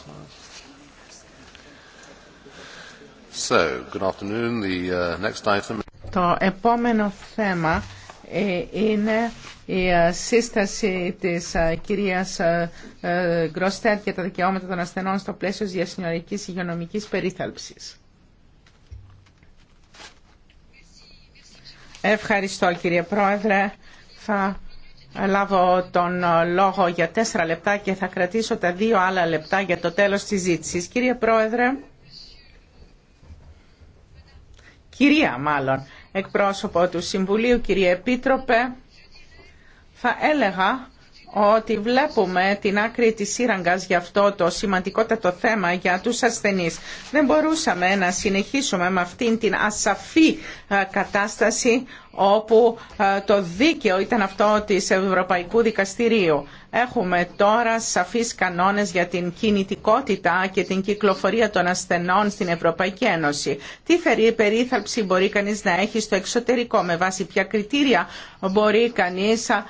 Uh, Το επόμενο θέμα ε, είναι η ε, σύσταση της ε, κυρίας Γκροστέτ για τα δικαιώματα των ασθενών στο πλαίσιο της διασυνορικής υγειονομικής περίθαλψης. Ευχαριστώ κύριε Πρόεδρε. Θα λάβω τον λόγο για τέσσερα λεπτά και θα κρατήσω τα δύο άλλα λεπτά για το τέλος της ζήτησης. Κύριε Πρόεδρε, κυρία μάλλον, εκπρόσωπο του Συμβουλίου, κύριε Επίτροπε, θα έλεγα ότι βλέπουμε την άκρη της σύραγγας για αυτό το σημαντικότατο θέμα για τους ασθενείς. Δεν μπορούσαμε να συνεχίσουμε με αυτήν την ασαφή κατάσταση όπου ε, το δίκαιο ήταν αυτό της Ευρωπαϊκού Δικαστηρίου. Έχουμε τώρα σαφείς κανόνες για την κινητικότητα και την κυκλοφορία των ασθενών στην Ευρωπαϊκή Ένωση. Τι περίθαλψη μπορεί κανείς να έχει στο εξωτερικό, με βάση ποια κριτήρια μπορεί κανείς ε,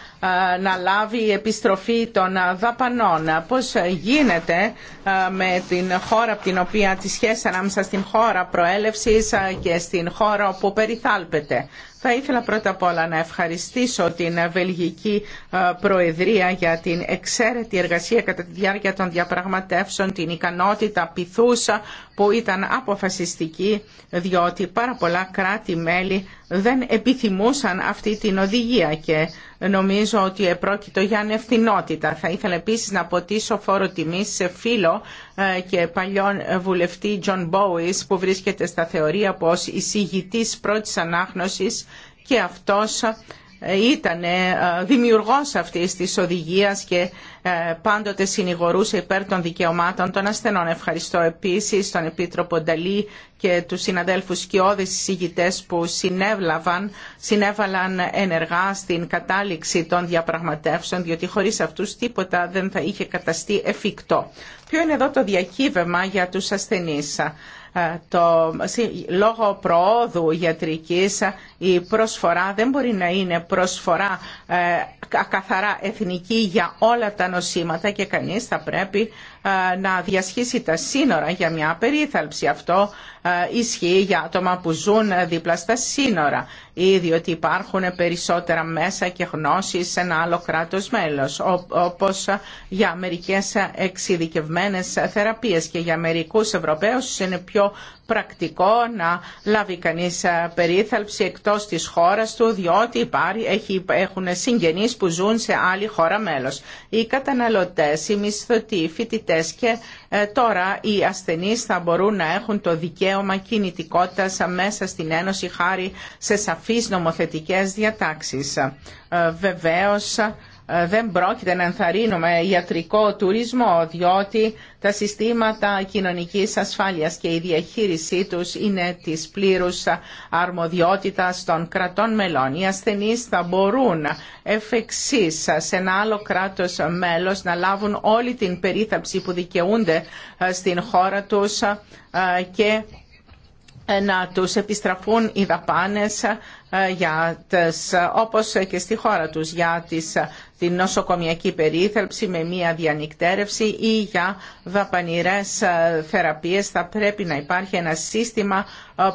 να λάβει επιστροφή των δαπανών. Πώς γίνεται ε, με την χώρα από την οποία τη σχέση ανάμεσα στην χώρα προέλευσης και στην χώρα που περιθάλπεται. Θα ήθελα πρώτα απ' όλα να ευχαριστήσω την Βελγική ε, Προεδρία για την εξαίρετη εργασία κατά τη διάρκεια των διαπραγματεύσεων, την ικανότητα πειθούσα που ήταν αποφασιστική, διότι πάρα πολλά κράτη-μέλη δεν επιθυμούσαν αυτή την οδηγία και νομίζω ότι επρόκειτο για ανευθυνότητα. Θα ήθελα επίσης να αποτίσω φόρο τιμής σε φίλο ε, και παλιόν βουλευτή John Bowies που βρίσκεται στα θεωρία πως εισηγητής πρώτης ανάγνωσης και αυτός ήταν ε, δημιουργός αυτής της οδηγίας και ε, πάντοτε συνηγορούσε υπέρ των δικαιωμάτων των ασθενών. Ευχαριστώ επίσης τον Επίτροπο Νταλή και τους συναδέλφους όδες συζητητές που συνέβαλαν, συνέβαλαν ενεργά στην κατάληξη των διαπραγματεύσεων, διότι χωρίς αυτούς τίποτα δεν θα είχε καταστεί εφικτό. Ποιο είναι εδώ το διακύβευμα για τους ασθενείς. Ε, το, λόγω προόδου ιατρικής ε, η προσφορά δεν μπορεί να είναι προσφορά ε, καθαρά εθνική για όλα τα νοσήματα και κανείς θα πρέπει ε, να διασχίσει τα σύνορα για μια περίθαλψη. Αυτό ε, ισχύει για άτομα που ζουν δίπλα στα σύνορα ή διότι υπάρχουν περισσότερα μέσα και γνώσεις σε ένα άλλο κράτος μέλος, όπως για μερικές εξειδικευμένες θεραπείες και για μερικούς Ευρωπαίους είναι πιο πρακτικό να λάβει κανείς ε, περίθαλψη εκτός της χώρας του, διότι έχουν συγγενείς που ζουν σε άλλη χώρα μέλος. Οι καταναλωτές, οι μισθωτοί, οι και ε, τώρα οι ασθενείς θα μπορούν να έχουν το δικαίωμα κινητικότητας μέσα στην Ένωση χάρη σε σαφείς νομοθετικές διατάξεις. Ε, βεβαίως ε, δεν πρόκειται να ενθαρρύνουμε ιατρικό τουρισμό, διότι τα συστήματα κοινωνικής ασφάλειας και η διαχείρισή τους είναι της πλήρους αρμοδιότητας των κρατών μελών. Οι ασθενείς θα μπορούν εφεξής σε ένα άλλο κράτος μέλος να λάβουν όλη την περίθαψη που δικαιούνται ε, στην χώρα τους ε, και να τους επιστραφούν οι δαπάνες ε, για ε, όπως και στη χώρα τους για τις, ε, την νοσοκομιακή περίθαλψη με μία διανυκτέρευση ή για δαπανηρές θεραπείες θα πρέπει να υπάρχει ένα σύστημα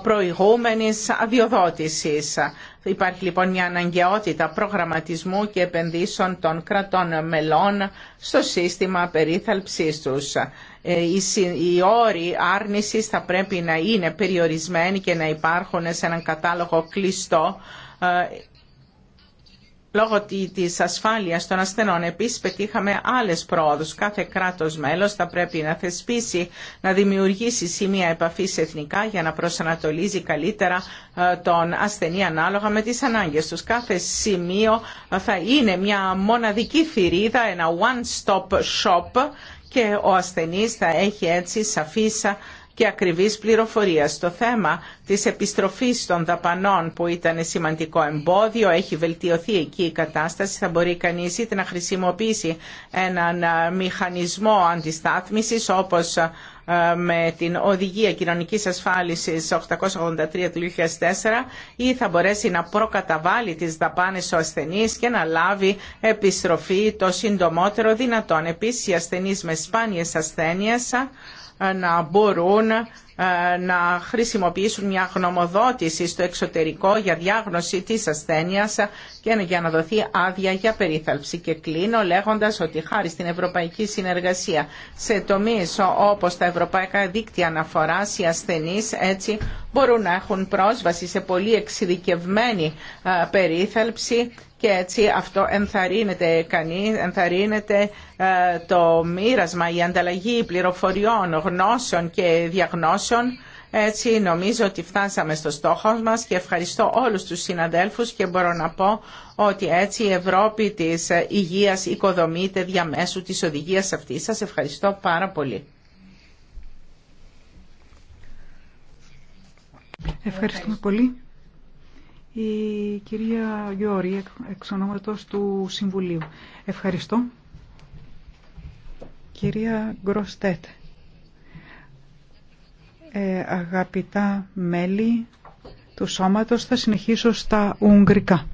προηγούμενης αδειοδότησης. Υπάρχει λοιπόν μια αναγκαιότητα προγραμματισμού και επενδύσεων των κρατών μελών στο σύστημα περίθαλψής τους. Ε, οι όροι άρνησης θα πρέπει να είναι περιορισμένοι και να υπάρχουν σε έναν κατάλογο κλειστό ε, Λόγω της ασφάλειας των ασθενών επίσης πετύχαμε άλλες πρόοδους. Κάθε κράτος μέλος θα πρέπει να θεσπίσει, να δημιουργήσει σημεία επαφής εθνικά για να προσανατολίζει καλύτερα ε, τον ασθενή ανάλογα με τις ανάγκες τους. Κάθε σημείο θα είναι μια μοναδική θηρίδα, ένα one-stop shop και ο ασθενής θα έχει έτσι σαφής και ακριβής πληροφορία. Στο θέμα της επιστροφής των δαπανών που ήταν σημαντικό εμπόδιο, έχει βελτιωθεί εκεί η κατάσταση, θα μπορεί κανείς είτε να χρησιμοποιήσει έναν μηχανισμό αντιστάθμισης όπως ε, με την Οδηγία Κοινωνικής Ασφάλισης 883 του 2004 ή θα μπορέσει να προκαταβάλει τις δαπάνες ο ασθενή και να λάβει επιστροφή το συντομότερο δυνατόν. Επίσης, οι ασθενείς με σπάνιες ασθένειες να μπορούν ε, να χρησιμοποιήσουν μια γνωμοδότηση στο εξωτερικό για διάγνωση της ασθένειας και για να δοθεί άδεια για περίθαλψη. Και κλείνω λέγοντας ότι χάρη στην ευρωπαϊκή συνεργασία σε τομείς όπως τα ευρωπαϊκά δίκτυα αναφοράς οι ασθενείς έτσι μπορούν να έχουν πρόσβαση σε πολύ εξειδικευμένη ε, περίθαλψη και έτσι αυτό ενθαρρύνεται, κανεί, ενθαρρύνεται ε, το μοίρασμα, η ανταλλαγή πληροφοριών, γνώσεων και διαγνώσεων. Έτσι νομίζω ότι φτάσαμε στο στόχο μας και ευχαριστώ όλους τους συναδέλφους και μπορώ να πω ότι έτσι η Ευρώπη της υγείας οικοδομείται διαμέσου της οδηγίας αυτής. Σας ευχαριστώ πάρα πολύ. Ευχαριστούμε πολύ. Η κυρία Γιώρη, εξ του Συμβουλίου. Ευχαριστώ. Κυρία Γκροστέτ, ε, αγαπητά μέλη του σώματος, θα συνεχίσω στα Ουγγρικά.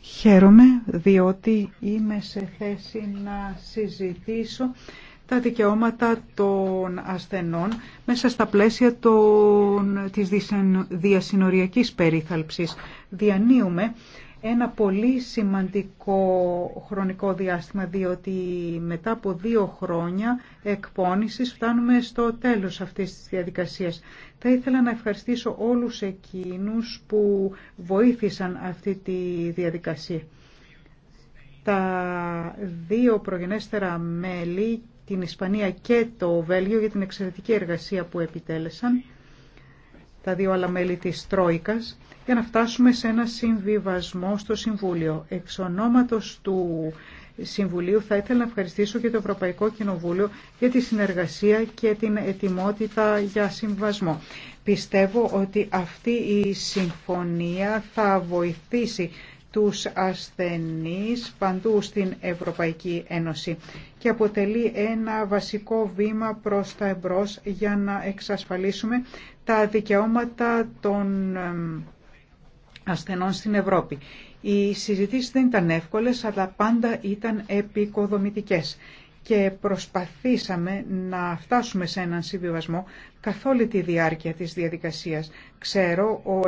Χαίρομαι διότι είμαι σε θέση να συζητήσω τα δικαιώματα των ασθενών μέσα στα πλαίσια των, της διασυνοριακής περίθαλψης. Διανύουμε ένα πολύ σημαντικό χρονικό διάστημα, διότι μετά από δύο χρόνια εκπόνησης φτάνουμε στο τέλος αυτής της διαδικασίας. Θα ήθελα να ευχαριστήσω όλους εκείνους που βοήθησαν αυτή τη διαδικασία. Τα δύο προγενέστερα μέλη την Ισπανία και το Βέλγιο για την εξαιρετική εργασία που επιτέλεσαν τα δύο άλλα μέλη της Τρόικας για να φτάσουμε σε ένα συμβιβασμό στο Συμβούλιο. Εξ του Συμβουλίου θα ήθελα να ευχαριστήσω και το Ευρωπαϊκό Κοινοβούλιο για τη συνεργασία και την ετοιμότητα για συμβασμό. Πιστεύω ότι αυτή η συμφωνία θα βοηθήσει τους ασθενείς παντού στην Ευρωπαϊκή Ένωση και αποτελεί ένα βασικό βήμα προς τα εμπρός για να εξασφαλίσουμε τα δικαιώματα των ασθενών στην Ευρώπη. Οι συζητήσεις δεν ήταν εύκολες, αλλά πάντα ήταν επικοδομητικές και προσπαθήσαμε να φτάσουμε σε έναν συμβιβασμό καθ' όλη τη διάρκεια της διαδικασίας. Ξέρω ο,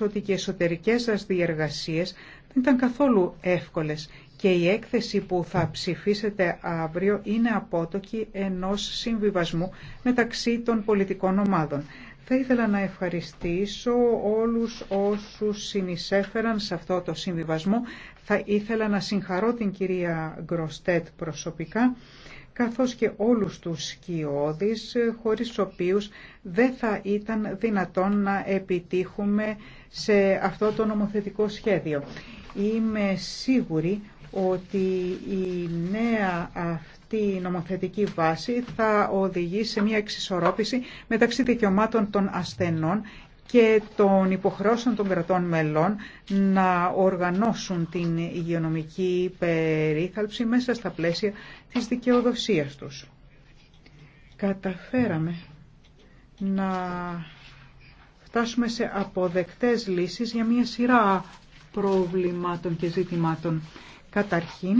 ότι και εσωτερικές σας διεργασίες ήταν καθόλου εύκολες και η έκθεση που θα ψηφίσετε αύριο είναι απότοκη ενός συμβιβασμού μεταξύ των πολιτικών ομάδων. Θα ήθελα να ευχαριστήσω όλους όσους συνεισέφεραν σε αυτό το συμβιβασμό. Θα ήθελα να συγχαρώ την κυρία Γκροστέτ προσωπικά, καθώς και όλους τους σκιώδεις, χωρίς τους οποίους δεν θα ήταν δυνατόν να επιτύχουμε σε αυτό το νομοθετικό σχέδιο. Είμαι σίγουρη ότι η νέα αυτή νομοθετική βάση θα οδηγεί σε μια εξισορρόπηση μεταξύ δικαιωμάτων των ασθενών και των υποχρεώσεων των κρατών μελών να οργανώσουν την υγειονομική περίθαλψη μέσα στα πλαίσια της δικαιοδοσίας τους. Καταφέραμε να φτάσουμε σε αποδεκτές λύσεις για μια σειρά προβλημάτων και ζήτημάτων. Καταρχήν,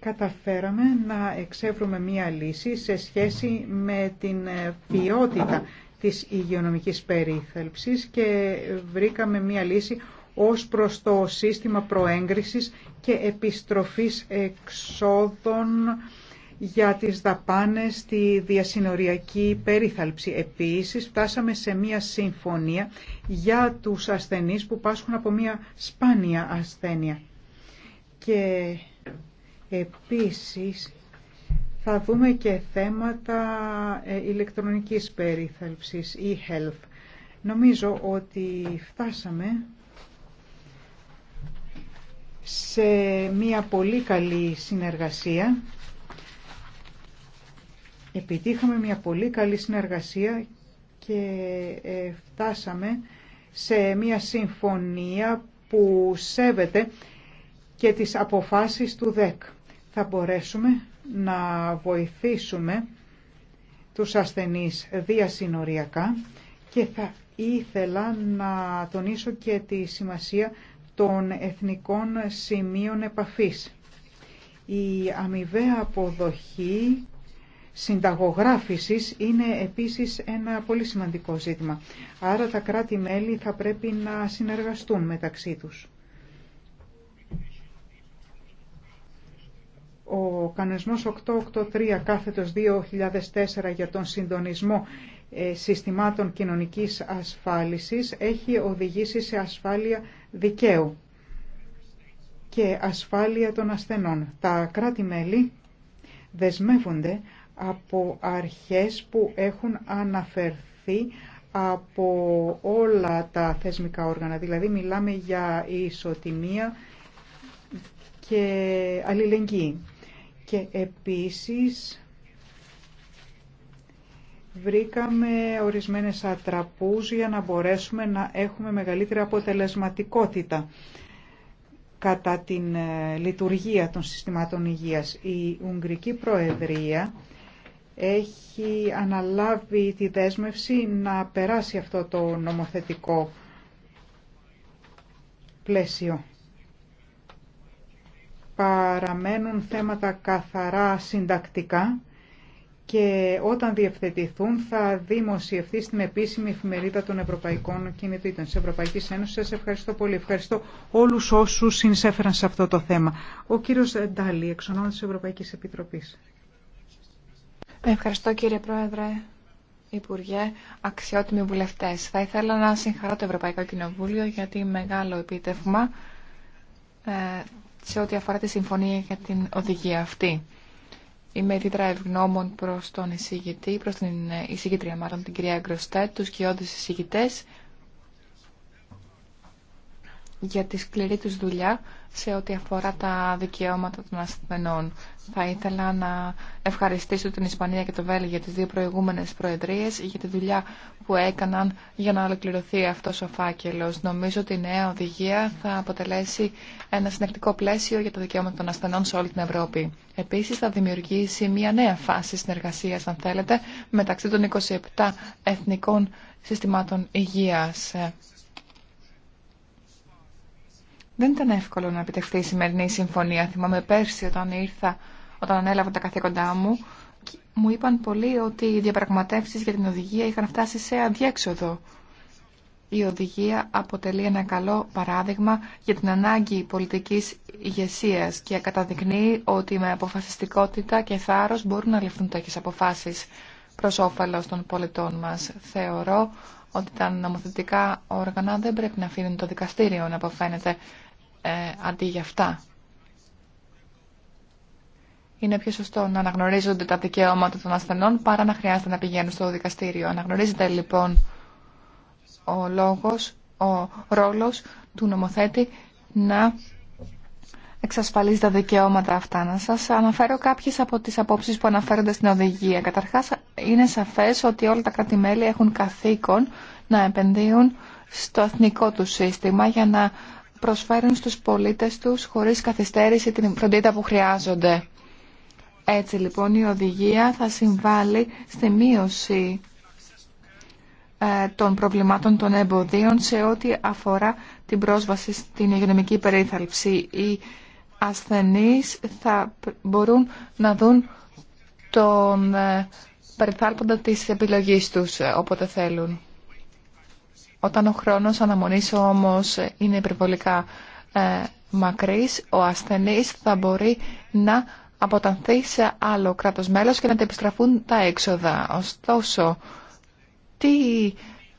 καταφέραμε να εξεύρουμε μία λύση σε σχέση με την ε, ποιότητα της υγειονομικής περίθαλψης και βρήκαμε μία λύση ως προς το σύστημα προέγκρισης και επιστροφής εξόδων για τις δαπάνες στη διασυνοριακή περίθαλψη. Επίσης, φτάσαμε σε μία συμφωνία για τους ασθενείς που πάσχουν από μία σπάνια ασθένεια. Και επίσης, θα δούμε και θέματα ε, ηλεκτρονικής περίθαλψης, e-health. Νομίζω ότι φτάσαμε σε μία πολύ καλή συνεργασία Επιτύχαμε μια πολύ καλή συνεργασία και ε, φτάσαμε σε μια συμφωνία που σέβεται και τις αποφάσεις του ΔΕΚ. Θα μπορέσουμε να βοηθήσουμε τους ασθενείς διασυνοριακά και θα ήθελα να τονίσω και τη σημασία των εθνικών σημείων επαφής. Η αμοιβαία αποδοχή συνταγογράφησης είναι επίσης ένα πολύ σημαντικό ζήτημα. Άρα τα κράτη-μέλη θα πρέπει να συνεργαστούν μεταξύ τους. Ο κανονισμός 883 κάθετος 2004 για τον συντονισμό ε, συστημάτων κοινωνικής ασφάλισης έχει οδηγήσει σε ασφάλεια δικαίου και ασφάλεια των ασθενών. Τα κράτη-μέλη δεσμεύονται από αρχές που έχουν αναφερθεί από όλα τα θεσμικά όργανα. Δηλαδή μιλάμε για ισοτιμία και αλληλεγγύη. Και επίσης βρήκαμε ορισμένες ατραπούς για να μπορέσουμε να έχουμε μεγαλύτερη αποτελεσματικότητα κατά την ε, λειτουργία των συστημάτων υγείας. Η Ουγγρική Προεδρία έχει αναλάβει τη δέσμευση να περάσει αυτό το νομοθετικό πλαίσιο. Παραμένουν θέματα καθαρά συντακτικά και όταν διευθετηθούν θα δημοσιευθεί στην επίσημη εφημερίδα των Ευρωπαϊκών Κινητήτων της Ευρωπαϊκής Ένωσης. Σας ευχαριστώ πολύ. Ευχαριστώ όλους όσους συνεισέφεραν σε αυτό το θέμα. Ο κύριος Ντάλι, εξ της Ευρωπαϊκής Επιτροπής. Ευχαριστώ κύριε Πρόεδρε, Υπουργέ, αξιότιμοι βουλευτές. Θα ήθελα να συγχαρώ το Ευρωπαϊκό Κοινοβούλιο γιατί μεγάλο επίτευγμα ε, σε ό,τι αφορά τη συμφωνία για την οδηγία αυτή. Είμαι δίδρα ευγνώμων προς τον εισηγητή, προς την ε, εισηγητρία μάλλον, την κυρία Γκροστέτ, τους κοιόντους εισηγητές για τη σκληρή τους δουλειά σε ό,τι αφορά τα δικαιώματα των ασθενών. Θα ήθελα να ευχαριστήσω την Ισπανία και το Βέλγιο τις δύο προηγούμενες προεδρίες για τη δουλειά που έκαναν για να ολοκληρωθεί αυτός ο φάκελος. Νομίζω ότι η νέα οδηγία θα αποτελέσει ένα συνεκτικό πλαίσιο για τα δικαιώματα των ασθενών σε όλη την Ευρώπη. Επίσης θα δημιουργήσει μια νέα φάση συνεργασίας, αν θέλετε, μεταξύ των 27 εθνικών συστημάτων υγείας δεν ήταν εύκολο να επιτευχθεί η σημερινή συμφωνία. Θυμάμαι πέρσι όταν ήρθα, όταν ανέλαβα τα καθήκοντά μου, μου είπαν πολλοί ότι οι διαπραγματεύσει για την οδηγία είχαν φτάσει σε αδιέξοδο. Η οδηγία αποτελεί ένα καλό παράδειγμα για την ανάγκη πολιτικής ηγεσία και καταδεικνύει ότι με αποφασιστικότητα και θάρρος μπορούν να ληφθούν τέτοιες αποφάσεις προς όφελος των πολιτών μας. Θεωρώ ότι τα νομοθετικά όργανα δεν πρέπει να αφήνουν το δικαστήριο να αποφαίνεται ε, αντί για αυτά. Είναι πιο σωστό να αναγνωρίζονται τα δικαιώματα των ασθενών παρά να χρειάζεται να πηγαίνουν στο δικαστήριο. Αναγνωρίζεται λοιπόν ο λόγος, ο ρόλος του νομοθέτη να εξασφαλίζει τα δικαιώματα αυτά. Να σας αναφέρω κάποιες από τις απόψεις που αναφέρονται στην οδηγία. Καταρχάς, είναι σαφές ότι όλα τα κράτη-μέλη έχουν καθήκον να επενδύουν στο εθνικό του σύστημα για να προσφέρουν στους πολίτες τους χωρίς καθυστέρηση την φροντίδα που χρειάζονται. Έτσι λοιπόν η οδηγία θα συμβάλλει στη μείωση ε, των προβλημάτων των εμποδίων σε ό,τι αφορά την πρόσβαση στην υγειονομική περίθαλψη. Οι ασθενείς θα μπορούν να δουν τον ε, περιθάλποντα της επιλογής τους ε, όποτε θέλουν. Όταν ο χρόνος αναμονής όμως είναι υπερβολικά ε, μακρύς, ο ασθενής θα μπορεί να αποτανθεί σε άλλο κράτος μέλος και να τα επιστραφούν τα έξοδα. Ωστόσο, τι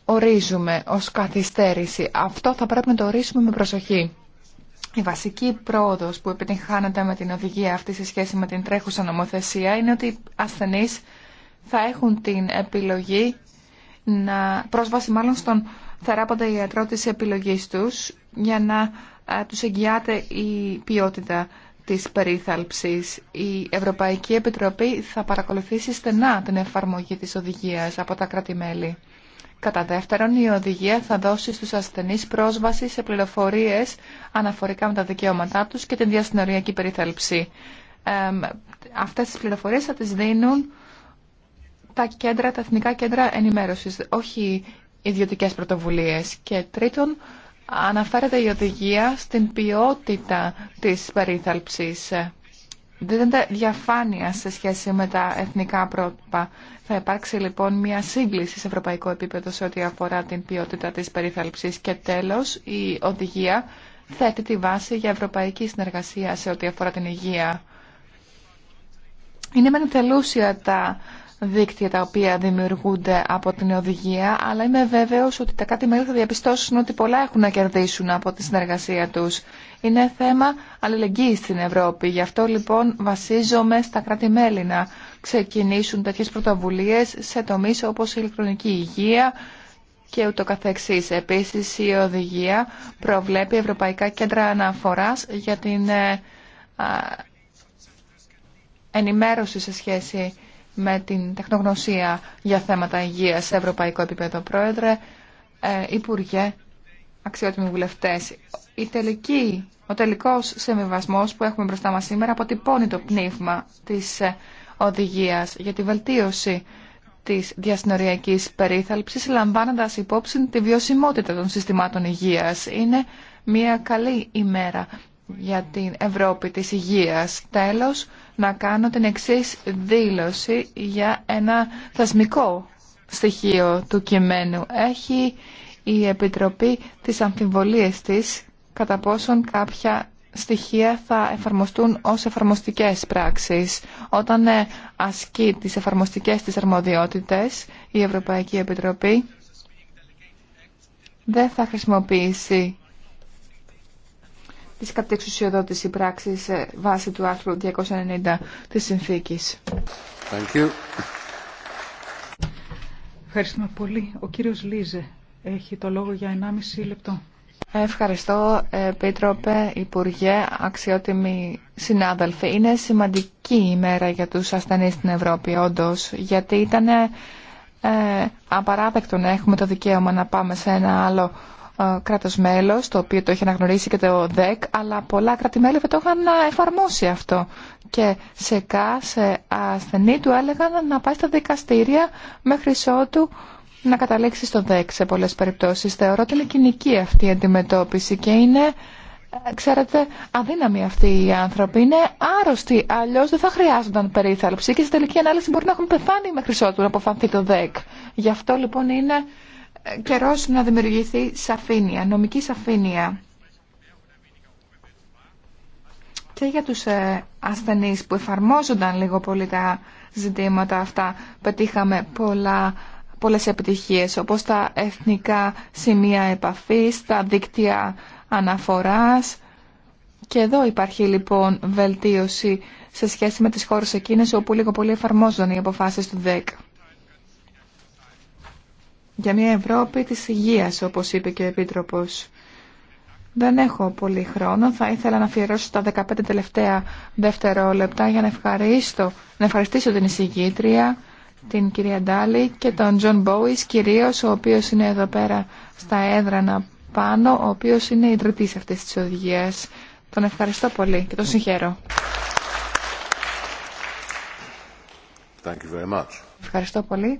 ορίζουμε ως καθυστέρηση. Αυτό θα πρέπει να το ορίσουμε με προσοχή. Η βασική πρόοδος που επιτυγχάνεται με την οδηγία αυτή σε σχέση με την τρέχουσα νομοθεσία είναι ότι οι ασθενείς θα έχουν την επιλογή να πρόσβαση μάλλον στον θεράπονται οι ιατρό της επιλογή τους για να ε, τους εγγυάται η ποιότητα της περίθαλψης. Η Ευρωπαϊκή Επιτροπή θα παρακολουθήσει στενά την εφαρμογή της οδηγίας από τα κράτη-μέλη. Κατά δεύτερον, η οδηγία θα δώσει στους ασθενείς πρόσβαση σε πληροφορίες αναφορικά με τα δικαιώματά τους και την διασυνοριακή περίθαλψη. Ε, αυτές τις πληροφορίες θα τις δίνουν τα, κέντρα, εθνικά κέντρα ενημέρωσης, όχι ιδιωτικές πρωτοβουλίες. Και τρίτον, αναφέρεται η οδηγία στην ποιότητα της περίθαλψης. Δίνεται διαφάνεια σε σχέση με τα εθνικά πρότυπα. Θα υπάρξει λοιπόν μια σύγκληση σε ευρωπαϊκό επίπεδο σε ό,τι αφορά την ποιότητα της περίθαλψης. Και τέλος, η οδηγία θέτει τη βάση για ευρωπαϊκή συνεργασία σε ό,τι αφορά την υγεία. Είναι μεν τελούσια τα δίκτυα τα οποία δημιουργούνται από την οδηγία, αλλά είμαι βέβαιος ότι τα κάτι μέλη θα διαπιστώσουν ότι πολλά έχουν να κερδίσουν από τη συνεργασία τους. Είναι θέμα αλληλεγγύης στην Ευρώπη. Γι' αυτό λοιπόν βασίζομαι στα κράτη-μέλη να ξεκινήσουν τέτοιες πρωτοβουλίες σε τομείς όπως η ηλεκτρονική υγεία και ούτω καθεξής. Επίσης η οδηγία προβλέπει ευρωπαϊκά κέντρα αναφοράς για την ε, ενημέρωση σε σχέση με την τεχνογνωσία για θέματα υγείας σε ευρωπαϊκό επίπεδο. Πρόεδρε, ε, Υπουργέ, αξιότιμοι βουλευτές, η τελική, ο τελικός συμβιβασμός που έχουμε μπροστά μας σήμερα αποτυπώνει το πνεύμα της ε, οδηγίας για τη βελτίωση της διασυνοριακής περίθαλψης λαμβάνοντας υπόψη τη βιωσιμότητα των συστημάτων υγείας. Είναι μια καλή ημέρα για την Ευρώπη της υγείας. Τέλος, να κάνω την εξής δήλωση για ένα θεσμικό στοιχείο του κειμένου. Έχει η Επιτροπή της αμφιβολίες της κατά πόσον κάποια στοιχεία θα εφαρμοστούν ως εφαρμοστικές πράξεις. Όταν ε, ασκεί τις εφαρμοστικές της αρμοδιότητες, η Ευρωπαϊκή Επιτροπή δεν θα χρησιμοποιήσει της κατεξουσιοδότηση πράξης βάσει του άρθρου 290 της Συνθήκης. Thank you. Ευχαριστούμε πολύ. Ο κύριος Λίζε έχει το λόγο για 1,5 λεπτό. Ευχαριστώ, Επίτροπε, Υπουργέ, αξιότιμοι συνάδελφοι. Είναι σημαντική ημέρα για τους ασθενείς στην Ευρώπη, όντως, γιατί ήταν ε, απαράδεκτο να έχουμε το δικαίωμα να πάμε σε ένα άλλο ε, κράτος μέλος, το οποίο το έχει αναγνωρίσει και το ΔΕΚ, αλλά πολλά κράτη-μέλη δεν το είχαν ε, εφαρμόσει αυτό. Και σε κάθε ασθενή του έλεγαν να πάει στα δικαστήρια μέχρι ότου να καταλήξει στο ΔΕΚ σε πολλές περιπτώσεις. Θεωρώ ότι είναι κοινική αυτή η αντιμετώπιση και είναι, ε, ξέρετε, αδύναμοι αυτοί οι άνθρωποι. Είναι άρρωστοι, αλλιώς δεν θα χρειάζονταν περίθαλψη και στην τελική ανάλυση μπορεί να έχουν πεθάνει μέχρι ότου να αποφανθεί το ΔΕΚ. Γι' αυτό λοιπόν είναι καιρός να δημιουργηθεί σαφήνεια, νομική σαφήνεια και για τους ε, ασθενείς που εφαρμόζονταν λίγο πολύ τα ζητήματα αυτά πετύχαμε πολλά, πολλές επιτυχίες όπως τα εθνικά σημεία επαφής, τα δίκτυα αναφοράς και εδώ υπάρχει λοιπόν βελτίωση σε σχέση με τις χώρες εκείνες όπου λίγο πολύ εφαρμόζονταν οι αποφάσεις του 10 για μια Ευρώπη της υγείας, όπως είπε και ο Επίτροπος. Δεν έχω πολύ χρόνο. Θα ήθελα να αφιερώσω τα 15 τελευταία δευτερόλεπτα για να, να ευχαριστήσω την εισηγήτρια, την κυρία Ντάλη και τον Τζον Μπόις, κυρίως ο οποίος είναι εδώ πέρα στα έδρανα πάνω, ο οποίος είναι ιδρυτής αυτής της οδηγίας. Τον ευχαριστώ πολύ και τον συγχαίρω. Thank you very much. Ευχαριστώ πολύ.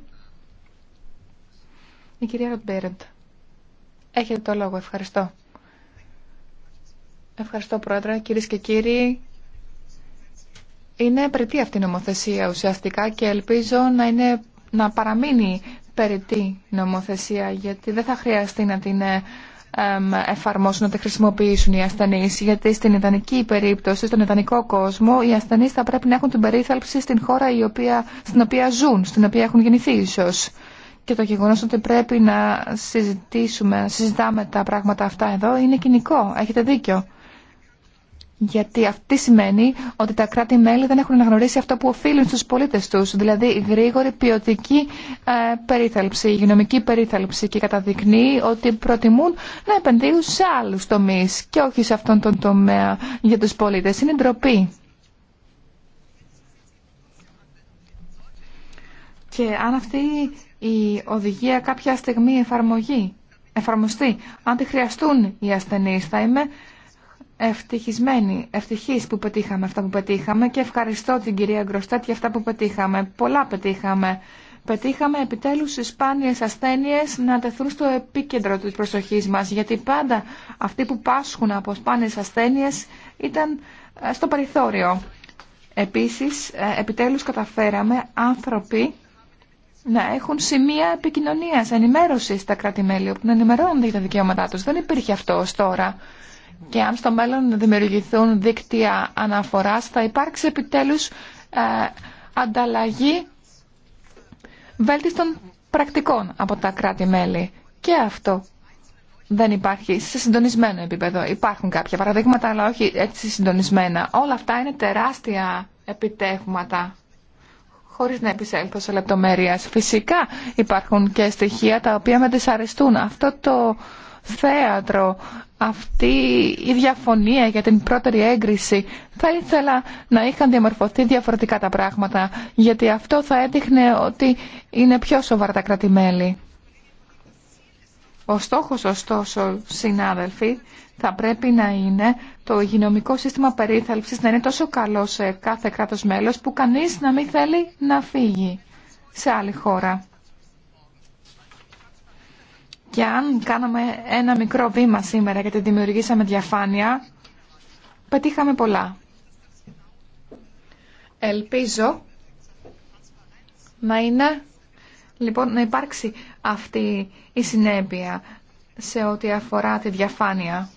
Η κυρία Ροτμπέρεντ. Έχετε το λόγο. Ευχαριστώ. Ευχαριστώ, Πρόεδρε. Κυρίε και κύριοι, είναι περιττή αυτή η νομοθεσία ουσιαστικά και ελπίζω να, είναι, να παραμείνει περιττή νομοθεσία γιατί δεν θα χρειαστεί να την εφαρμόσουν, να τη χρησιμοποιήσουν οι ασθενεί. Γιατί στην ιδανική περίπτωση, στον ιδανικό κόσμο, οι ασθενεί θα πρέπει να έχουν την περίθαλψη στην χώρα η οποία, στην οποία ζουν, στην οποία έχουν γεννηθεί ίσω και το γεγονός ότι πρέπει να συζητήσουμε, συζητάμε τα πράγματα αυτά εδώ είναι κοινικό. Έχετε δίκιο. Γιατί αυτή σημαίνει ότι τα κράτη-μέλη δεν έχουν αναγνωρίσει αυτό που οφείλουν στους πολίτες τους, δηλαδή γρήγορη ποιοτική ε, περίθαλψη, υγειονομική περίθαλψη και καταδεικνύει ότι προτιμούν να επενδύουν σε άλλους τομείς και όχι σε αυτόν τον τομέα για τους πολίτες. Είναι ντροπή. και αν αυτή η οδηγία κάποια στιγμή εφαρμογή, εφαρμοστεί, αν τη χρειαστούν οι ασθενείς, θα είμαι ευτυχισμένη, ευτυχής που πετύχαμε αυτά που πετύχαμε και ευχαριστώ την κυρία Γκροστέτ για αυτά που πετύχαμε. Πολλά πετύχαμε. Πετύχαμε επιτέλους οι σπάνιες ασθένειες να τεθούν στο επίκεντρο της προσοχής μας, γιατί πάντα αυτοί που πάσχουν από σπάνιες ασθένειες ήταν ε, στο περιθώριο. Επίσης, ε, επιτέλους καταφέραμε άνθρωποι να έχουν σημεία επικοινωνίας, ενημέρωση στα κράτη-μέλη να ενημερώνονται για τα δικαιώματά τους. Δεν υπήρχε αυτό ω τώρα. Και αν στο μέλλον δημιουργηθούν δίκτυα αναφοράς θα υπάρξει επιτέλους ε, ανταλλαγή βέλτιστων πρακτικών από τα κράτη-μέλη. Και αυτό δεν υπάρχει σε συντονισμένο επίπεδο. Υπάρχουν κάποια παραδείγματα, αλλά όχι έτσι συντονισμένα. Όλα αυτά είναι τεράστια επιτεύγματα χωρίς να επισέλθω σε λεπτομέρειες. Φυσικά υπάρχουν και στοιχεία τα οποία με δυσαρεστούν. Αυτό το θέατρο, αυτή η διαφωνία για την πρώτερη έγκριση θα ήθελα να είχαν διαμορφωθεί διαφορετικά τα πράγματα γιατί αυτό θα έδειχνε ότι είναι πιο σοβαρά τα κρατημέλη. Ο στόχος ωστόσο, συνάδελφοι, θα πρέπει να είναι το υγειονομικό σύστημα περίθαλψης να είναι τόσο καλό σε κάθε κράτος μέλος που κανείς να μην θέλει να φύγει σε άλλη χώρα. Και αν κάναμε ένα μικρό βήμα σήμερα και γιατί δημιουργήσαμε διαφάνεια, πετύχαμε πολλά. Ελπίζω να είναι, λοιπόν, να υπάρξει αυτή η συνέπεια σε ό,τι αφορά τη διαφάνεια.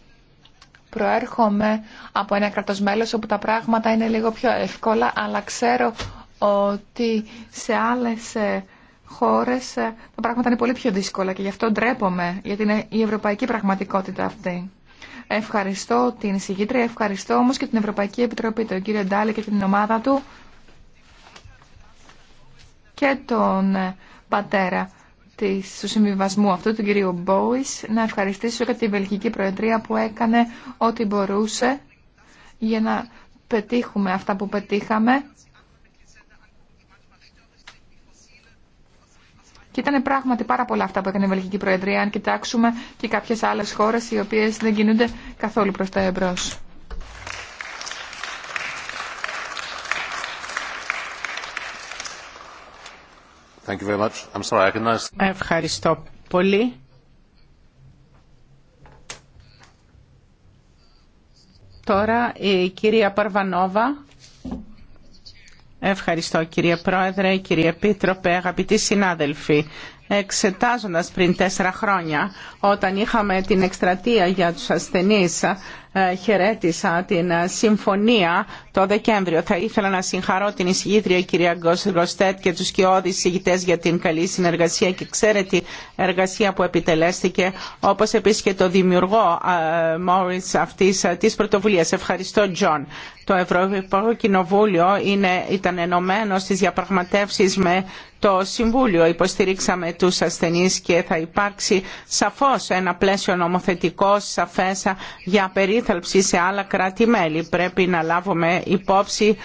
Προέρχομαι από ένα κρατος μέλος όπου τα πράγματα είναι λίγο πιο εύκολα, αλλά ξέρω ότι σε άλλες ε, χώρες ε, τα πράγματα είναι πολύ πιο δύσκολα και γι' αυτό ντρέπομαι, γιατί είναι η ευρωπαϊκή πραγματικότητα αυτή. Ευχαριστώ την εισηγήτρια, ευχαριστώ όμως και την Ευρωπαϊκή Επιτροπή, τον κύριο Ντάλη και την ομάδα του και τον ε, πατέρα της, του συμβιβασμού αυτού του κυρίου Μπόης να ευχαριστήσω και τη Βελγική Προεδρία που έκανε ό,τι μπορούσε για να πετύχουμε αυτά που πετύχαμε. Και ήταν πράγματι πάρα πολλά αυτά που έκανε η Βελγική Προεδρία, αν κοιτάξουμε και κάποιες άλλες χώρες οι οποίες δεν κινούνται καθόλου προς τα εμπρός. Ευχαριστώ πολύ. Τώρα η κυρία Παρβανόβα. Ευχαριστώ κύριε Πρόεδρε, κύριε Επίτροπε, αγαπητοί συνάδελφοι. Εξετάζοντας πριν τέσσερα χρόνια, όταν είχαμε την εκστρατεία για τους ασθενείς, ε, χαιρέτησα την ε, συμφωνία το Δεκέμβριο. Θα ήθελα να συγχαρώ την εισηγήτρια κυρία Γκοστέτ και τους κοιόδης εισηγητές για την καλή συνεργασία και ξέρετε εργασία που επιτελέστηκε όπως επίσης και το δημιουργό ε, Μόρις αυτής της πρωτοβουλίας. Ευχαριστώ Τζον. Το Ευρωπαϊκό Κοινοβούλιο είναι, ήταν ενωμένο στις διαπραγματεύσεις με το Συμβούλιο. Υποστηρίξαμε τους ασθενείς και θα υπάρξει σαφώς ένα πλαίσιο νομοθετικό σαφές για περίθαλψη σε άλλα κράτη-μέλη. Πρέπει να λάβουμε υπόψη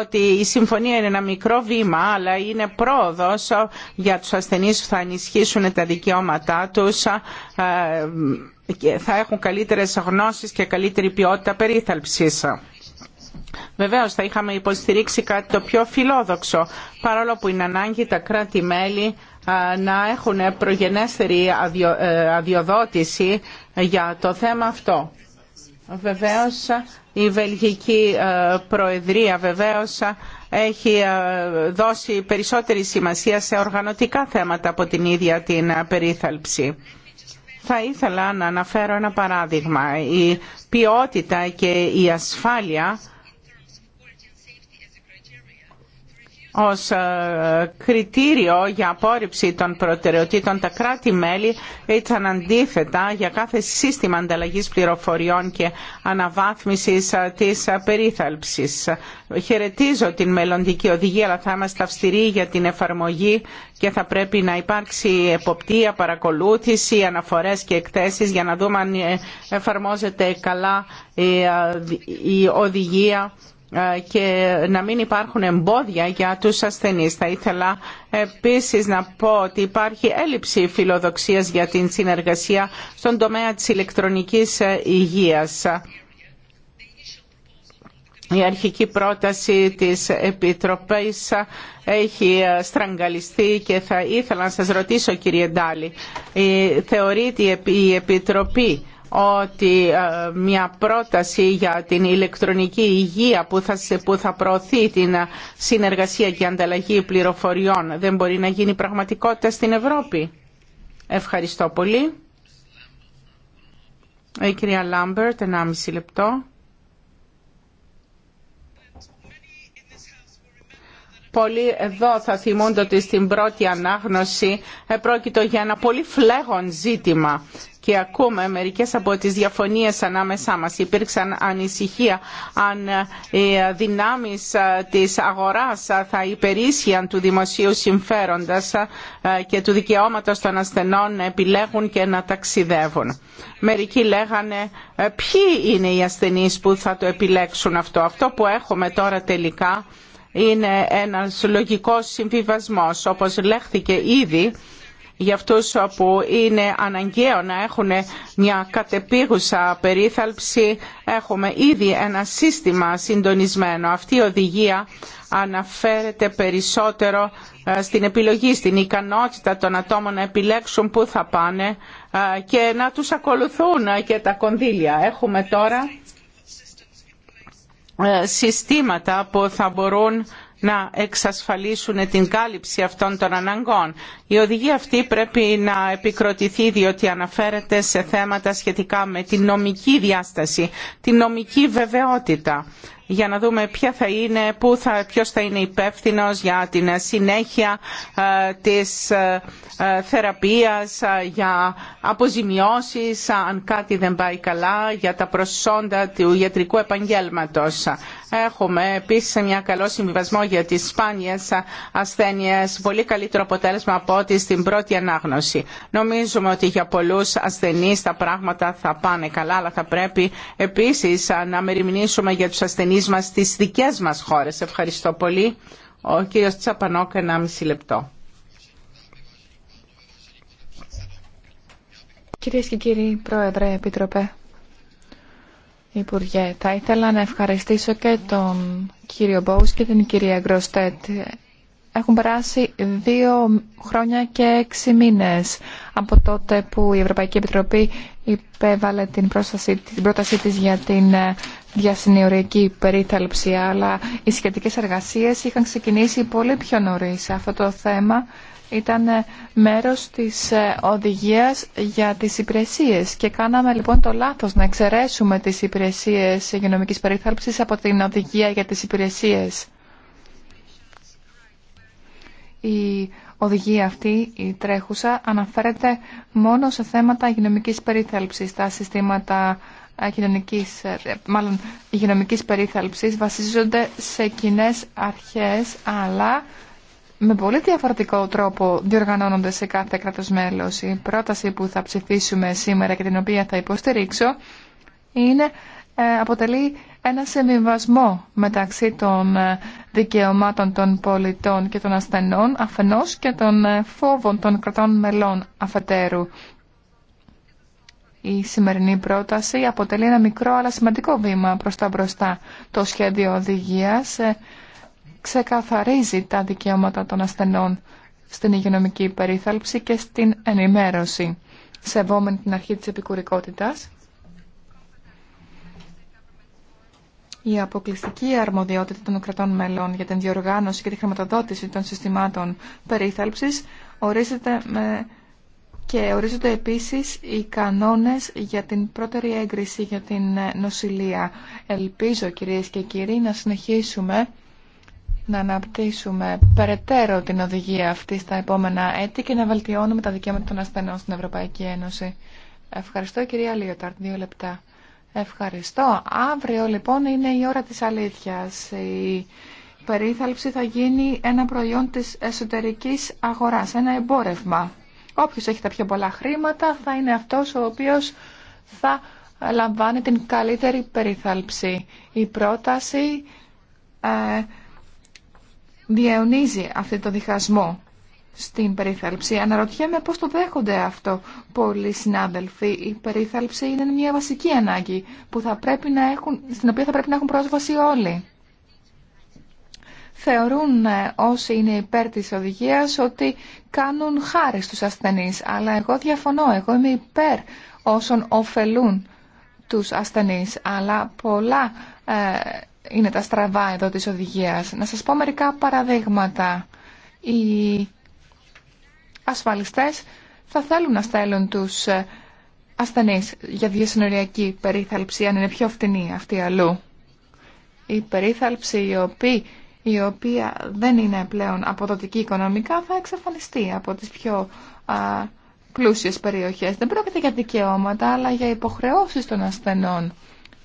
ότι η συμφωνία είναι ένα μικρό βήμα, αλλά είναι πρόοδος για τους ασθενείς που θα ενισχύσουν τα δικαιώματά τους ε, και θα έχουν καλύτερες γνώσεις και καλύτερη ποιότητα περίθαλψης. Βεβαίω θα είχαμε υποστηρίξει κάτι το πιο φιλόδοξο, παρόλο που είναι ανάγκη τα κράτη-μέλη ε, να έχουν προγενέστερη ε, αδειοδότηση για το θέμα αυτό. Βεβαίως η Βελγική ε, Προεδρία βεβαίως ε, έχει ε, δώσει περισσότερη σημασία σε οργανωτικά θέματα από την ίδια την περίθαλψη. Θα ήθελα να αναφέρω ένα παράδειγμα. Η ποιότητα και η ασφάλεια ως ε, κριτήριο για απόρριψη των προτεραιοτήτων τα κράτη-μέλη ήταν αντίθετα για κάθε σύστημα ανταλλαγής πληροφοριών και αναβάθμισης ε, της ε, περίθαλψης. Χαιρετίζω την μελλοντική οδηγία αλλά θα είμαστε αυστηροί για την εφαρμογή και θα πρέπει να υπάρξει εποπτεία, παρακολούθηση, αναφορές και εκθέσεις για να δούμε αν εφαρμόζεται καλά η οδηγία και να μην υπάρχουν εμπόδια για τους ασθενείς. Θα ήθελα επίσης να πω ότι υπάρχει έλλειψη φιλοδοξίας για την συνεργασία στον τομέα της ηλεκτρονικής ε, υγείας. Η αρχική πρόταση της Επιτροπής έχει ε, στραγγαλιστεί και θα ήθελα να σας ρωτήσω κύριε Ντάλη, ε, θεωρείται η Επιτροπή ότι ε, μια πρόταση για την ηλεκτρονική υγεία που θα, προωθεί την ε, συνεργασία και ανταλλαγή πληροφοριών δεν μπορεί να γίνει πραγματικότητα στην Ευρώπη. Ευχαριστώ πολύ. Ε, η κυρία Λάμπερτ, 1,5 λεπτό. Πολλοί εδώ θα θυμούνται ότι στην πρώτη ανάγνωση πρόκειται για ένα πολύ φλέγον ζήτημα και ακούμε μερικές από τις διαφωνίες ανάμεσά μας. Υπήρξαν ανησυχία αν οι ε, δυνάμεις ε, της αγοράς θα υπερίσχυαν του δημοσίου συμφέροντας ε, και του δικαιώματος των ασθενών να επιλέγουν και να ταξιδεύουν. Μερικοί λέγανε ποιοι είναι οι ασθενείς που θα το επιλέξουν αυτό. Αυτό που έχουμε τώρα τελικά είναι ένας λογικός συμβιβασμός. Όπως λέχθηκε ήδη, για αυτούς που είναι αναγκαίο να έχουν μια κατεπίγουσα περίθαλψη έχουμε ήδη ένα σύστημα συντονισμένο. Αυτή η οδηγία αναφέρεται περισσότερο ε, στην επιλογή, στην ικανότητα των ατόμων να επιλέξουν πού θα πάνε ε, και να τους ακολουθούν ε, και τα κονδύλια. Έχουμε τώρα ε, συστήματα που θα μπορούν να εξασφαλίσουν την κάλυψη αυτών των αναγκών. Η οδηγία αυτή πρέπει να επικροτηθεί διότι αναφέρεται σε θέματα σχετικά με την νομική διάσταση, την νομική βεβαιότητα για να δούμε ποια θα είναι, που θα, ποιος θα είναι υπεύθυνο για την συνέχεια ε, της ε, ε, θεραπείας, για αποζημιώσεις αν κάτι δεν πάει καλά, για τα προσόντα του ιατρικού επαγγέλματος. Έχουμε επίσης μια καλό συμβιβασμό για τις σπάνιες ασθένειες, πολύ καλύτερο αποτέλεσμα από ό,τι στην πρώτη ανάγνωση. Νομίζουμε ότι για πολλούς ασθενείς τα πράγματα θα πάνε καλά, αλλά θα πρέπει επίσης να μεριμνήσουμε για τους ασθενείς Στι μας στις δικές μας χώρες. Ευχαριστώ πολύ. Ο κύριος Τσαπανόκ, 1,5 λεπτό. Κυρίες και κύριοι Πρόεδρε, Επίτροπε, Υπουργέ, θα ήθελα να ευχαριστήσω και τον κύριο Μπόους και την κυρία Γκροστέτ. Έχουν περάσει δύο χρόνια και έξι μήνες από τότε που η Ευρωπαϊκή Επιτροπή υπέβαλε την, την πρότασή της για την για διασυνοριακή περίθαλψη, αλλά οι σχετικές εργασίες είχαν ξεκινήσει πολύ πιο νωρίς. Αυτό το θέμα ήταν μέρος της ε, οδηγίας για τις υπηρεσίες και κάναμε λοιπόν το λάθος να εξαιρέσουμε τις υπηρεσίες υγειονομικής περίθαλψης από την οδηγία για τις υπηρεσίες. Η οδηγία αυτή, η τρέχουσα, αναφέρεται μόνο σε θέματα υγειονομικής περίθαλψης, τα συστήματα κοινωνικής, μάλλον υγειονομικής περίθαλψης βασίζονται σε κοινέ αρχές, αλλά με πολύ διαφορετικό τρόπο διοργανώνονται σε κάθε κράτος μέλος. Η πρόταση που θα ψηφίσουμε σήμερα και την οποία θα υποστηρίξω είναι, ε, αποτελεί ένα συμβιβασμό μεταξύ των ε, δικαιωμάτων των πολιτών και των ασθενών αφενός και των ε, φόβων των κρατών μελών αφετέρου. Η σημερινή πρόταση αποτελεί ένα μικρό αλλά σημαντικό βήμα προς τα μπροστά. Το σχέδιο οδηγίας ε, ξεκαθαρίζει τα δικαιώματα των ασθενών στην υγειονομική περίθαλψη και στην ενημέρωση, σεβόμενη την αρχή της επικουρικότητας. Η αποκλειστική αρμοδιότητα των κρατών μελών για την διοργάνωση και τη χρηματοδότηση των συστημάτων περίθαλψης ορίζεται με και ορίζονται επίσης οι κανόνες για την πρώτερη έγκριση για την ε, νοσηλεία. Ελπίζω κυρίες και κύριοι να συνεχίσουμε να αναπτύσσουμε περαιτέρω την οδηγία αυτή στα επόμενα έτη και να βελτιώνουμε τα δικαιώματα των ασθενών στην Ευρωπαϊκή Ένωση. Ευχαριστώ κυρία Λίωταρτ. δύο λεπτά. Ευχαριστώ. Αύριο λοιπόν είναι η ώρα της αλήθειας. Η περίθαλψη θα γίνει ένα προϊόν της εσωτερικής αγοράς, ένα εμπόρευμα Όποιος έχει τα πιο πολλά χρήματα θα είναι αυτός ο οποίος θα λαμβάνει την καλύτερη περιθάλψη. Η πρόταση ε, διαιωνίζει αυτό το διχασμό στην περίθαλψη. Αναρωτιέμαι πώς το δέχονται αυτό πολλοί συνάδελφοι. Η περίθαλψη είναι μια βασική ανάγκη που θα πρέπει να έχουν, στην οποία θα πρέπει να έχουν πρόσβαση όλοι θεωρούν ε, όσοι είναι υπέρ της οδηγίας ότι κάνουν χάρη στους ασθενείς. Αλλά εγώ διαφωνώ, εγώ είμαι υπέρ όσων ωφελούν τους ασθενείς. Αλλά πολλά ε, είναι τα στραβά εδώ της οδηγίας. Να σας πω μερικά παραδείγματα. Οι ασφαλιστές θα θέλουν να στέλνουν τους ε, ασθενείς για διασυνοριακή περίθαλψη, αν είναι πιο φτηνή αυτή αλλού. Η περίθαλψη η η οποία δεν είναι πλέον αποδοτική οικονομικά θα εξαφανιστεί από τις πιο α, πλούσιες περιοχές. Δεν πρόκειται για δικαιώματα αλλά για υποχρεώσεις των ασθενών.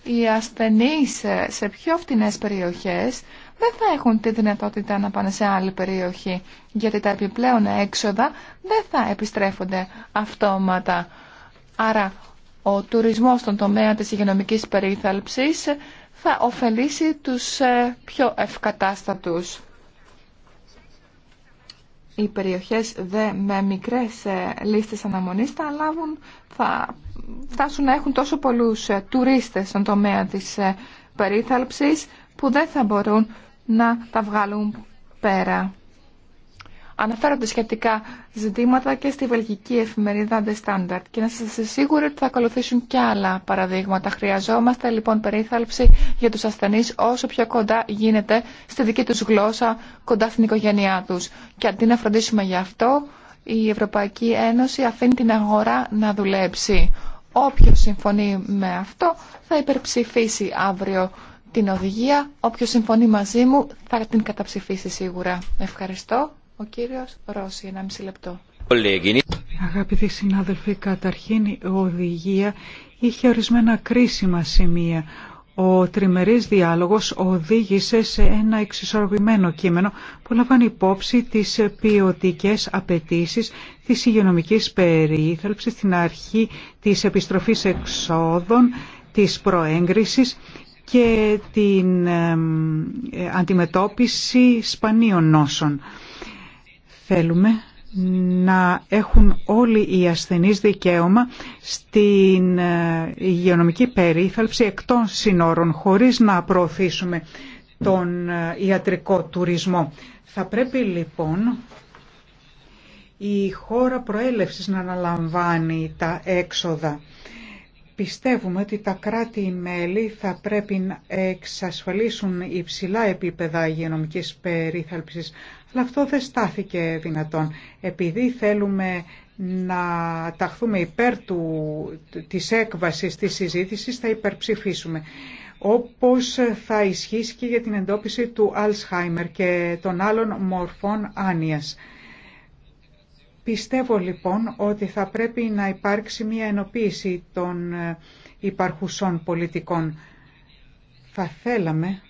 Οι ασθενείς σε πιο φτηνές περιοχές δεν θα έχουν τη δυνατότητα να πάνε σε άλλη περιοχή γιατί τα επιπλέον έξοδα δεν θα επιστρέφονται αυτόματα. Άρα ο τουρισμός στον τομέα της υγειονομικής περίθαλψης θα ωφελήσει τους ε, πιο ευκατάστατους. Οι περιοχές δε με μικρές ε, λίστες αναμονής θα, θα φτάσουν να έχουν τόσο πολλούς ε, τουρίστες στον τομέα της περίθαλψης που δεν θα μπορούν να τα βγάλουν πέρα. Αναφέρονται σχετικά ζητήματα και στη βελγική εφημερίδα The Standard και να είστε σίγουροι ότι θα ακολουθήσουν και άλλα παραδείγματα. Χρειαζόμαστε λοιπόν περίθαλψη για τους ασθενείς όσο πιο κοντά γίνεται στη δική τους γλώσσα, κοντά στην οικογένειά τους. Και αντί να φροντίσουμε γι' αυτό, η Ευρωπαϊκή Ένωση αφήνει την αγορά να δουλέψει. όποιο συμφωνεί με αυτό θα υπερψηφίσει αύριο την οδηγία. Όποιος συμφωνεί μαζί μου θα την καταψηφίσει σίγουρα. Ευχαριστώ. Ο κύριος Ρώση, ένα μισή λεπτό. Αγαπητοί συνάδελφοι, καταρχήν η οδηγία είχε ορισμένα κρίσιμα σημεία. Ο τριμερής διάλογος οδήγησε σε ένα εξισορροπημένο κείμενο που λαμβάνει υπόψη τις ποιοτικέ απαιτήσεις της υγειονομικής περίθαλψης, στην αρχή της επιστροφής εξόδων, της προέγκρισης και την ε, αντιμετώπιση σπανίων νόσων. Θέλουμε να έχουν όλοι οι ασθενείς δικαίωμα στην ε, υγειονομική περίθαλψη εκτός συνόρων, χωρίς να προωθήσουμε τον ε, ιατρικό τουρισμό. Θα πρέπει λοιπόν η χώρα προέλευσης να αναλαμβάνει τα έξοδα. Πιστεύουμε ότι τα κράτη-μέλη θα πρέπει να εξασφαλίσουν υψηλά επίπεδα υγειονομικής περίθαλψης αλλά αυτό δεν στάθηκε δυνατόν. Επειδή θέλουμε να ταχθούμε υπέρ του, της έκβασης της συζήτησης, θα υπερψηφίσουμε. Όπως θα ισχύσει και για την εντόπιση του Αλσχάιμερ και των άλλων μορφών άνοιας. Πιστεύω λοιπόν ότι θα πρέπει να υπάρξει μια ενοποίηση των ε, υπαρχουσών πολιτικών. Θα θέλαμε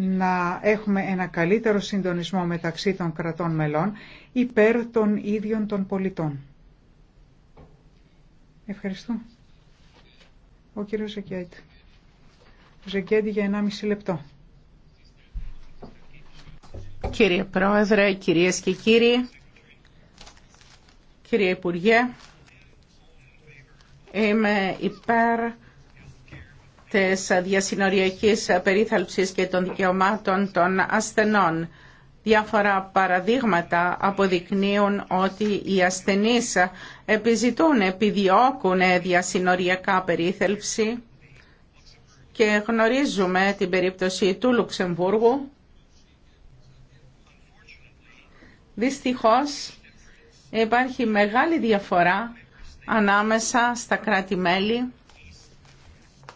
να έχουμε ένα καλύτερο συντονισμό μεταξύ των κρατών μελών υπέρ των ίδιων των πολιτών. Ευχαριστώ. Ο κύριος Ζεκέντη. Ζεκέντη για 1,5 λεπτό. Κύριε Πρόεδρε, κυρίες και κύριοι, κύριε Υπουργέ, είμαι υπέρ της διασυνοριακής περίθαλψης και των δικαιωμάτων των ασθενών. Διάφορα παραδείγματα αποδεικνύουν ότι οι ασθενείς επιζητούν, επιδιώκουν διασυνοριακά περίθαλψη και γνωρίζουμε την περίπτωση του Λουξεμβούργου. Δυστυχώς υπάρχει μεγάλη διαφορά ανάμεσα στα κράτη-μέλη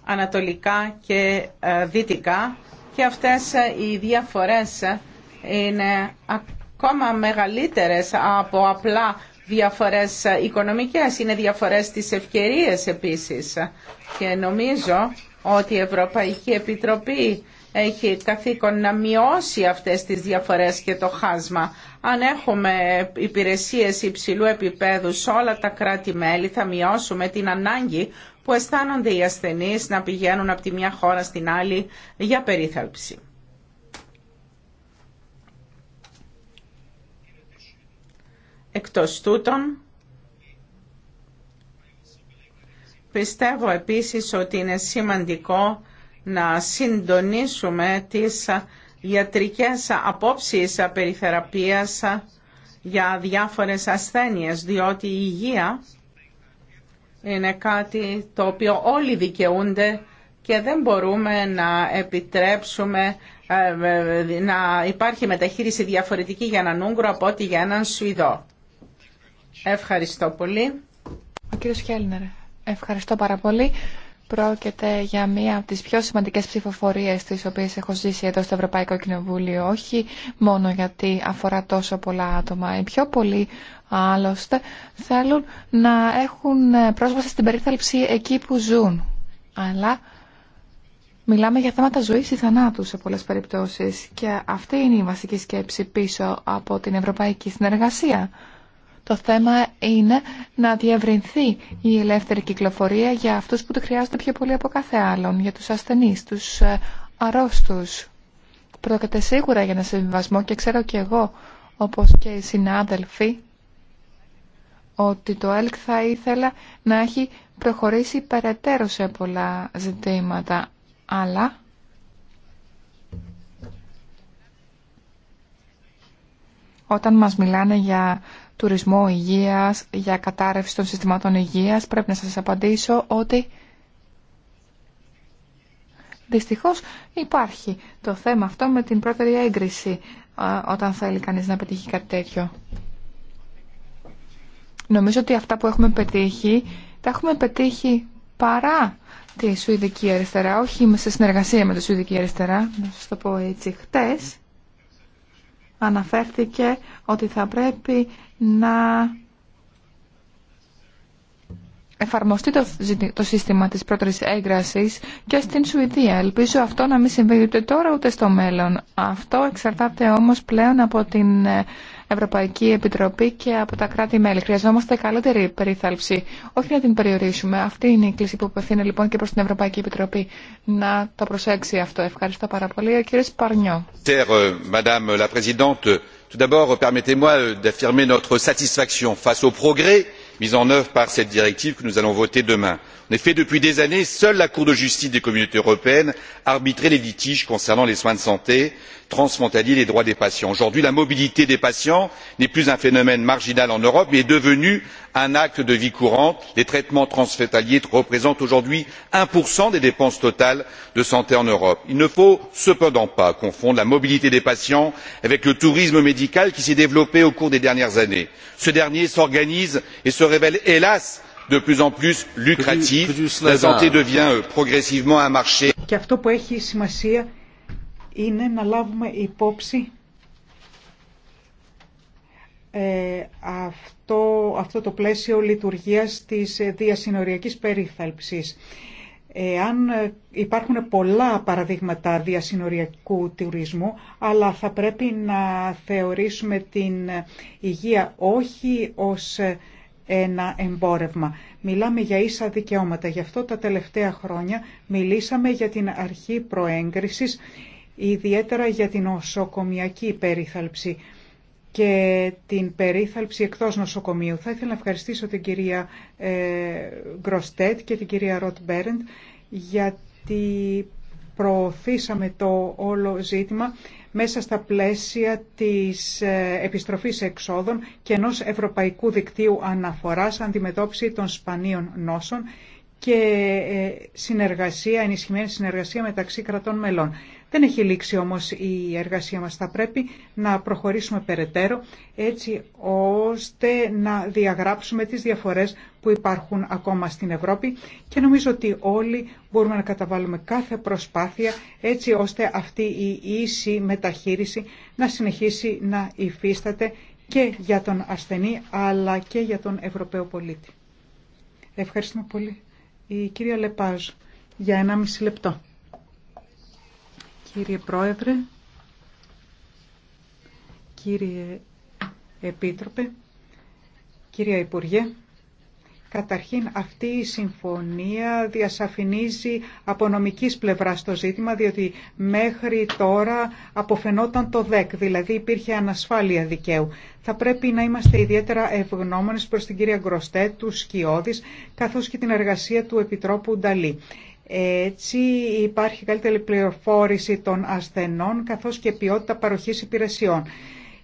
ανατολικά και ε, δυτικά και αυτές ε, οι διαφορές ε, είναι ακόμα μεγαλύτερες από απλά διαφορές οικονομικές, είναι διαφορές της ευκαιρίες επίσης. Και νομίζω ότι η Ευρωπαϊκή Επιτροπή έχει καθήκον να μειώσει αυτές τις διαφορές και το χάσμα. Αν έχουμε υπηρεσίες υψηλού επίπεδου σε όλα τα κράτη-μέλη θα μειώσουμε την ανάγκη που αισθάνονται οι ασθενείς να πηγαίνουν από τη μια χώρα στην άλλη για περίθαλψη. Εκτός τούτων, πιστεύω επίσης ότι είναι σημαντικό να συντονίσουμε τις ιατρικές απόψεις περιθεραπείας για διάφορες ασθένειες, διότι η υγεία είναι κάτι το οποίο όλοι δικαιούνται και δεν μπορούμε να επιτρέψουμε ε, ε, να υπάρχει μεταχείριση διαφορετική για έναν Ούγγρο από ό,τι για έναν Σουηδό. Ευχαριστώ πολύ. Ο κύριος Χέλνερ, ευχαριστώ πάρα πολύ. Πρόκειται για μία από τις πιο σημαντικές ψηφοφορίες τις οποίες έχω ζήσει εδώ στο Ευρωπαϊκό Κοινοβούλιο, όχι μόνο γιατί αφορά τόσο πολλά άτομα. Οι πιο πολλοί Άλλωστε θέλουν να έχουν ε, πρόσβαση στην περίθαλψη εκεί που ζουν. Αλλά μιλάμε για θέματα ζωής ή θανάτου σε πολλές περιπτώσεις και αυτή είναι η βασική σκέψη πίσω από την ευρωπαϊκή συνεργασία. Το θέμα είναι να διευρυνθεί η ελεύθερη κυκλοφορία για αυτούς που τη χρειάζονται πιο πολύ από κάθε άλλον, για τους ασθενείς, τους ε, αρρώστους. Πρόκειται σίγουρα για ένα συμβιβασμό και ξέρω και εγώ, όπως και οι συνάδελφοι, ότι το ΕΛΚ θα ήθελα να έχει προχωρήσει περαιτέρω σε πολλά ζητήματα, αλλά... Όταν μας μιλάνε για τουρισμό υγείας, για κατάρρευση των συστημάτων υγείας, πρέπει να σας απαντήσω ότι δυστυχώς υπάρχει το θέμα αυτό με την πρώτερη έγκριση ε, όταν θέλει κανείς να πετύχει κάτι τέτοιο. Νομίζω ότι αυτά που έχουμε πετύχει, τα έχουμε πετύχει παρά τη Σουηδική Αριστερά, όχι σε συνεργασία με τη Σουηδική Αριστερά, να σας το πω έτσι, χτες αναφέρθηκε ότι θα πρέπει να εφαρμοστεί το, το σύστημα της πρώτης έγκρασης και στην Σουηδία. Ελπίζω αυτό να μην συμβεί ούτε τώρα ούτε στο μέλλον. Αυτό εξαρτάται όμως πλέον από την ε, Ευρωπαϊκή Επιτροπή και από τα κράτη-μέλη. Χρειαζόμαστε καλύτερη περιθάλψη, όχι να την περιορίσουμε. Αυτή είναι η κλίση που απευθύνει λοιπόν και προ την Ευρωπαϊκή Επιτροπή να το προσέξει αυτό. Ευχαριστώ πάρα πολύ. Ο κύριο Παρνιό. Euh, Madame la Présidente, tout d'abord, permettez-moi euh, d'affirmer notre satisfaction face aux progrès mis en œuvre par cette directive que nous allons voter demain en effet depuis des années seule la cour de justice des communautés européennes arbitrait les litiges concernant les soins de santé transfrontaliers et les droits des patients. aujourd'hui la mobilité des patients n'est plus un phénomène marginal en europe mais est devenue un acte de vie courante. les traitements transfrontaliers représentent aujourd'hui un des dépenses totales de santé en europe. il ne faut cependant pas confondre la mobilité des patients avec le tourisme médical qui s'est développé au cours des dernières années. ce dernier s'organise et se révèle hélas! Και αυτό που έχει σημασία είναι να λάβουμε υπόψη ε, αυτό, αυτό το πλαίσιο λειτουργίας της διασυνοριακής περίθαλψης. Εάν ε, υπάρχουν πολλά παραδείγματα διασυνοριακού τουρισμού, αλλά θα πρέπει να θεωρήσουμε την υγεία όχι ως ε, ένα εμπόρευμα. Μιλάμε για ίσα δικαιώματα. Γι' αυτό τα τελευταία χρόνια μιλήσαμε για την αρχή προέγκρισης, ιδιαίτερα για την νοσοκομιακή περίθαλψη και την περίθαλψη εκτός νοσοκομείου. Θα ήθελα να ευχαριστήσω την κυρία ε, Γκροστέτ και την κυρία Ροτ Μπέρεντ γιατί προωθήσαμε το όλο ζήτημα μέσα στα πλαίσια της ε, επιστροφής εξόδων και ενός ευρωπαϊκού δικτύου αναφοράς αντιμετώπιση των σπανίων νόσων και ε, συνεργασία, ενισχυμένη συνεργασία μεταξύ κρατών μελών. Δεν έχει λήξει όμως η εργασία μας. Θα πρέπει να προχωρήσουμε περαιτέρω έτσι ώστε να διαγράψουμε τις διαφορές που υπάρχουν ακόμα στην Ευρώπη και νομίζω ότι όλοι μπορούμε να καταβάλουμε κάθε προσπάθεια έτσι ώστε αυτή η ίση μεταχείριση να συνεχίσει να υφίσταται και για τον ασθενή αλλά και για τον Ευρωπαίο πολίτη. Ευχαριστούμε πολύ. Η κυρία Λεπάζ, για ένα μισή λεπτό. Κύριε Πρόεδρε, κύριε Επίτροπε, κυρία Υπουργέ, Καταρχήν αυτή η συμφωνία διασαφηνίζει από νομικής πλευράς το ζήτημα διότι μέχρι τώρα αποφαινόταν το ΔΕΚ, δηλαδή υπήρχε ανασφάλεια δικαίου. Θα πρέπει να είμαστε ιδιαίτερα ευγνώμονες προς την κυρία Γκροστέ, του Σκιώδης, καθώς και την εργασία του Επιτρόπου Νταλή. Έτσι υπάρχει καλύτερη πληροφόρηση των ασθενών καθώς και ποιότητα παροχής υπηρεσιών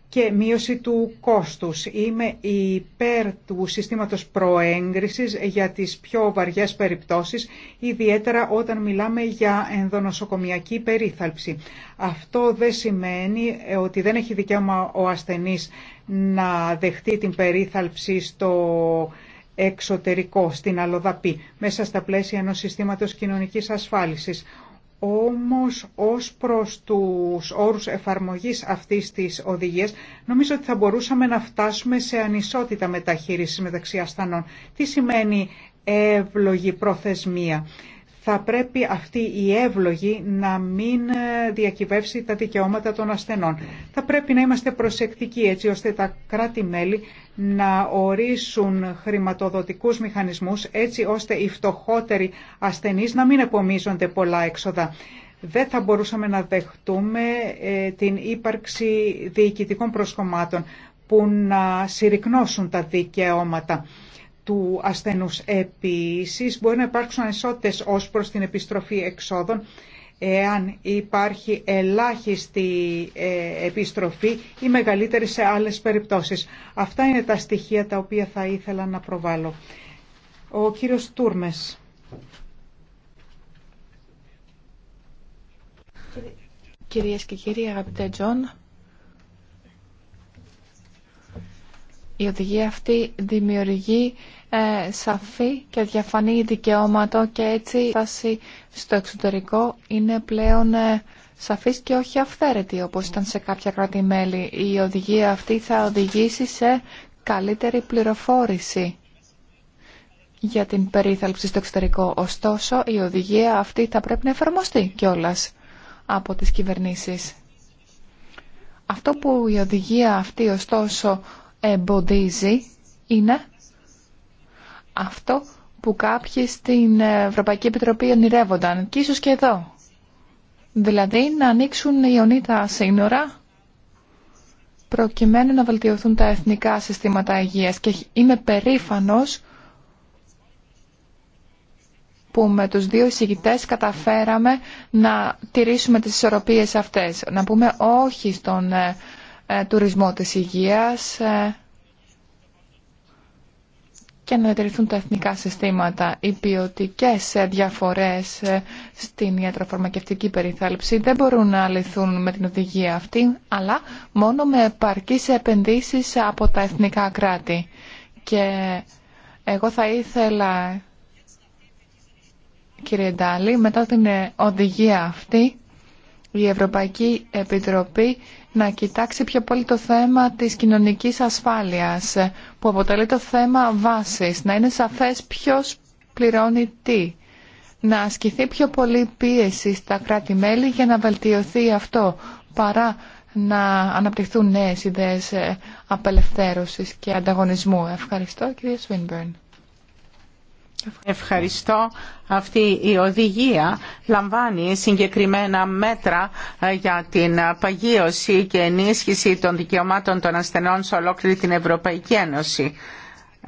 και μείωση του κόστους. Είμαι υπέρ του συστήματος προέγκρισης για τις πιο βαριές περιπτώσεις, ιδιαίτερα όταν μιλάμε για ενδονοσοκομιακή περίθαλψη. Αυτό δεν σημαίνει ότι δεν έχει δικαίωμα ο ασθενής να δεχτεί την περίθαλψη στο εξωτερικό, στην Αλοδαπή, μέσα στα πλαίσια ενός συστήματος κοινωνικής ασφάλισης. Όμως ως προς τους όρους εφαρμογής αυτής της οδηγίας νομίζω ότι θα μπορούσαμε να φτάσουμε σε ανισότητα μεταχείρισης μεταξύ ασθανών. Τι σημαίνει εύλογη προθεσμία θα πρέπει αυτή η εύλογη να μην ε, διακυβεύσει τα δικαιώματα των ασθενών. Θα πρέπει να είμαστε προσεκτικοί έτσι ώστε τα κράτη-μέλη να ορίσουν χρηματοδοτικούς μηχανισμούς έτσι ώστε οι φτωχότεροι ασθενείς να μην επομίζονται πολλά έξοδα. Δεν θα μπορούσαμε να δεχτούμε ε, την ύπαρξη διοικητικών προσκομμάτων που να συρρυκνώσουν τα δικαιώματα του ασθενούς. Επίσης, μπορεί να υπάρξουν ανισότητες ως προς την επιστροφή εξόδων, εάν υπάρχει ελάχιστη ε, επιστροφή ή μεγαλύτερη σε άλλες περιπτώσεις. Αυτά είναι τα στοιχεία τα οποία θα ήθελα να προβάλλω. Ο κύριος Τούρμες. Κυρίες και κύριοι, αγαπητέ Τζον, η οδηγία αυτή δημιουργεί ε, σαφή και διαφανή δικαιώματο και έτσι η στάση στο εξωτερικό είναι πλέον ε, σαφής και όχι αυθαίρετη όπως ήταν σε κάποια κράτη-μέλη. Η οδηγία αυτή θα οδηγήσει σε καλύτερη πληροφόρηση για την περίθαλψη στο εξωτερικό. Ωστόσο, η οδηγία αυτή θα πρέπει να εφαρμοστεί κιόλα από τις κυβερνήσεις. Αυτό που η οδηγία αυτή ωστόσο εμποδίζει είναι αυτό που κάποιοι στην Ευρωπαϊκή Επιτροπή ονειρεύονταν και ίσως και εδώ. Δηλαδή να ανοίξουν οι σε σύνορα προκειμένου να βελτιωθούν τα εθνικά συστήματα υγείας και είμαι περήφανος που με τους δύο εισηγητές καταφέραμε να τηρήσουμε τις ισορροπίες αυτές. Να πούμε όχι στον ε, ε, τουρισμό της υγείας, ε, και να διατηρηθούν τα εθνικά συστήματα. Οι ποιοτικέ ε, διαφορέ ε, στην ιατροφαρμακευτική περιθάλψη δεν μπορούν να λυθούν με την οδηγία αυτή, αλλά μόνο με επαρκή επενδύσει από τα εθνικά κράτη. Και εγώ θα ήθελα, κύριε Ντάλη, μετά την οδηγία αυτή, η Ευρωπαϊκή Επιτροπή να κοιτάξει πιο πολύ το θέμα της κοινωνικής ασφάλειας που αποτελεί το θέμα βάσης, να είναι σαφές ποιος πληρώνει τι, να ασκηθεί πιο πολύ πίεση στα κράτη-μέλη για να βελτιωθεί αυτό παρά να αναπτυχθούν νέες ιδέες ε, απελευθέρωσης και ανταγωνισμού. Ευχαριστώ κύριε Σουίνμπερν. Ευχαριστώ. Αυτή η οδηγία λαμβάνει συγκεκριμένα μέτρα ε, για την παγίωση και ενίσχυση των δικαιωμάτων των ασθενών σε ολόκληρη την Ευρωπαϊκή Ένωση.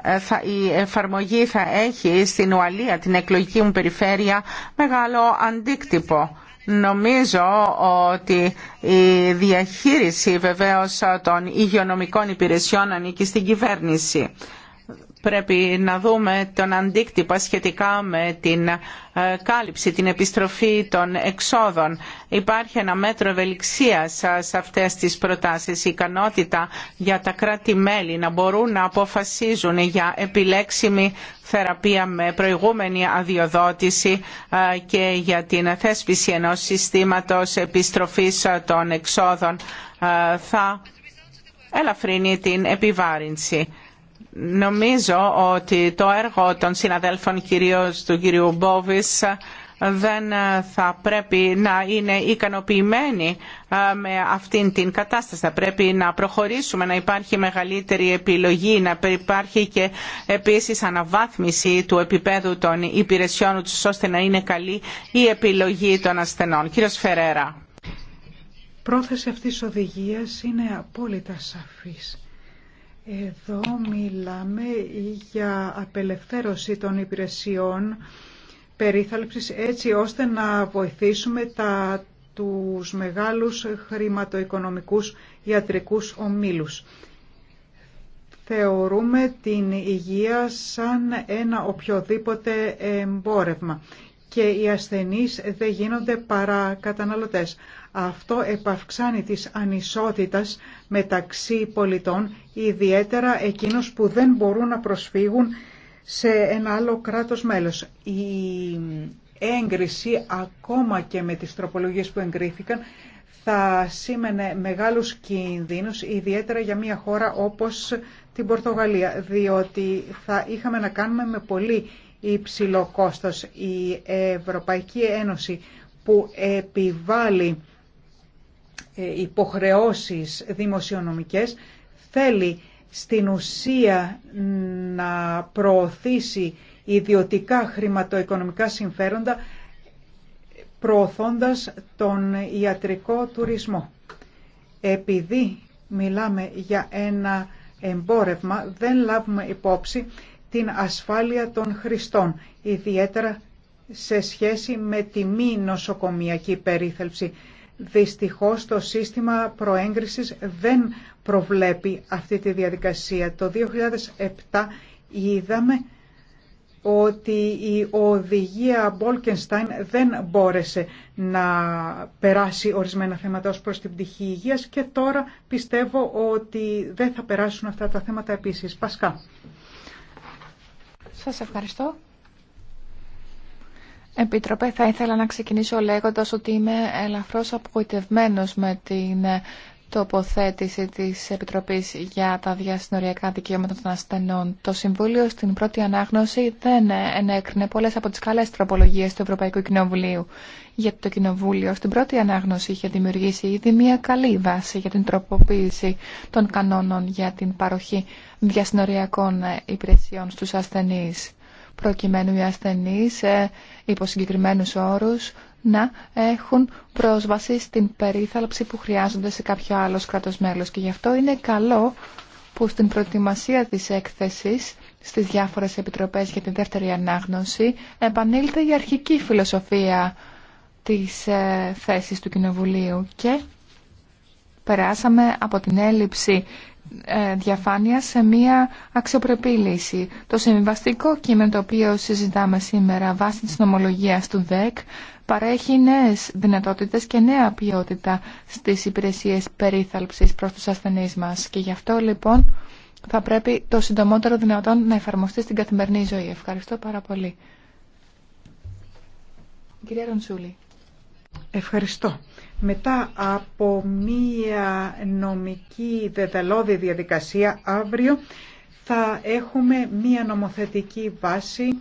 Ε, η εφαρμογή θα έχει στην Ουαλία, την εκλογική μου περιφέρεια, μεγάλο αντίκτυπο. Νομίζω ότι η διαχείριση βεβαίως των υγειονομικών υπηρεσιών ανήκει στην κυβέρνηση πρέπει να δούμε τον αντίκτυπο σχετικά με την ε, κάλυψη, την επιστροφή των εξόδων. Υπάρχει ένα μέτρο ευελιξίας ε, σε αυτές τις προτάσεις, η ικανότητα για τα κράτη-μέλη να μπορούν να αποφασίζουν για επιλέξιμη θεραπεία με προηγούμενη αδειοδότηση ε, και για την θέσπιση ενός συστήματος επιστροφής των εξόδων θα ελαφρύνει την επιβάρυνση Νομίζω ότι το έργο των συναδέλφων κυρίως του κυρίου Μπόβης δεν θα πρέπει να είναι ικανοποιημένη ε, με αυτήν την κατάσταση. Θα πρέπει να προχωρήσουμε, να υπάρχει μεγαλύτερη επιλογή, να υπάρχει και επίσης αναβάθμιση του επίπεδου των υπηρεσιών τους ώστε να είναι καλή η επιλογή των ασθενών. Κύριος Φερέρα. Πρόθεση αυτής οδηγίας είναι απόλυτα σαφής εδώ μιλάμε για απελευθέρωση των υπηρεσιών περίθαλψης έτσι ώστε να βοηθήσουμε τα, τους μεγάλους χρηματοοικονομικούς ιατρικούς ομίλους. Θεωρούμε την υγεία σαν ένα οποιοδήποτε εμπόρευμα και οι ασθενείς δεν γίνονται παρά καταναλωτές. Αυτό επαυξάνει τις ανισότητας μεταξύ πολιτών, ιδιαίτερα εκείνους που δεν μπορούν να προσφύγουν σε ένα άλλο κράτος μέλος. Η έγκριση, ακόμα και με τις τροπολογίες που εγκρίθηκαν, θα σήμαινε μεγάλους κινδύνους, ιδιαίτερα για μια χώρα όπως την Πορτογαλία, διότι θα είχαμε να κάνουμε με πολύ υψηλό κόστος. Η Ευρωπαϊκή Ένωση που επιβάλλει ε, υποχρεώσεις δημοσιονομικές, θέλει στην ουσία να προωθήσει ιδιωτικά χρηματοοικονομικά συμφέροντα προωθώντας τον ιατρικό τουρισμό. Επειδή μιλάμε για ένα εμπόρευμα, δεν λάβουμε υπόψη την ασφάλεια των χρηστών, ιδιαίτερα σε σχέση με τη μη νοσοκομιακή υπερίθελψη Δυστυχώς το σύστημα προέγκρισης δεν προβλέπει αυτή τη διαδικασία. Το 2007 είδαμε ότι η οδηγία Μπόλκενστάιν δεν μπόρεσε να περάσει ορισμένα θέματα ως προς την πτυχή υγείας και τώρα πιστεύω ότι δεν θα περάσουν αυτά τα θέματα επίσης. Πασκά. Σας ευχαριστώ. Επίτροπε, θα ήθελα να ξεκινήσω λέγοντας ότι είμαι ελαφρώς απογοητευμένος με την τοποθέτηση της Επιτροπής για τα διασυνοριακά δικαιώματα των ασθενών. Το Συμβούλιο στην πρώτη ανάγνωση δεν ενέκρινε πολλές από τις καλές τροπολογίες του Ευρωπαϊκού Κοινοβουλίου. Γιατί το Κοινοβούλιο στην πρώτη ανάγνωση είχε δημιουργήσει ήδη μια καλή βάση για την τροποποίηση των κανόνων για την παροχή διασυνοριακών υπηρεσιών στους ασθενείς προκειμένου οι ασθενείς ε, υπό συγκεκριμένου όρους να έχουν πρόσβαση στην περίθαλψη που χρειάζονται σε κάποιο άλλο κράτος μέλος. Και γι' αυτό είναι καλό που στην προετοιμασία της έκθεσης στις διάφορες επιτροπές για την δεύτερη ανάγνωση επανήλθε η αρχική φιλοσοφία της ε, θέσης του Κοινοβουλίου και περάσαμε από την έλλειψη ε, διαφάνεια σε μια αξιοπρεπή λύση. Το συμβιβαστικό κείμενο το οποίο συζητάμε σήμερα βάσει της νομολογίας του ΔΕΚ παρέχει νέες δυνατότητες και νέα ποιότητα στις υπηρεσίες περίθαλψης προς τους ασθενείς μας και γι' αυτό λοιπόν θα πρέπει το συντομότερο δυνατόν να εφαρμοστεί στην καθημερινή ζωή. Ευχαριστώ πάρα πολύ. Κυρία Ευχαριστώ. Μετά από μία νομική δεδαλώδη διαδικασία αύριο θα έχουμε μία νομοθετική βάση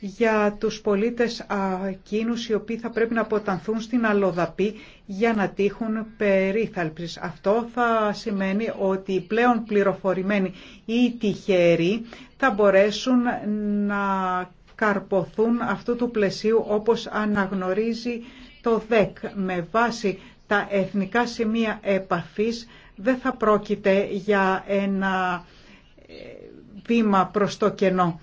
για τους πολίτες εκείνους οι οποίοι θα πρέπει να αποτανθούν στην αλλοδαπή για να τύχουν περίθαλψης. Αυτό θα σημαίνει ότι οι πλέον πληροφορημένοι ή τυχεροί θα μπορέσουν να καρποθούν αυτού του πλαισίου όπως αναγνωρίζει το ΔΕΚ με βάση τα εθνικά σημεία επαφής δεν θα πρόκειται για ένα ε, βήμα προς το κενό.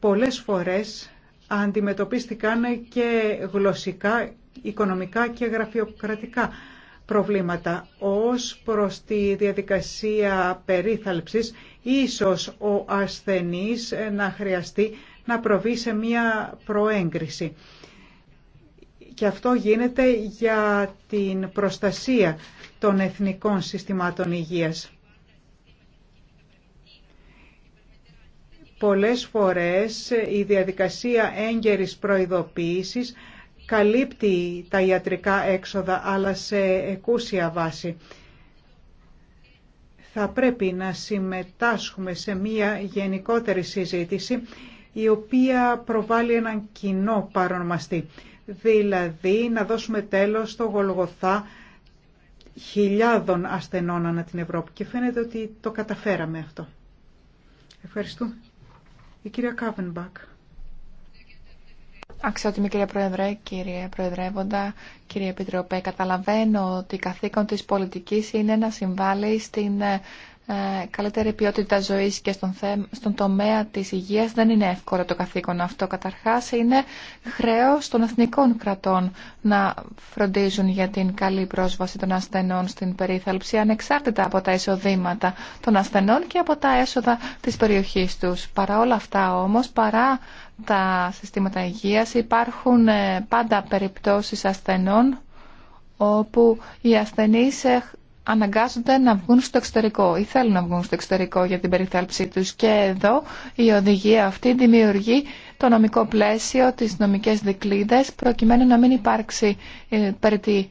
Πολλές φορές αντιμετωπίστηκαν και γλωσσικά, οικονομικά και γραφειοκρατικά προβλήματα. Ως προς τη διαδικασία περίθαλψης, ίσως ο ασθενής να χρειαστεί να προβεί σε μία προέγκριση. Και αυτό γίνεται για την προστασία των εθνικών συστημάτων υγείας. Πολλές φορές η διαδικασία έγκαιρης προειδοποίησης καλύπτει τα ιατρικά έξοδα, αλλά σε εκούσια βάση. Θα πρέπει να συμμετάσχουμε σε μία γενικότερη συζήτηση η οποία προβάλλει έναν κοινό παρονομαστή. Δηλαδή να δώσουμε τέλος στο Γολγοθά χιλιάδων ασθενών ανά την Ευρώπη και φαίνεται ότι το καταφέραμε αυτό. Ευχαριστούμε. Η κυρία Κάβενμπακ. Αξιότιμη κυρία Πρόεδρε, κύριε Προεδρεύοντα, κύριε Επιτροπέ, καταλαβαίνω ότι η καθήκον της πολιτικής είναι να συμβάλλει στην ε, ε, καλύτερη ποιότητα ζωής και στον, τομέα της υγείας δεν είναι εύκολο το καθήκον αυτό. Καταρχάς είναι χρέος των εθνικών κρατών να φροντίζουν για την καλή πρόσβαση των ασθενών στην περίθαλψη ανεξάρτητα από τα εισοδήματα των ασθενών και από τα έσοδα της περιοχής τους. Παρά όλα αυτά όμως, παρά τα συστήματα υγείας υπάρχουν ε, πάντα περιπτώσεις ασθενών όπου οι ασθενείς ε, αναγκάζονται να βγουν στο εξωτερικό ή θέλουν να βγουν στο εξωτερικό για την περιθάλψή τους. Και εδώ η οδηγία αυτή δημιουργεί το νομικό πλαίσιο, τις νομικές δικλίδες, προκειμένου να μην υπάρξει ε, περί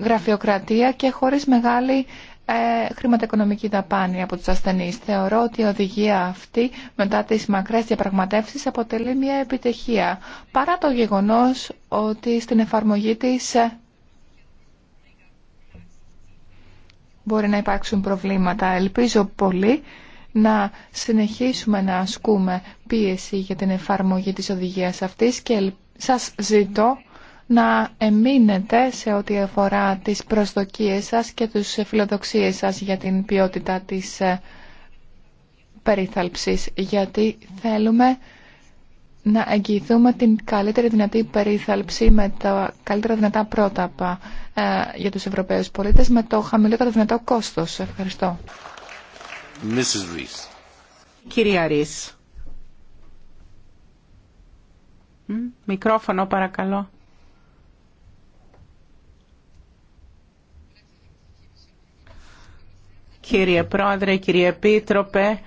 γραφειοκρατία και χωρίς μεγάλη ε, χρηματοοικονομική δαπάνη από τους ασθενείς. Θεωρώ ότι η οδηγία αυτή μετά τις μακρές διαπραγματεύσεις αποτελεί μια επιτυχία, παρά το γεγονός ότι στην εφαρμογή της ε, μπορεί να υπάρξουν προβλήματα. Ελπίζω πολύ να συνεχίσουμε να ασκούμε πίεση για την εφαρμογή της οδηγίας αυτής και σας ζητώ να εμείνετε σε ό,τι αφορά τις προσδοκίες σας και τους φιλοδοξίες σας για την ποιότητα της ε, περίθαλψης, γιατί θέλουμε να εγγυηθούμε την καλύτερη δυνατή περίθαλψη με τα καλύτερα δυνατά πρόταπα ε, για τους Ευρωπαίους πολίτες με το χαμηλότερο δυνατό κόστος. Ευχαριστώ. Κυρία Μικρόφωνο παρακαλώ. Κύριε Πρόεδρε, κύριε Επίτροπε,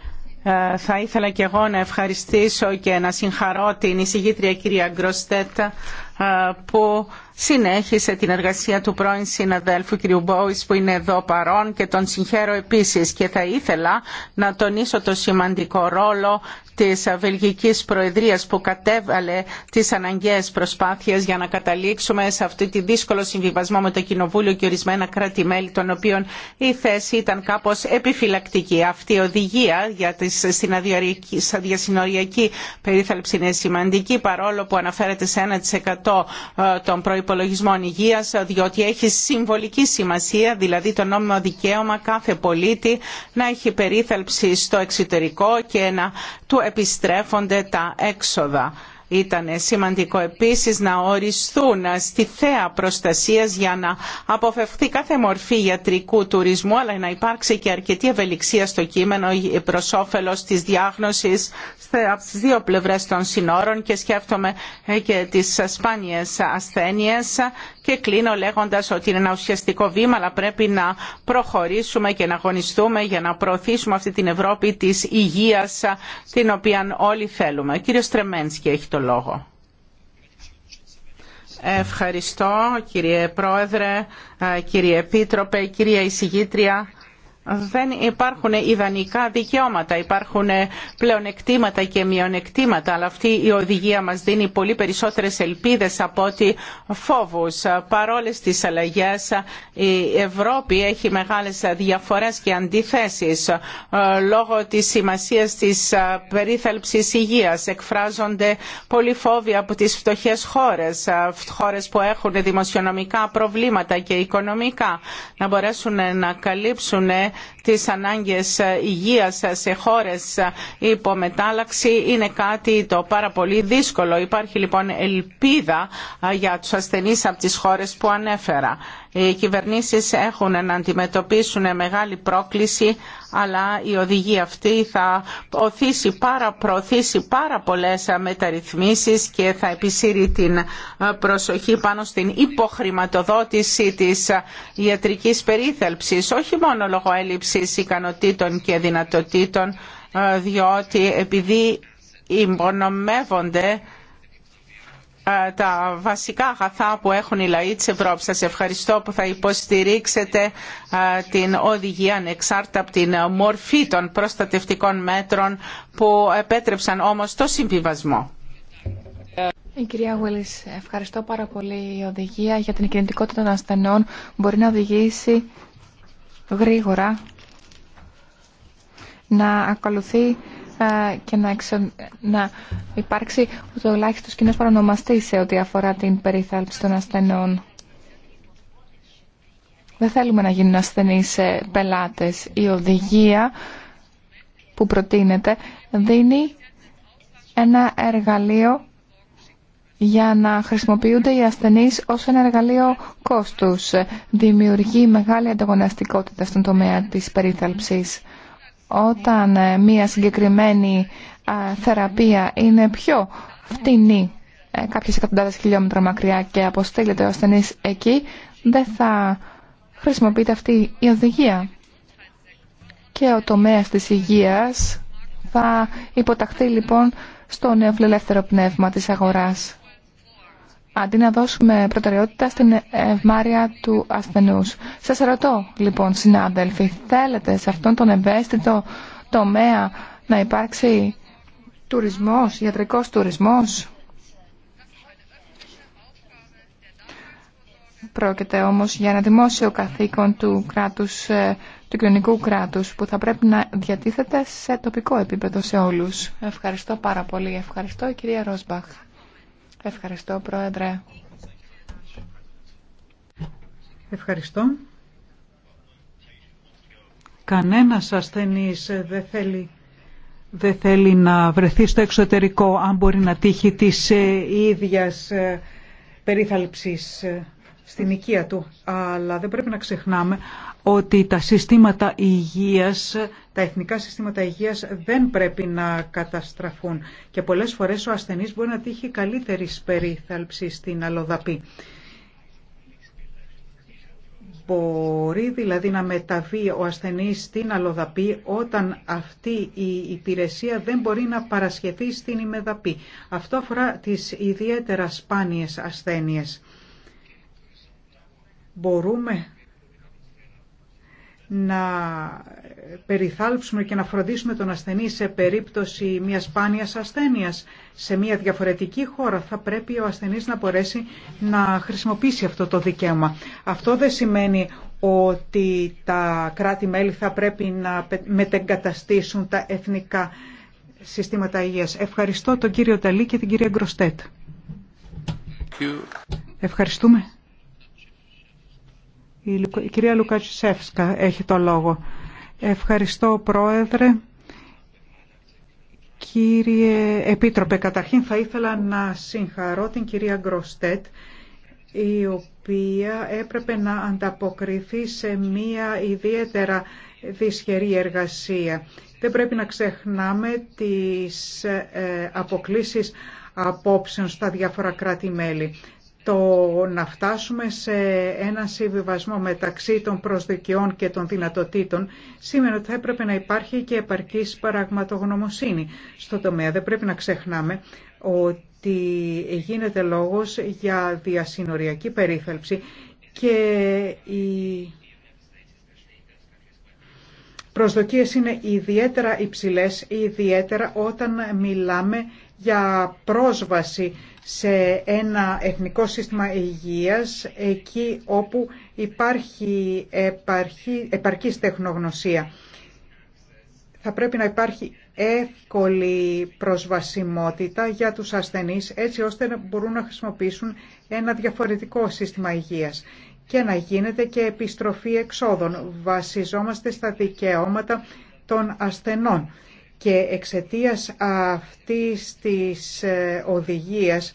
ε, θα ήθελα και εγώ να ευχαριστήσω και να συγχαρώ την εισηγήτρια κυρία Γκροστέτα ε, που συνέχισε την εργασία του πρώην συναδέλφου κ. Μπόης που είναι εδώ παρόν και τον συγχαίρω επίσης και θα ήθελα να τονίσω το σημαντικό ρόλο της Βελγικής Προεδρίας που κατέβαλε τις αναγκαίες προσπάθειες για να καταλήξουμε σε αυτή τη δύσκολο συμβιβασμό με το Κοινοβούλιο και ορισμένα κράτη-μέλη των οποίων η θέση ήταν κάπως επιφυλακτική. Αυτή η οδηγία για τη διασυνοριακή περίθαλψη είναι σημαντική παρόλο που αναφέρεται σε 1% ε, των προϋπολογισμών υπολογισμό Υγεία διότι έχει συμβολική σημασία δηλαδή το νόμιμο δικαίωμα κάθε πολίτη να έχει περίθαλψη στο εξωτερικό και να του επιστρέφονται τα έξοδα ήταν σημαντικό επίσης να οριστούν στη θέα προστασίας για να αποφευχθεί κάθε μορφή ιατρικού τουρισμού αλλά να υπάρξει και αρκετή ευελιξία στο κείμενο προς όφελος της διάγνωσης από τις δύο πλευρές των συνόρων και σκέφτομαι ε, και τις σπάνιες ασθένειες και κλείνω λέγοντας ότι είναι ένα ουσιαστικό βήμα αλλά πρέπει να προχωρήσουμε και να αγωνιστούμε για να προωθήσουμε αυτή την Ευρώπη της υγείας την οποία όλοι θέλουμε. Κύριο έχει το Ευχαριστώ κύριε Πρόεδρε, κύριε Επίτροπε, κυρία Εισηγήτρια δεν υπάρχουν ιδανικά δικαιώματα, υπάρχουν πλεονεκτήματα και μειονεκτήματα, αλλά αυτή η οδηγία μας δίνει πολύ περισσότερες ελπίδες από ότι φόβους. Παρόλες τις αλλαγές, η Ευρώπη έχει μεγάλες διαφορές και αντιθέσεις. Ε, λόγω της σημασίας της ε, περίθαλψης υγείας εκφράζονται πολλοί φόβοι από τις φτωχές χώρες, ε, χώρες που έχουν δημοσιονομικά προβλήματα και οικονομικά, να μπορέσουν να καλύψουν τις ανάγκες ε, υγείας σε χώρες ε, υπομετάλλαξη είναι κάτι το πάρα πολύ δύσκολο. Υπάρχει λοιπόν ελπίδα ε, για τους ασθενείς από τις χώρες που ανέφερα. Ε, οι κυβερνήσεις έχουν να αντιμετωπίσουν μεγάλη πρόκληση, αλλά η οδηγία αυτή θα πάρα, προωθήσει πάρα πολλές μεταρρυθμίσεις και θα επισύρει την ε, προσοχή πάνω στην υποχρηματοδότηση της ε, ιατρικής περίθαλψης, όχι μόνο λόγω έλλειψης ικανοτήτων και δυνατοτήτων, διότι επειδή υπονομεύονται ε, τα βασικά αγαθά που έχουν οι λαοί της Ευρώπης. Σας ευχαριστώ που θα υποστηρίξετε ε, την οδηγία ανεξάρτητα από την μορφή των προστατευτικών μέτρων που επέτρεψαν όμως το συμβιβασμό. Η ε, κυρία Γουέλης, ευχαριστώ πάρα πολύ. Η οδηγία για την κινητικότητα των ασθενών μπορεί να οδηγήσει γρήγορα να ακολουθεί και να, εξο... να υπάρξει το ελάχιστο κοινό παρονομαστή σε ό,τι αφορά την περίθαλψη των ασθενών. Δεν θέλουμε να γίνουν ασθενείς πελάτες. Η οδηγία που προτείνεται δίνει ένα εργαλείο για να χρησιμοποιούνται οι ασθενείς ως ένα εργαλείο κόστους. Δημιουργεί μεγάλη ανταγωνιστικότητα στον τομέα της περίθαλψης όταν ε, μία συγκεκριμένη θεραπεία είναι πιο φτηνή ε, κάποιες εκατοντάδες χιλιόμετρα μακριά και αποστέλλεται ο ασθενής εκεί, δεν θα χρησιμοποιείται αυτή η οδηγία. Και ο τομέας της υγείας θα υποταχθεί λοιπόν στο νεοφιλελεύθερο πνεύμα της αγοράς αντί να δώσουμε προτεραιότητα στην ευμάρεια του ασθενούς. Σας ρωτώ, λοιπόν, συνάδελφοι, θέλετε σε αυτόν τον ευαίσθητο τομέα να υπάρξει τουρισμός, ιατρικός τουρισμός. Πρόκειται όμως για ένα δημόσιο καθήκον του, κράτους, ε, του κοινωνικού κράτους που θα πρέπει να διατίθεται σε τοπικό επίπεδο σε όλους. Ευχαριστώ πάρα πολύ. Ευχαριστώ κυρία Ρόσμπαχ. Ευχαριστώ, Πρόεδρε. Ευχαριστώ. Κανένας ασθενής δεν θέλει δεν θέλει να βρεθεί στο εξωτερικό αν μπορεί να τύχει της ε, ίδιας ε, περίθαλψης στην οικία του. Αλλά δεν πρέπει να ξεχνάμε ότι τα συστήματα υγείας, τα εθνικά συστήματα υγείας δεν πρέπει να καταστραφούν. Και πολλές φορές ο ασθενής μπορεί να τύχει καλύτερη περίθαλψη στην αλλοδαπή. Μπορεί δηλαδή να μεταβεί ο ασθενής στην Αλοδαπή όταν αυτή η υπηρεσία δεν μπορεί να παρασχεθεί στην ημεδαπή. Αυτό αφορά τις ιδιαίτερα σπάνιες ασθένειες μπορούμε να περιθάλψουμε και να φροντίσουμε τον ασθενή σε περίπτωση μιας σπάνιας ασθένειας. Σε μια διαφορετική χώρα θα πρέπει ο ασθενής να μπορέσει να χρησιμοποιήσει αυτό το δικαίωμα. Αυτό δεν σημαίνει ότι τα κράτη-μέλη θα πρέπει να μετεγκαταστήσουν τα εθνικά συστήματα υγείας. Ευχαριστώ τον κύριο Ταλή και την κυρία Γκροστέτ. Ευχαριστούμε. Η κυρία Λουκατσισεύσκα έχει το λόγο. Ευχαριστώ, Πρόεδρε. Κύριε Επίτροπε, καταρχήν θα ήθελα να συγχαρώ την κυρία Γκροστέτ, η οποία έπρεπε να ανταποκριθεί σε μία ιδιαίτερα δυσχερή εργασία. Δεν πρέπει να ξεχνάμε τις ε, αποκλίσεις απόψεων στα διάφορα κράτη-μέλη το να φτάσουμε σε ένα συμβιβασμό μεταξύ των προσδοκιών και των δυνατοτήτων σήμερα ότι θα έπρεπε να υπάρχει και επαρκής παραγματογνωμοσύνη στο τομέα. Δεν πρέπει να ξεχνάμε ότι γίνεται λόγος για διασυνοριακή περίθαλψη και οι προσδοκίες είναι ιδιαίτερα υψηλές, ιδιαίτερα όταν μιλάμε για πρόσβαση σε ένα εθνικό σύστημα υγείας εκεί όπου υπάρχει επαρχή, επαρκής τεχνογνωσία. Θα πρέπει να υπάρχει εύκολη προσβασιμότητα για τους ασθενείς έτσι ώστε να μπορούν να χρησιμοποιήσουν ένα διαφορετικό σύστημα υγείας και να γίνεται και επιστροφή εξόδων. Βασιζόμαστε στα δικαιώματα των ασθενών και εξαιτίας αυτής της ε, οδηγίας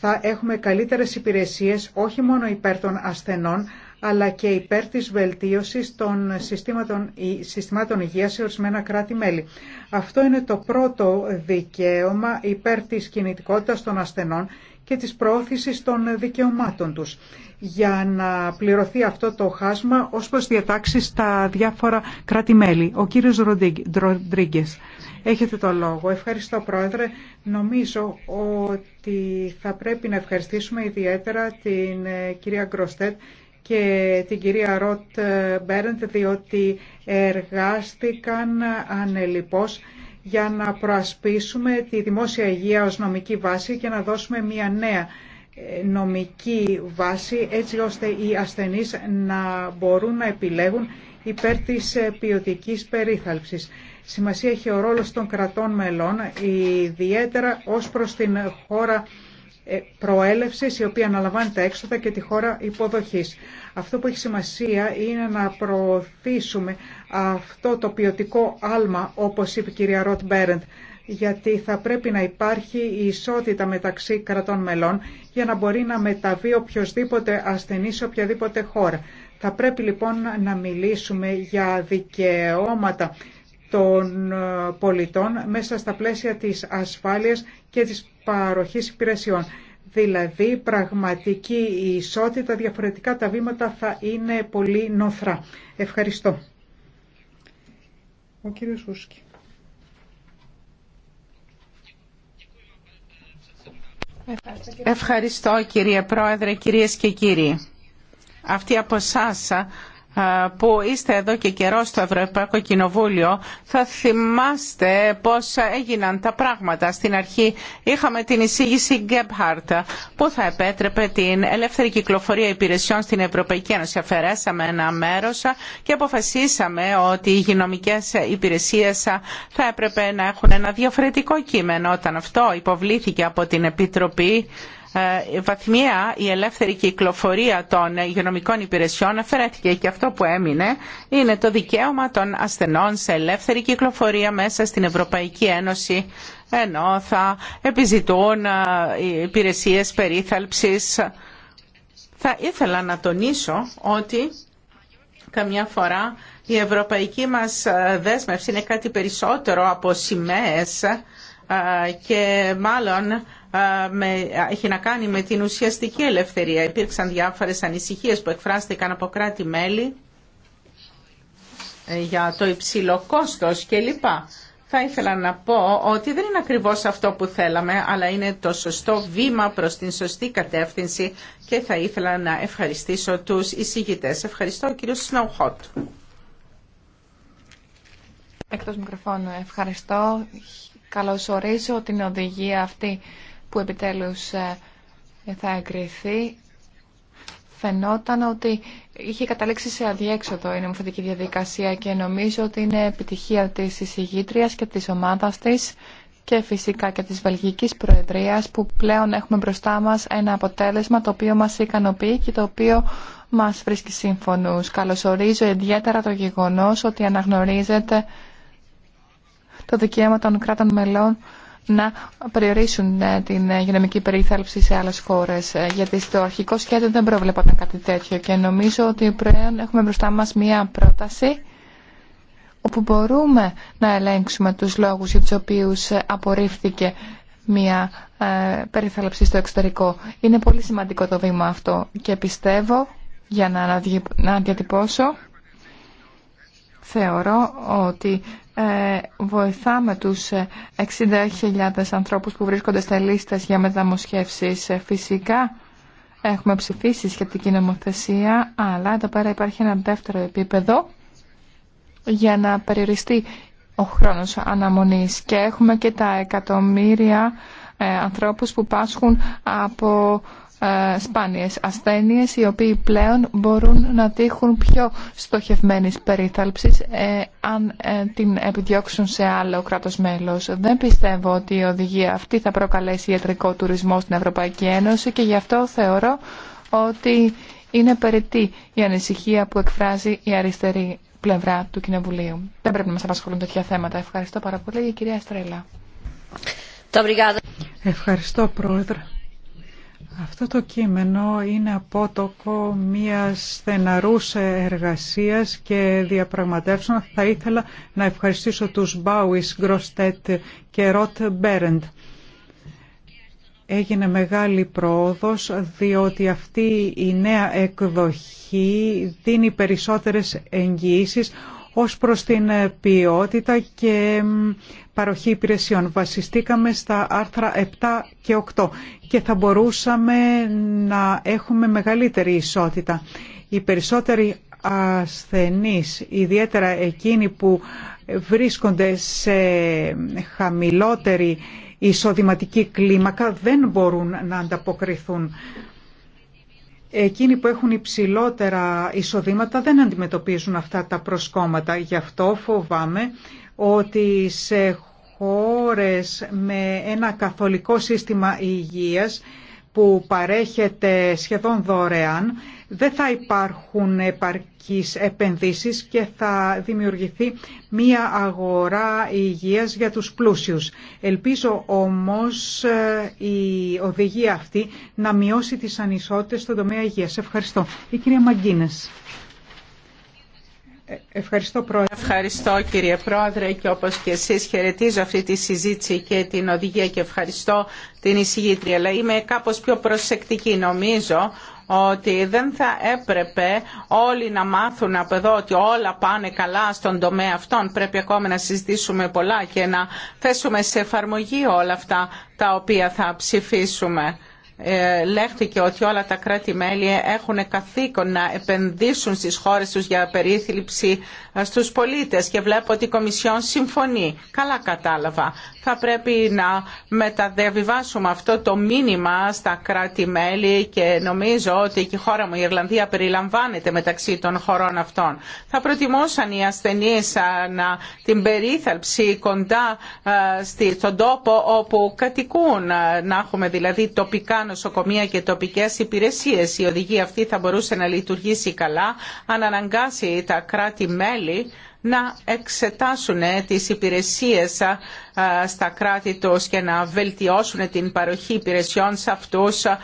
θα έχουμε καλύτερες υπηρεσίες όχι μόνο υπέρ των ασθενών αλλά και υπέρ της βελτίωσης των συστήματων, συστημάτων υγείας σε ορισμένα κράτη-μέλη. Αυτό είναι το πρώτο δικαίωμα υπέρ της κινητικότητας των ασθενών και της προώθησης των δικαιωμάτων τους για να πληρωθεί αυτό το χάσμα ως προς διατάξεις στα διάφορα κράτη-μέλη. Ο κύριος Ροντρίγκε. Έχετε το λόγο. Ευχαριστώ Πρόεδρε. Νομίζω ότι θα πρέπει να ευχαριστήσουμε ιδιαίτερα την ε, κυρία Γκροστέτ και την κυρία Ροτ ε, Μπέρεντ διότι εργάστηκαν ανελιπώς για να προασπίσουμε τη δημόσια υγεία ως νομική βάση και να δώσουμε μια νέα νομική βάση έτσι ώστε οι ασθενείς να μπορούν να επιλέγουν υπέρ της ποιοτικής περίθαλψης. Σημασία έχει ο ρόλος των κρατών μελών, ιδιαίτερα ως προς την χώρα ε, προέλευσης η οποία αναλαμβάνει τα έξοδα και τη χώρα υποδοχής. Αυτό που έχει σημασία είναι να προωθήσουμε αυτό το ποιοτικό άλμα όπως είπε η κυρία Ροτ Μπέρεντ γιατί θα πρέπει να υπάρχει ισότητα μεταξύ κρατών μελών για να μπορεί να μεταβεί οποιοδήποτε ασθενή σε οποιαδήποτε χώρα. Θα πρέπει λοιπόν να μιλήσουμε για δικαιώματα των ε, πολιτών μέσα στα πλαίσια της ασφάλειας και της παροχής υπηρεσιών. Δηλαδή πραγματική ισότητα, διαφορετικά τα βήματα θα είναι πολύ νοθρά. Ευχαριστώ. Ο κύριος Ευχαριστώ κύριε Πρόεδρε, κυρίες και κύριοι. Αυτή από εσά που είστε εδώ και καιρό στο Ευρωπαϊκό Κοινοβούλιο θα θυμάστε πώς έγιναν τα πράγματα. Στην αρχή είχαμε την εισήγηση Gebhardt που θα επέτρεπε την ελεύθερη κυκλοφορία υπηρεσιών στην Ευρωπαϊκή Ένωση. Αφαιρέσαμε ένα μέρος και αποφασίσαμε ότι οι υγειονομικές υπηρεσίες θα έπρεπε να έχουν ένα διαφορετικό κείμενο. Όταν αυτό υποβλήθηκε από την Επιτροπή ε, βαθμία η ελεύθερη κυκλοφορία των υγειονομικών υπηρεσιών αφαιρέθηκε και αυτό που έμεινε είναι το δικαίωμα των ασθενών σε ελεύθερη κυκλοφορία μέσα στην Ευρωπαϊκή Ένωση ενώ θα επιζητούν ε, υπηρεσίες περίθαλψης. Θα ήθελα να τονίσω ότι καμιά φορά η ευρωπαϊκή μας ε, δέσμευση είναι κάτι περισσότερο από σημαίες και μάλλον έχει να κάνει με την ουσιαστική ελευθερία. Υπήρξαν διάφορες ανησυχίες που εκφράστηκαν από κράτη-μέλη ε, για το υψηλό κόστος κλπ. Θα ήθελα να πω ότι δεν είναι ακριβώς αυτό που θέλαμε, αλλά είναι το σωστό βήμα προς την σωστή κατεύθυνση και θα ήθελα να ευχαριστήσω τους εισηγητές. Ευχαριστώ κύριο Σνόχοτ. Εκτός μικροφώνου, ευχαριστώ. ορίζω την οδηγία αυτή που επιτέλους ε, θα εγκριθεί φαινόταν ότι είχε καταλήξει σε αδιέξοδο η νομοθετική διαδικασία και νομίζω ότι είναι επιτυχία της εισηγήτριας και της ομάδας της και φυσικά και της Βελγικής Προεδρίας που πλέον έχουμε μπροστά μας ένα αποτέλεσμα το οποίο μας ικανοποιεί και το οποίο μας βρίσκει σύμφωνους. Καλωσορίζω ιδιαίτερα το γεγονός ότι αναγνωρίζεται το δικαίωμα των κράτων μελών να περιορίσουν ε, την ε, γενομική περίθαλψη σε άλλες χώρες ε, γιατί στο αρχικό σχέδιο δεν προβλέπονταν κάτι τέτοιο και νομίζω ότι πλέον έχουμε μπροστά μας μία πρόταση όπου μπορούμε να ελέγξουμε τους λόγους για τους οποίους απορρίφθηκε μία περίθαλψη στο εξωτερικό. Είναι πολύ σημαντικό το βήμα αυτό και πιστεύω για να διατυπώσω Θεωρώ ότι ε, βοηθάμε τους 60.000 ε, ανθρώπους που βρίσκονται στα λίστες για μεταμοσχεύσεις. Ε, φυσικά έχουμε ψηφίσει σχετική νομοθεσία, αλλά εδώ πέρα υπάρχει ένα δεύτερο επίπεδο για να περιοριστεί ο χρόνος αναμονής και έχουμε και τα εκατομμύρια ε, ανθρώπους που πάσχουν από ε, σπάνιες ασθένειες οι οποίοι πλέον μπορούν να τύχουν πιο στοχευμένης περίθαλψης ε, αν ε, την επιδιώξουν σε άλλο κράτος μέλος. Δεν πιστεύω ότι η οδηγία αυτή θα προκαλέσει ιατρικό τουρισμό στην Ευρωπαϊκή Ένωση και γι' αυτό θεωρώ ότι είναι περιττή η ανησυχία που εκφράζει η αριστερή πλευρά του Κοινοβουλίου. Δεν πρέπει να μας απασχολούν τέτοια θέματα. Ευχαριστώ πάρα πολύ. Η κυρία Στρέλα. Ευχαριστώ, Πρόεδρε. Αυτό το κείμενο είναι απότοκο μιας στεναρούς εργασίας και διαπραγματεύσεων. Θα ήθελα να ευχαριστήσω τους Μπάουις, Γκροστέτ και Ροτ Μπέρεντ. Έγινε μεγάλη πρόοδος διότι αυτή η νέα εκδοχή δίνει περισσότερες εγγυήσεις ως προς την ποιότητα και παροχή υπηρεσιών. Βασιστήκαμε στα άρθρα 7 και 8 και θα μπορούσαμε να έχουμε μεγαλύτερη ισότητα. Οι περισσότεροι ασθενείς, ιδιαίτερα εκείνοι που βρίσκονται σε χαμηλότερη εισοδηματική κλίμακα, δεν μπορούν να ανταποκριθούν. Εκείνοι που έχουν υψηλότερα εισοδήματα δεν αντιμετωπίζουν αυτά τα προσκόμματα. Γι' αυτό φοβάμαι ότι σε χώρες με ένα καθολικό σύστημα υγείας που παρέχεται σχεδόν δωρεάν, δεν θα υπάρχουν επαρκείς επενδύσεις και θα δημιουργηθεί μία αγορά υγείας για τους πλούσιους. Ελπίζω όμως ε, η οδηγία αυτή να μειώσει τις ανισότητες στον τομέα υγείας. Ευχαριστώ. Η κυρία Μαγκίνες. Ε, ευχαριστώ, κύριε Πρόεδρε, και όπως και εσείς χαιρετίζω αυτή τη συζήτηση και την οδηγία και ευχαριστώ την εισηγήτρια. Αλλά είμαι κάπως πιο προσεκτική, νομίζω, ότι δεν θα έπρεπε όλοι να μάθουν από εδώ ότι όλα πάνε καλά στον τομέα αυτόν. Πρέπει ακόμα να συζητήσουμε πολλά και να θέσουμε σε εφαρμογή όλα αυτά τα οποία θα ψηφίσουμε. Ε, λέχθηκε ότι όλα τα κράτη-μέλη έχουν καθήκον να επενδύσουν στις χώρες τους για περίθλιψη ε, στους πολίτες και βλέπω ότι η Κομισιόν συμφωνεί. Καλά κατάλαβα θα πρέπει να μεταδιαβιβάσουμε αυτό το μήνυμα στα κράτη-μέλη και νομίζω ότι και η χώρα μου η Ιρλανδία περιλαμβάνεται μεταξύ των χωρών αυτών. Θα προτιμούσαν οι ασθενείς να την περίθαλψη κοντά στον τόπο όπου κατοικούν, να έχουμε δηλαδή τοπικά νοσοκομεία και τοπικές υπηρεσίες. Η οδηγία αυτή θα μπορούσε να λειτουργήσει καλά αν αναγκάσει τα κράτη-μέλη να εξετάσουν τις υπηρεσίες ε, στα κράτη τους και να βελτιώσουν την παροχή υπηρεσιών σε αυτούς ε,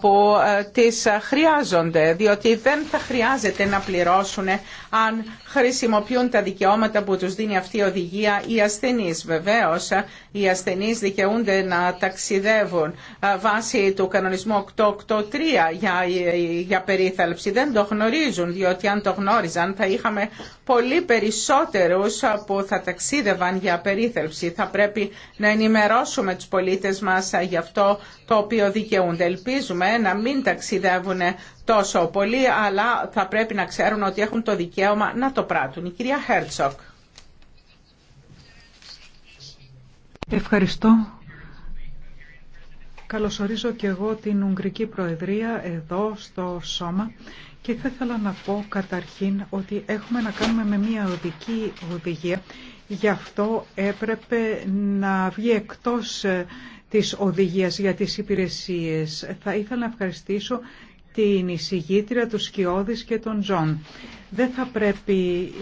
που ε, τις χρειάζονται, διότι δεν θα χρειάζεται να πληρώσουν αν χρησιμοποιούν τα δικαιώματα που τους δίνει αυτή η οδηγία οι ασθενείς. Βεβαίως, οι ασθενείς δικαιούνται να ταξιδεύουν βάσει του κανονισμού 883 για, για περίθαλψη. Δεν το γνωρίζουν, διότι αν το γνώριζαν θα είχαμε πολύ περισσότερους που θα ταξίδευαν για περίθαλψη πρέπει να ενημερώσουμε τους πολίτες μας για αυτό το οποίο δικαιούνται. Ελπίζουμε να μην ταξιδεύουν τόσο πολύ, αλλά θα πρέπει να ξέρουν ότι έχουν το δικαίωμα να το πράττουν. Η κυρία Χέρτσοκ. Ευχαριστώ. Καλωσορίζω και εγώ την Ουγγρική Προεδρία εδώ στο Σώμα και θα ήθελα να πω καταρχήν ότι έχουμε να κάνουμε με μια οδική οδηγία Γι' αυτό έπρεπε να βγει εκτός ε, της οδηγίας για τις υπηρεσίες. Θα ήθελα να ευχαριστήσω την εισηγήτρια του Σκιώδης και τον Τζον. Δεν θα πρέπει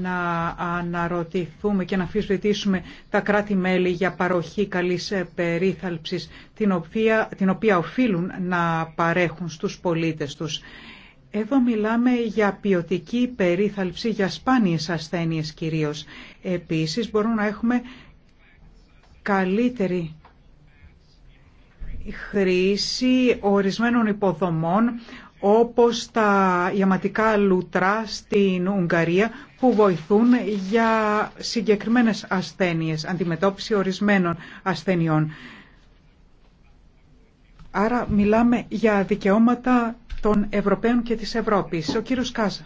να αναρωτηθούμε και να αφισβητήσουμε τα κράτη-μέλη για παροχή καλής ε, περίθαλψης την οποία, την οποία οφείλουν να παρέχουν στους πολίτες τους. Εδώ μιλάμε για ποιοτική περίθαλψη για σπάνιες ασθένειες κυρίως. Επίσης μπορούμε να έχουμε καλύτερη χρήση ορισμένων υποδομών όπως τα ιαματικά λουτρά στην Ουγγαρία που βοηθούν για συγκεκριμένες ασθένειες, αντιμετώπιση ορισμένων ασθενειών. Άρα μιλάμε για δικαιώματα των Ευρωπαίων και της Ευρώπης. Ο κύριος Κάζα.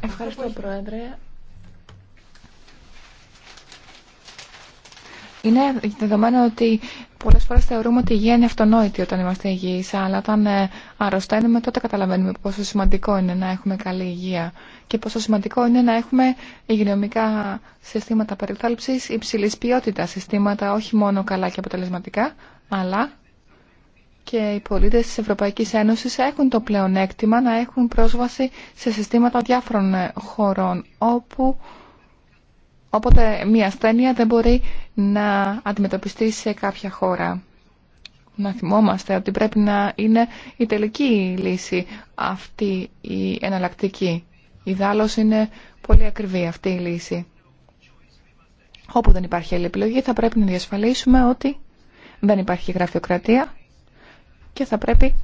Ευχαριστώ, Πρόεδρε. Είναι δεδομένο ότι Πολλές φορές θεωρούμε ότι η υγεία είναι αυτονόητη όταν είμαστε υγιείς, αλλά όταν ε, αρρωσταίνουμε τότε καταλαβαίνουμε πόσο σημαντικό είναι να έχουμε καλή υγεία και πόσο σημαντικό είναι να έχουμε υγειονομικά συστήματα περιθάλψης υψηλής ποιότητας, συστήματα όχι μόνο καλά και αποτελεσματικά, αλλά και οι πολίτες της Ευρωπαϊκής Ένωσης έχουν το πλεονέκτημα να έχουν πρόσβαση σε συστήματα διάφορων ε, χωρών, όπου Όποτε μια ασθένεια δεν μπορεί να αντιμετωπιστεί σε κάποια χώρα. Να θυμόμαστε ότι πρέπει να είναι η τελική λύση αυτή η εναλλακτική. Η δάλος είναι πολύ ακριβή αυτή η λύση. Όπου δεν υπάρχει άλλη επιλογή θα πρέπει να διασφαλίσουμε ότι δεν υπάρχει γραφειοκρατία και θα πρέπει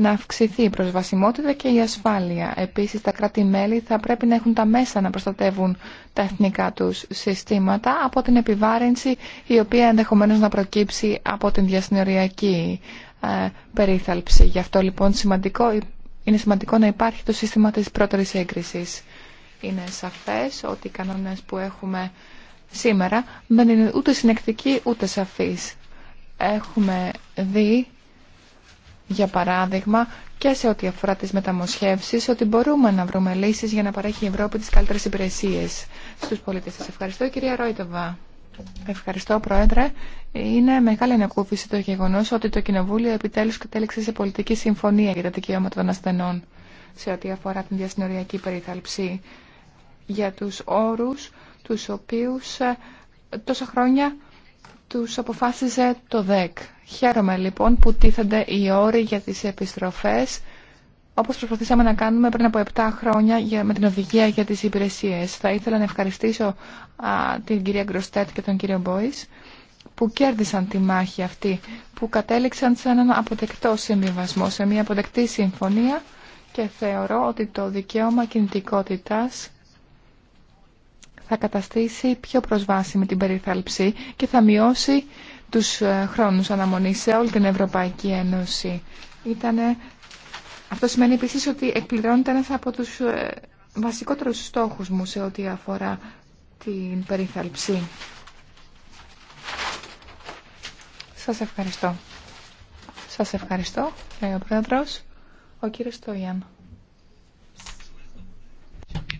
να αυξηθεί η προσβασιμότητα και η ασφάλεια. Επίσης, τα κράτη-μέλη θα πρέπει να έχουν τα μέσα να προστατεύουν τα εθνικά τους συστήματα από την επιβάρυνση η οποία ενδεχομένως να προκύψει από την διασυνοριακή ε, περίθαλψη. Γι' αυτό λοιπόν σημαντικό, είναι σημαντικό να υπάρχει το σύστημα της πρώτερης έγκρισης. Είναι σαφές ότι οι κανόνες που έχουμε σήμερα δεν είναι ούτε συνεκτικοί ούτε σαφείς. Έχουμε δει για παράδειγμα, και σε ό,τι αφορά τις μεταμοσχεύσεις, ότι μπορούμε να βρούμε λύσεις για να παρέχει η Ευρώπη τις καλύτερες υπηρεσίες στους πολίτες. Σας ευχαριστώ, κυρία Ρόιτοβα. Ευχαριστώ, Πρόεδρε. Είναι μεγάλη ανακούφιση το γεγονό ότι το Κοινοβούλιο επιτέλου κατέληξε σε πολιτική συμφωνία για τα δικαιώματα των ασθενών σε ό,τι αφορά την διασυνοριακή περιθαλψή για τους όρους τους οποίους ε, τόσα χρόνια του αποφάσιζε το ΔΕΚ. Χαίρομαι λοιπόν που τίθενται οι όροι για τις επιστροφές όπως προσπαθήσαμε να κάνουμε πριν από 7 χρόνια για, με την οδηγία για τις υπηρεσίες. Θα ήθελα να ευχαριστήσω α, την κυρία Γκροστέτ και τον κύριο Μπόης που κέρδισαν τη μάχη αυτή, που κατέληξαν σε έναν αποδεκτό συμβιβασμό, σε μια αποδεκτή συμφωνία και θεωρώ ότι το δικαίωμα κινητικότητας θα καταστήσει πιο προσβάσιμη την περιθάλψη και θα μειώσει τους ε, χρόνους αναμονής σε όλη την Ευρωπαϊκή Ένωση. Ήτανε... Αυτό σημαίνει επίσης ότι εκπληρώνεται ένας από τους ε, βασικότερους στόχους μου σε ό,τι αφορά την περίθαλψη. Σας ευχαριστώ. Σας ευχαριστώ, λέει ο Πρόεδρος, ο κύριος Στοϊάν.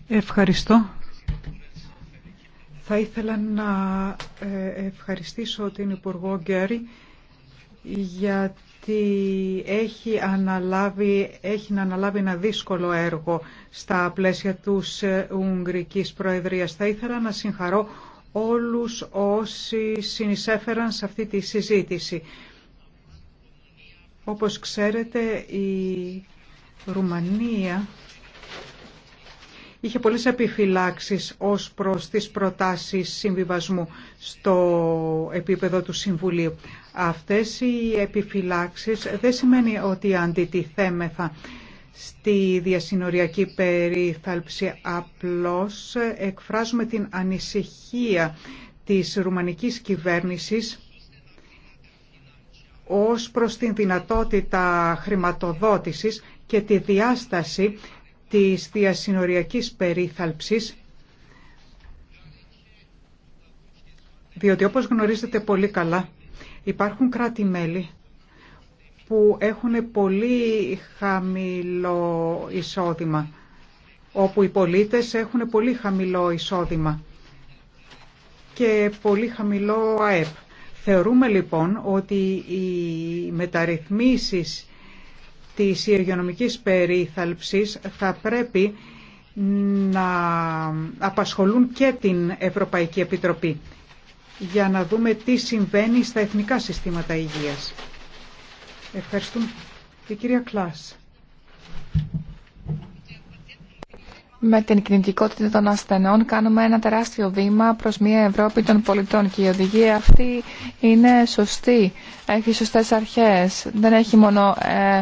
Ευχαριστώ. Θα ήθελα να ε, ευχαριστήσω την Υπουργό Γκέρι γιατί έχει, αναλάβει, έχει να αναλάβει ένα δύσκολο έργο στα πλαίσια τους ε, Ουγγρικής Προεδρίας. Θα ήθελα να συγχαρώ όλους όσοι συνεισέφεραν σε αυτή τη συζήτηση. Όπως ξέρετε η Ρουμανία είχε πολλές επιφυλάξεις ως προς τις προτάσεις συμβιβασμού στο επίπεδο του Συμβουλίου. Αυτές οι επιφυλάξεις δεν σημαίνει ότι αντιτιθέμεθα στη διασυνοριακή περίθαλψη. Απλώς εκφράζουμε την ανησυχία της ρουμανικής κυβέρνησης ως προς την δυνατότητα χρηματοδότησης και τη διάσταση της διασυνοριακής περίθαλψης διότι όπως γνωρίζετε πολύ καλά υπάρχουν κράτη-μέλη που έχουν πολύ χαμηλό εισόδημα όπου οι πολίτες έχουν πολύ χαμηλό εισόδημα και πολύ χαμηλό ΑΕΠ. Θεωρούμε λοιπόν ότι οι μεταρρυθμίσεις της υγειονομικής περίθαλψης θα πρέπει να απασχολούν και την Ευρωπαϊκή Επιτροπή για να δούμε τι συμβαίνει στα εθνικά συστήματα υγείας. Ευχαριστούμε. Η κυρία Κλάς. Με την κινητικότητα των ασθενών κάνουμε ένα τεράστιο βήμα προς μια Ευρώπη των πολιτών και η οδηγία αυτή είναι σωστή, έχει σωστές αρχές, δεν έχει μόνο ε,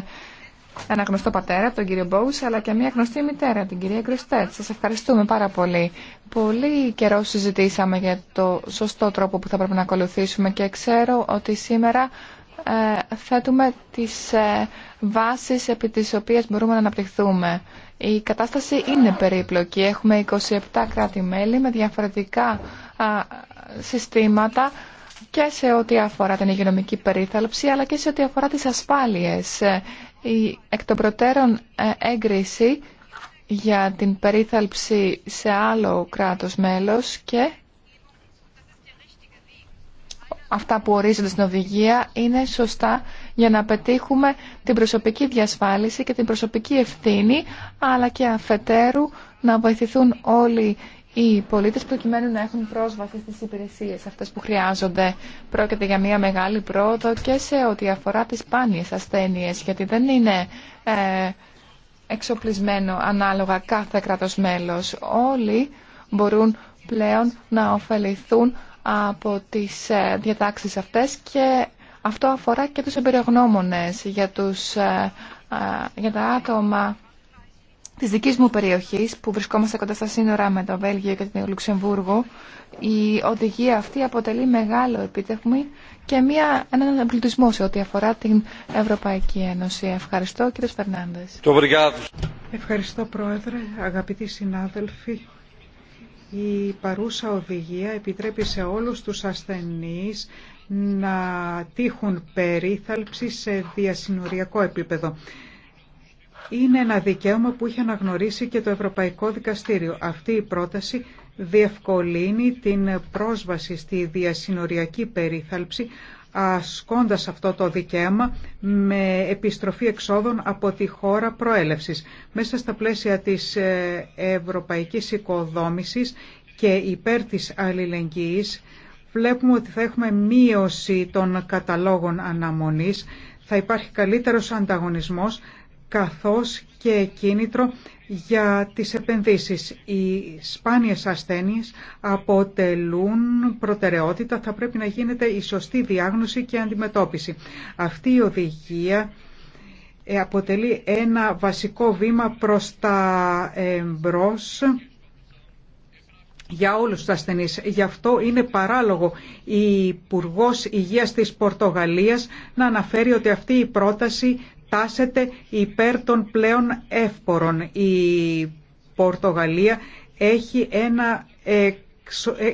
ένα γνωστό πατέρα, τον κύριο Μπόους, αλλά και μια γνωστή μητέρα, την κυρία Γκροστέτ. Σας ευχαριστούμε πάρα πολύ. Πολύ καιρό συζητήσαμε για το σωστό τρόπο που θα πρέπει να ακολουθήσουμε και ξέρω ότι σήμερα ε, θέτουμε τις ε, βάσεις επί τις οποίες μπορούμε να αναπτυχθούμε. Η κατάσταση είναι περίπλοκη. Έχουμε 27 κράτη-μέλη με διαφορετικά συστήματα και σε ό,τι αφορά την υγειονομική περίθαλψη αλλά και σε ό,τι αφορά τις ασφάλειες η εκ των προτέρων ε, έγκριση για την περίθαλψη σε άλλο κράτος μέλος και αυτά που ορίζονται στην οδηγία είναι σωστά για να πετύχουμε την προσωπική διασφάλιση και την προσωπική ευθύνη αλλά και αφετέρου να βοηθηθούν όλοι οι πολίτες προκειμένου να έχουν πρόσβαση στις υπηρεσίες αυτές που χρειάζονται. Πρόκειται για μια μεγάλη πρόοδο και σε ό,τι αφορά τις σπάνιες ασθένειες, γιατί δεν είναι ε, εξοπλισμένο ανάλογα κάθε κράτος μέλος. Όλοι μπορούν πλέον να ωφεληθούν από τις ε, διατάξεις αυτές και αυτό αφορά και τους εμπειρογνώμονες για, τους, ε, για τα άτομα Τη δική μου περιοχής που βρισκόμαστε κοντά στα σύνορα με το Βέλγιο και το Λουξεμβούργο η οδηγία αυτή αποτελεί μεγάλο επίτευγμα και μια, έναν εμπλουτισμό σε ό,τι αφορά την Ευρωπαϊκή Ένωση. Ευχαριστώ κύριε Φερνάνδε. Ευχαριστώ Πρόεδρε, αγαπητοί συνάδελφοι. Η παρούσα οδηγία επιτρέπει σε όλους τους ασθενείς να τύχουν περίθαλψη σε διασυνοριακό επίπεδο είναι ένα δικαίωμα που είχε αναγνωρίσει και το Ευρωπαϊκό Δικαστήριο. Αυτή η πρόταση διευκολύνει την πρόσβαση στη διασυνοριακή περίθαλψη ασκώντας αυτό το δικαίωμα με επιστροφή εξόδων από τη χώρα προέλευσης. Μέσα στα πλαίσια της ε, ευρωπαϊκής οικοδόμησης και υπέρ της αλληλεγγύης βλέπουμε ότι θα έχουμε μείωση των καταλόγων αναμονής, θα υπάρχει καλύτερος ανταγωνισμός, καθώς και κίνητρο για τις επενδύσεις. Οι σπάνιες ασθένειες αποτελούν προτεραιότητα, θα πρέπει να γίνεται η σωστή διάγνωση και αντιμετώπιση. Αυτή η οδηγία ε, αποτελεί ένα βασικό βήμα προς τα εμπρός για όλους τους ασθενείς. Γι' αυτό είναι παράλογο η Υπουργό Υγείας της Πορτογαλίας να αναφέρει ότι αυτή η πρόταση τάσεται υπέρ των πλέον εύπορων. Η Πορτογαλία έχει ένα ε,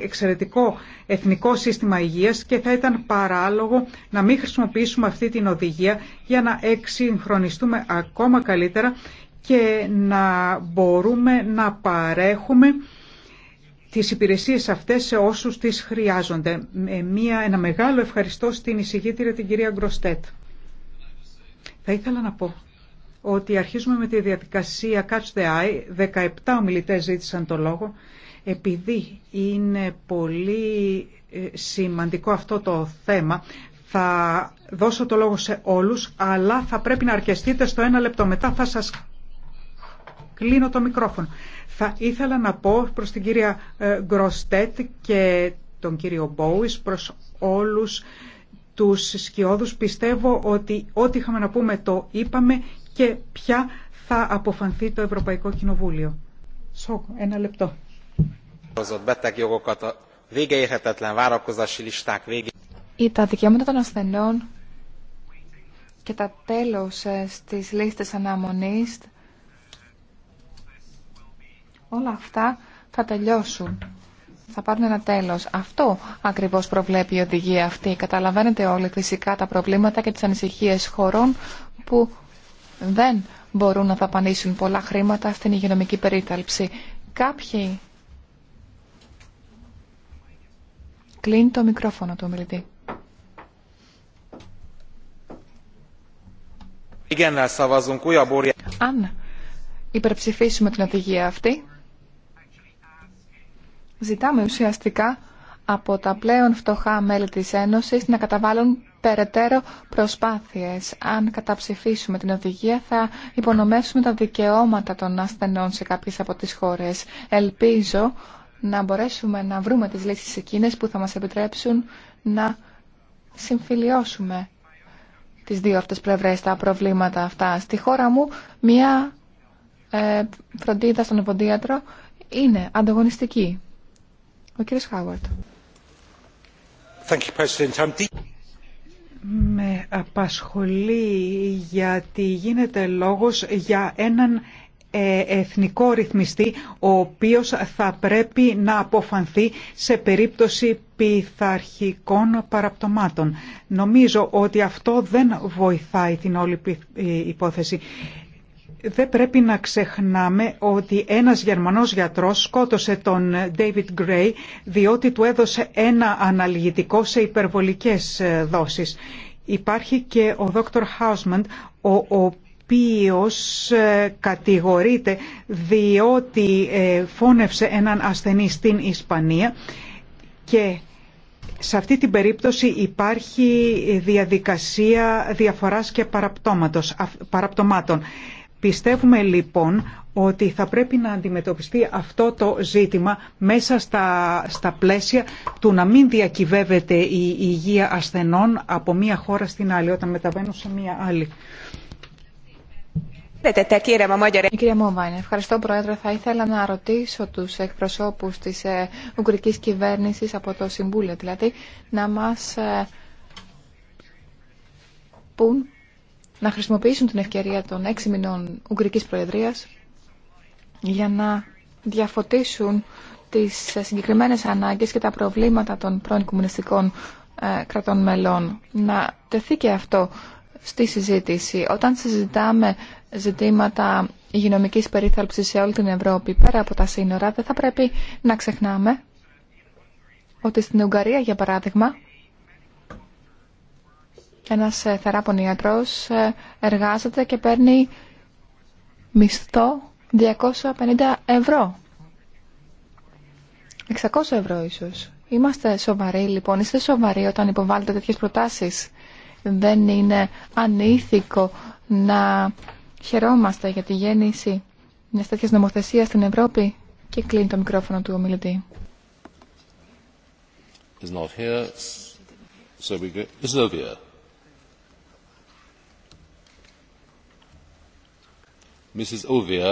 εξαιρετικό εθνικό σύστημα υγείας και θα ήταν παράλογο να μην χρησιμοποιήσουμε αυτή την οδηγία για να εξυγχρονιστούμε ακόμα καλύτερα και να μπορούμε να παρέχουμε τις υπηρεσίες αυτές σε όσους τις χρειάζονται. Μια, ένα μεγάλο ευχαριστώ στην εισηγήτρια την κυρία Γκροστέτ. Θα ήθελα να πω ότι αρχίζουμε με τη διαδικασία Catch the Eye. 17 ομιλητές ζήτησαν το λόγο. Επειδή είναι πολύ ε, σημαντικό αυτό το θέμα, θα δώσω το λόγο σε όλους, αλλά θα πρέπει να αρκεστείτε στο ένα λεπτό. Μετά θα σας κλείνω το μικρόφωνο. Θα ήθελα να πω προς την κυρία ε, Γκροστέτ και τον κύριο Μπόουις, προς όλους τους σκιώδους. Πιστεύω ότι ό,τι είχαμε να πούμε το είπαμε και πια θα αποφανθεί το Ευρωπαϊκό Κοινοβούλιο. Σοκ, ένα λεπτό. Ή τα δικαιώματα των ασθενών και τα τέλος ε, στις λίστες αναμονής όλα αυτά θα τελειώσουν θα πάρουν ένα τέλος. Αυτό ακριβώς προβλέπει η οδηγία αυτή. Καταλαβαίνετε όλοι φυσικά τα προβλήματα και τις ανησυχίε χωρών που δεν μπορούν να δαπανίσουν πολλά χρήματα στην υγειονομική περίθαλψη. Κάποιοι... Κλείνει το μικρόφωνο του ομιλητή. Αν υπερψηφίσουμε την οδηγία αυτή, Ζητάμε ουσιαστικά από τα πλέον φτωχά μέλη της Ένωσης να καταβάλουν περαιτέρω προσπάθειες. Αν καταψηφίσουμε την οδηγία θα υπονομεύσουμε τα δικαιώματα των ασθενών σε κάποιες από τις χώρες. Ελπίζω να μπορέσουμε να βρούμε τις λύσεις εκείνες που θα μας επιτρέψουν να συμφιλιώσουμε τις δύο αυτές πλευρές τα προβλήματα αυτά. Στη χώρα μου μια ε, φροντίδα στον ευωδίατρο είναι ανταγωνιστική. Ο κύριος Χάουαρτ. Με απασχολεί γιατί γίνεται λόγος για έναν ε, εθνικό ρυθμιστή ο οποίος θα πρέπει να αποφανθεί σε περίπτωση πειθαρχικών παραπτωμάτων. Νομίζω ότι αυτό δεν βοηθάει την όλη ε, υπόθεση δεν πρέπει να ξεχνάμε ότι ένας Γερμανός γιατρός σκότωσε τον David Gray διότι του έδωσε ένα αναλγητικό σε υπερβολικές ε, δόσεις. Υπάρχει και ο Dr. Hausman, ο οποίος ε, κατηγορείται διότι ε, φώνευσε έναν ασθενή στην Ισπανία και σε αυτή την περίπτωση υπάρχει διαδικασία διαφοράς και παραπτώματος, παραπτωμάτων. Πιστεύουμε λοιπόν ότι θα πρέπει να αντιμετωπιστεί αυτό το ζήτημα μέσα στα, στα πλαίσια του να μην διακυβεύεται η υγεία ασθενών από μία χώρα στην άλλη όταν μεταβαίνουν σε μία άλλη. Κύριε Μόβαιν, ευχαριστώ Πρόεδρε. Θα ήθελα να ρωτήσω τους εκπροσώπους της ε, Ουγγρικής Κυβέρνησης από το Συμβούλιο, δηλαδή να μας ε, πούν να χρησιμοποιήσουν την ευκαιρία των έξι μηνών Ουγγρικής Προεδρίας για να διαφωτίσουν τις συγκεκριμένες ανάγκες και τα προβλήματα των πρώην κομμουνιστικών ε, κρατών μελών. Να τεθεί και αυτό στη συζήτηση. Όταν συζητάμε ζητήματα υγειονομικής περίθαλψης σε όλη την Ευρώπη, πέρα από τα σύνορα, δεν θα πρέπει να ξεχνάμε ότι στην Ουγγαρία, για παράδειγμα, ένας ε, θεράπων ιατρός ε, εργάζεται και παίρνει μισθό 250 ευρώ. 600 ευρώ ίσως. Είμαστε σοβαροί λοιπόν. Είστε σοβαροί όταν υποβάλλετε τέτοιες προτάσεις. Δεν είναι ανήθικο να χαιρόμαστε για τη γέννηση μιας τέτοιας νομοθεσίας στην Ευρώπη. Και κλείνει το μικρόφωνο του ομιλητή. Is not here. So Ma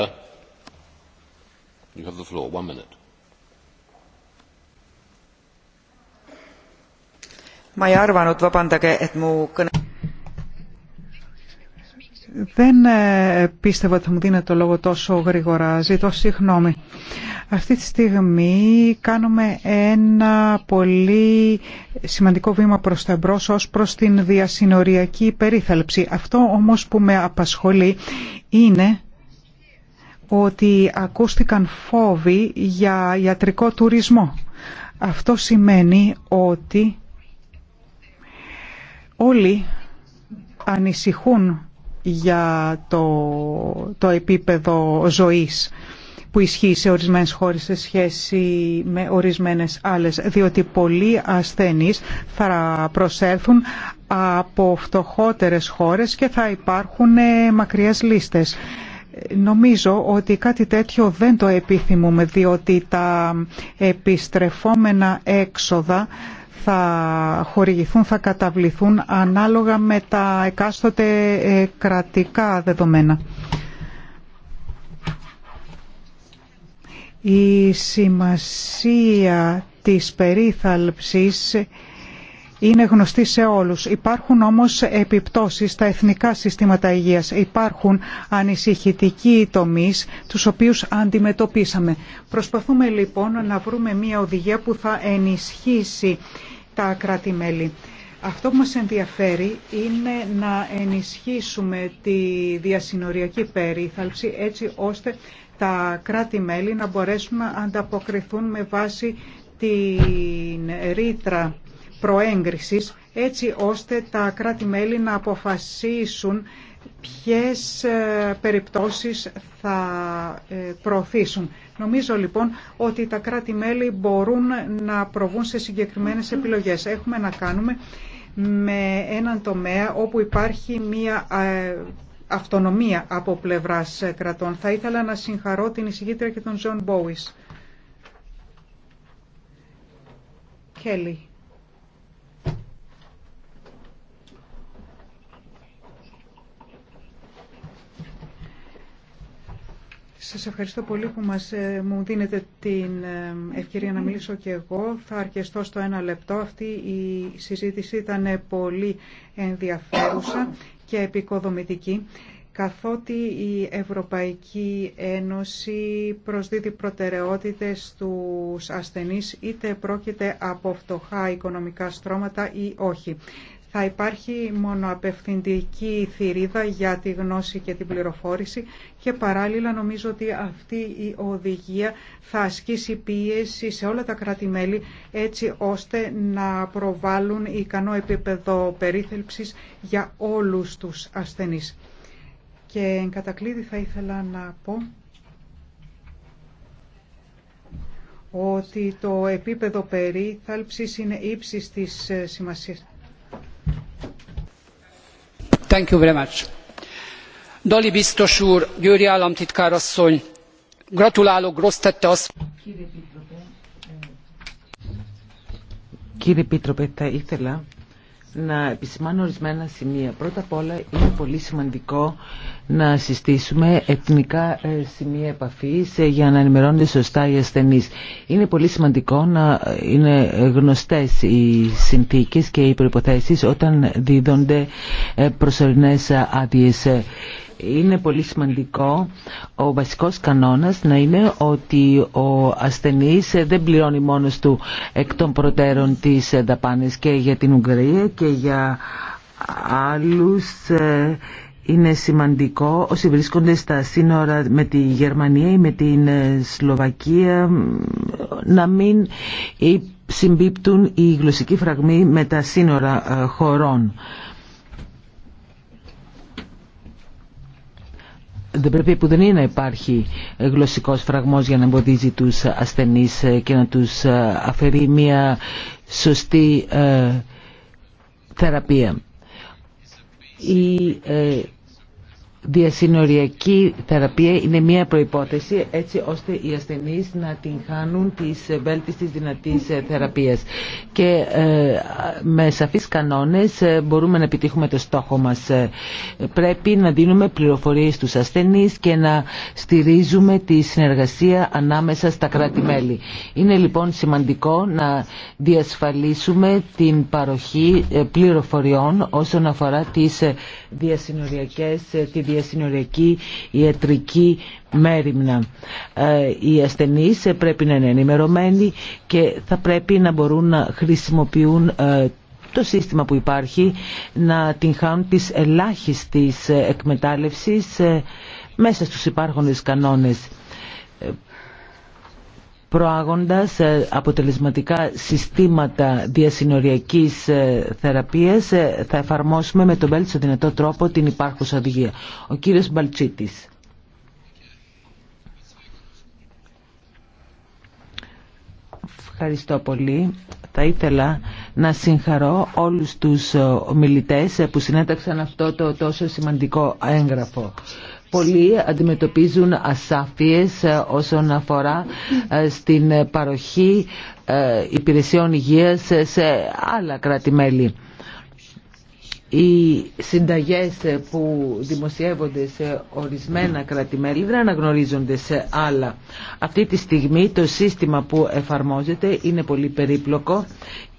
ei arvanud, vabandage, et Δεν ε, πίστευα ότι θα μου δίνετε το λόγο τόσο γρήγορα. Ζητώ συγγνώμη. Αυτή τη στιγμή κάνουμε ένα πολύ σημαντικό βήμα προς τα εμπρός ως προς την διασυνοριακή περίθαλψη. Αυτό όμως που με απασχολεί είναι ότι ακούστηκαν φόβοι για ιατρικό τουρισμό. Αυτό σημαίνει ότι όλοι ανησυχούν για το, το επίπεδο ζωής που ισχύει σε ορισμένες χώρες σε σχέση με ορισμένες άλλες, διότι πολλοί ασθενείς θα προσέλθουν από φτωχότερες χώρες και θα υπάρχουν ε, μακριές λίστες. Νομίζω ότι κάτι τέτοιο δεν το επιθυμούμε, διότι τα επιστρεφόμενα έξοδα θα χορηγηθούν, θα καταβληθούν ανάλογα με τα εκάστοτε ε, κρατικά δεδομένα. Η σημασία της περίθαλψης είναι γνωστή σε όλους. Υπάρχουν όμως επιπτώσεις στα εθνικά συστήματα υγείας. Υπάρχουν ανησυχητικοί τομείς τους οποίους αντιμετωπίσαμε. Προσπαθούμε λοιπόν να βρούμε μια οδηγία που θα ενισχύσει τα κράτη-μέλη. Αυτό που μας ενδιαφέρει είναι να ενισχύσουμε τη διασυνοριακή περιθάλψη έτσι ώστε τα κράτη-μέλη να μπορέσουν να ανταποκριθούν με βάση την ρήτρα προέγκρισης έτσι ώστε τα κράτη-μέλη να αποφασίσουν ποιες ε, περιπτώσεις θα ε, προωθήσουν. Νομίζω λοιπόν ότι τα κράτη-μέλη μπορούν να προβούν σε συγκεκριμένες επιλογές. Έχουμε να κάνουμε με έναν τομέα όπου υπάρχει μία ε, αυτονομία από πλευράς κρατών. Θα ήθελα να συγχαρώ την εισηγήτρια και τον Τζον Μπόουις. Kelly. Σας ευχαριστώ πολύ που ε, μου δίνετε την ε, ευκαιρία να μιλήσω και εγώ. Θα αρκεστώ στο ένα λεπτό. Αυτή η συζήτηση ήταν πολύ ενδιαφέρουσα και επικοδομητική καθότι η Ευρωπαϊκή Ένωση προσδίδει προτεραιότητες στους ασθενείς είτε πρόκειται από φτωχά οικονομικά στρώματα ή όχι θα υπάρχει μόνο απευθυντική θηρίδα για τη γνώση και την πληροφόρηση και παράλληλα νομίζω ότι αυτή η οδηγία θα ασκήσει πίεση σε όλα τα κράτη-μέλη έτσι ώστε να προβάλλουν ικανό επίπεδο περίθελψης για όλους τους ασθενείς. Και εν θα ήθελα να πω ότι το επίπεδο περίθαλψης είναι ύψης της σημασίας Thank you very much. biztos úr, Győri államtitkár asszony, gratulálok, rossz tette az να επισημάνω ορισμένα σημεία. Πρώτα απ' όλα είναι πολύ σημαντικό να συστήσουμε εθνικά ε, σημεία επαφής ε, για να ενημερώνονται σωστά οι ασθενείς. Είναι πολύ σημαντικό να ε, είναι γνωστές οι συνθήκες και οι προϋποθέσεις όταν δίδονται προσωρινές άδειε είναι πολύ σημαντικό ο βασικός κανόνας να είναι ότι ο ασθενής δεν πληρώνει μόνος του εκ των προτέρων τις δαπάνες και για την Ουγγαρία και για άλλους ε, είναι σημαντικό όσοι βρίσκονται στα σύνορα με τη Γερμανία ή με την ε, Σλοβακία να μην συμπίπτουν οι γλωσσικοί φραγμοί με τα σύνορα ε, χωρών. δεν πρέπει που δεν είναι να υπάρχει γλωσσικός φραγμός για να εμποδίζει τους ασθενείς ε, και να τους ε, αφαιρεί μια σωστή ε, θεραπεία διασυνοριακή θεραπεία είναι μία προϋπόθεση έτσι ώστε οι ασθενείς να την χάνουν τις βέλτιστης δυνατής ε, θεραπείας και ε, με σαφείς κανόνες ε, μπορούμε να επιτύχουμε το στόχο μας πρέπει να δίνουμε πληροφορίες στους ασθενείς και να στηρίζουμε τη συνεργασία ανάμεσα στα κράτη-μέλη είναι λοιπόν σημαντικό να διασφαλίσουμε την παροχή πληροφοριών όσον αφορά τις διασυνοριακές η η ιατρική μέρημνα. Ε, οι ασθενεί πρέπει να είναι ενημερωμένοι και θα πρέπει να μπορούν να χρησιμοποιούν ε, το σύστημα που υπάρχει να την χάνουν της ελάχιστης ε, εκμετάλλευσης μέσα στους υπάρχοντες κανόνες προάγοντας ε, αποτελεσματικά συστήματα διασυνοριακής ε, θεραπείας ε, θα εφαρμόσουμε με τον βέλτιστο δυνατό τρόπο την υπάρχουσα οδηγία. Ο κύριος Μπαλτσίτης. Ευχαριστώ πολύ. Θα ήθελα να συγχαρώ όλους τους ομιλητές που συνέταξαν αυτό το τόσο σημαντικό έγγραφο. Πολλοί αντιμετωπίζουν ασάφειες ε, όσον αφορά ε, στην παροχή ε, υπηρεσιών υγείας σε άλλα κράτη-μέλη. Οι συνταγές που δημοσιεύονται σε ορισμένα κράτη-μέλη δεν αναγνωρίζονται σε άλλα. Αυτή τη στιγμή το σύστημα που εφαρμόζεται είναι πολύ περίπλοκο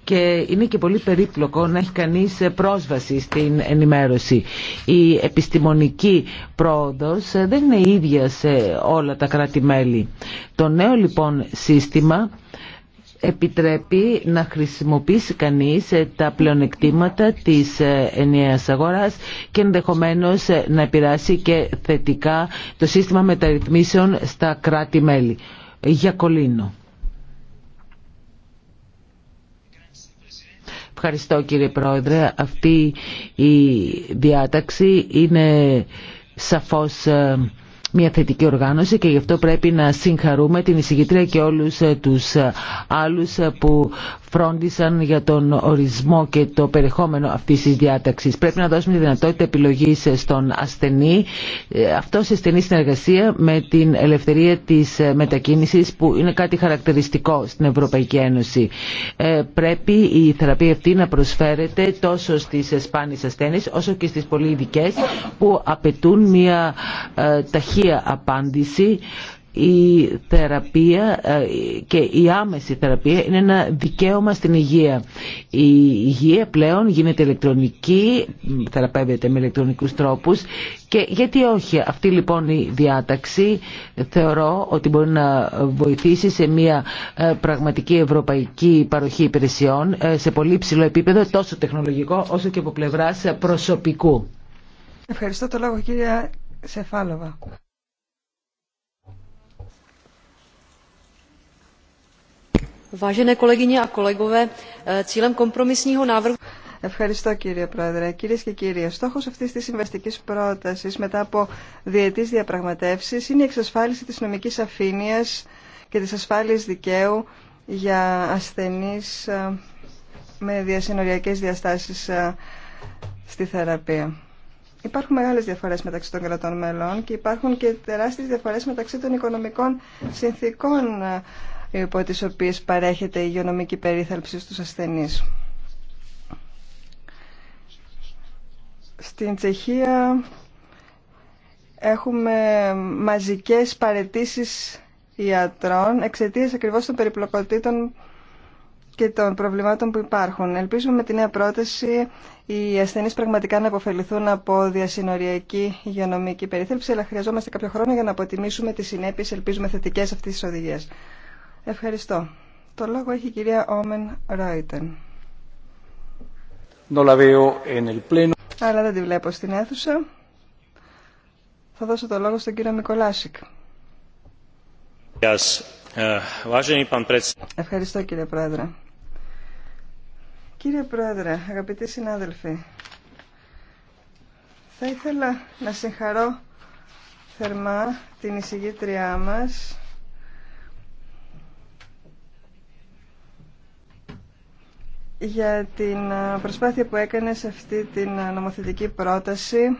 και είναι και πολύ περίπλοκο να έχει κανείς πρόσβαση στην ενημέρωση. Η επιστημονική πρόοδος δεν είναι ίδια σε όλα τα κράτη-μέλη. Το νέο λοιπόν σύστημα επιτρέπει να χρησιμοποιήσει κανείς τα πλεονεκτήματα της ενιαίας αγοράς και ενδεχομένως να επηρεάσει και θετικά το σύστημα μεταρρυθμίσεων στα κράτη-μέλη. Για κολλήνω. Ευχαριστώ κύριε Πρόεδρε. Αυτή η διάταξη είναι σαφώς ε, μια θετική οργάνωση και γι' αυτό πρέπει να συγχαρούμε την εισηγητρία και όλους ε, τους ε, άλλους που φρόντισαν για τον ορισμό και το περιεχόμενο αυτής της διάταξης. Πρέπει να δώσουμε τη δυνατότητα επιλογής στον ασθενή, ε, αυτό σε στενή συνεργασία με την ελευθερία της ε, μετακίνησης που είναι κάτι χαρακτηριστικό στην Ευρωπαϊκή Ένωση. Ε, πρέπει η θεραπεία αυτή να προσφέρεται τόσο στις σπάνιες ασθένειες όσο και στις πολύ ειδικέ που απαιτούν μια ταχεία απάντηση η θεραπεία ε, και η άμεση θεραπεία είναι ένα δικαίωμα στην υγεία. Η υγεία πλέον γίνεται ηλεκτρονική, θεραπεύεται με ηλεκτρονικούς τρόπους και γιατί όχι. Αυτή λοιπόν η διάταξη θεωρώ ότι μπορεί να βοηθήσει σε μια ε, πραγματική ευρωπαϊκή παροχή υπηρεσιών ε, σε πολύ ψηλό επίπεδο, τόσο τεχνολογικό όσο και από πλευράς προσωπικού. Ευχαριστώ το λόγο κυρία Σεφάλοβα. Eh, Ευχαριστώ κύριε Πρόεδρε. Κυρίε και κύριοι, στόχο αυτή τη συμβαστική πρόταση μετά από διετή διαπραγματεύσει είναι η εξασφάλιση τη νομική αφήνεια και τη ασφάλεια δικαίου για ασθενεί ε, με διασυνοριακέ διαστάσει ε, στη θεραπεία. Υπάρχουν μεγάλε διαφορέ μεταξύ των κρατών μελών και υπάρχουν και τεράστιε διαφορέ μεταξύ των οικονομικών συνθήκων ε, υπό τις οποίες παρέχεται η υγειονομική περίθαλψη στους ασθενείς. Στην Τσεχία έχουμε μαζικές παρετήσεις ιατρών εξαιτίας ακριβώς των περιπλοκοτήτων και των προβλημάτων που υπάρχουν. Ελπίζουμε με τη νέα πρόταση οι ασθενεί πραγματικά να αποφεληθούν από διασυνοριακή υγειονομική περίθαλψη, αλλά χρειαζόμαστε κάποιο χρόνο για να αποτιμήσουμε τις συνέπειες, ελπίζουμε θετικές αυτή τη οδηγία. Ευχαριστώ. Το λόγο έχει η κυρία Όμεν Ράιτεν. Αλλά δεν τη βλέπω στην αίθουσα. Θα δώσω το λόγο στον κύριο Μικολάσικ. Uh, Ευχαριστώ κύριε Πρόεδρε. Κύριε Πρόεδρε, αγαπητοί συνάδελφοι, θα ήθελα να συγχαρώ θερμά την εισηγήτριά μας για την ε, προσπάθεια που έκανε σε αυτή την ε, νομοθετική πρόταση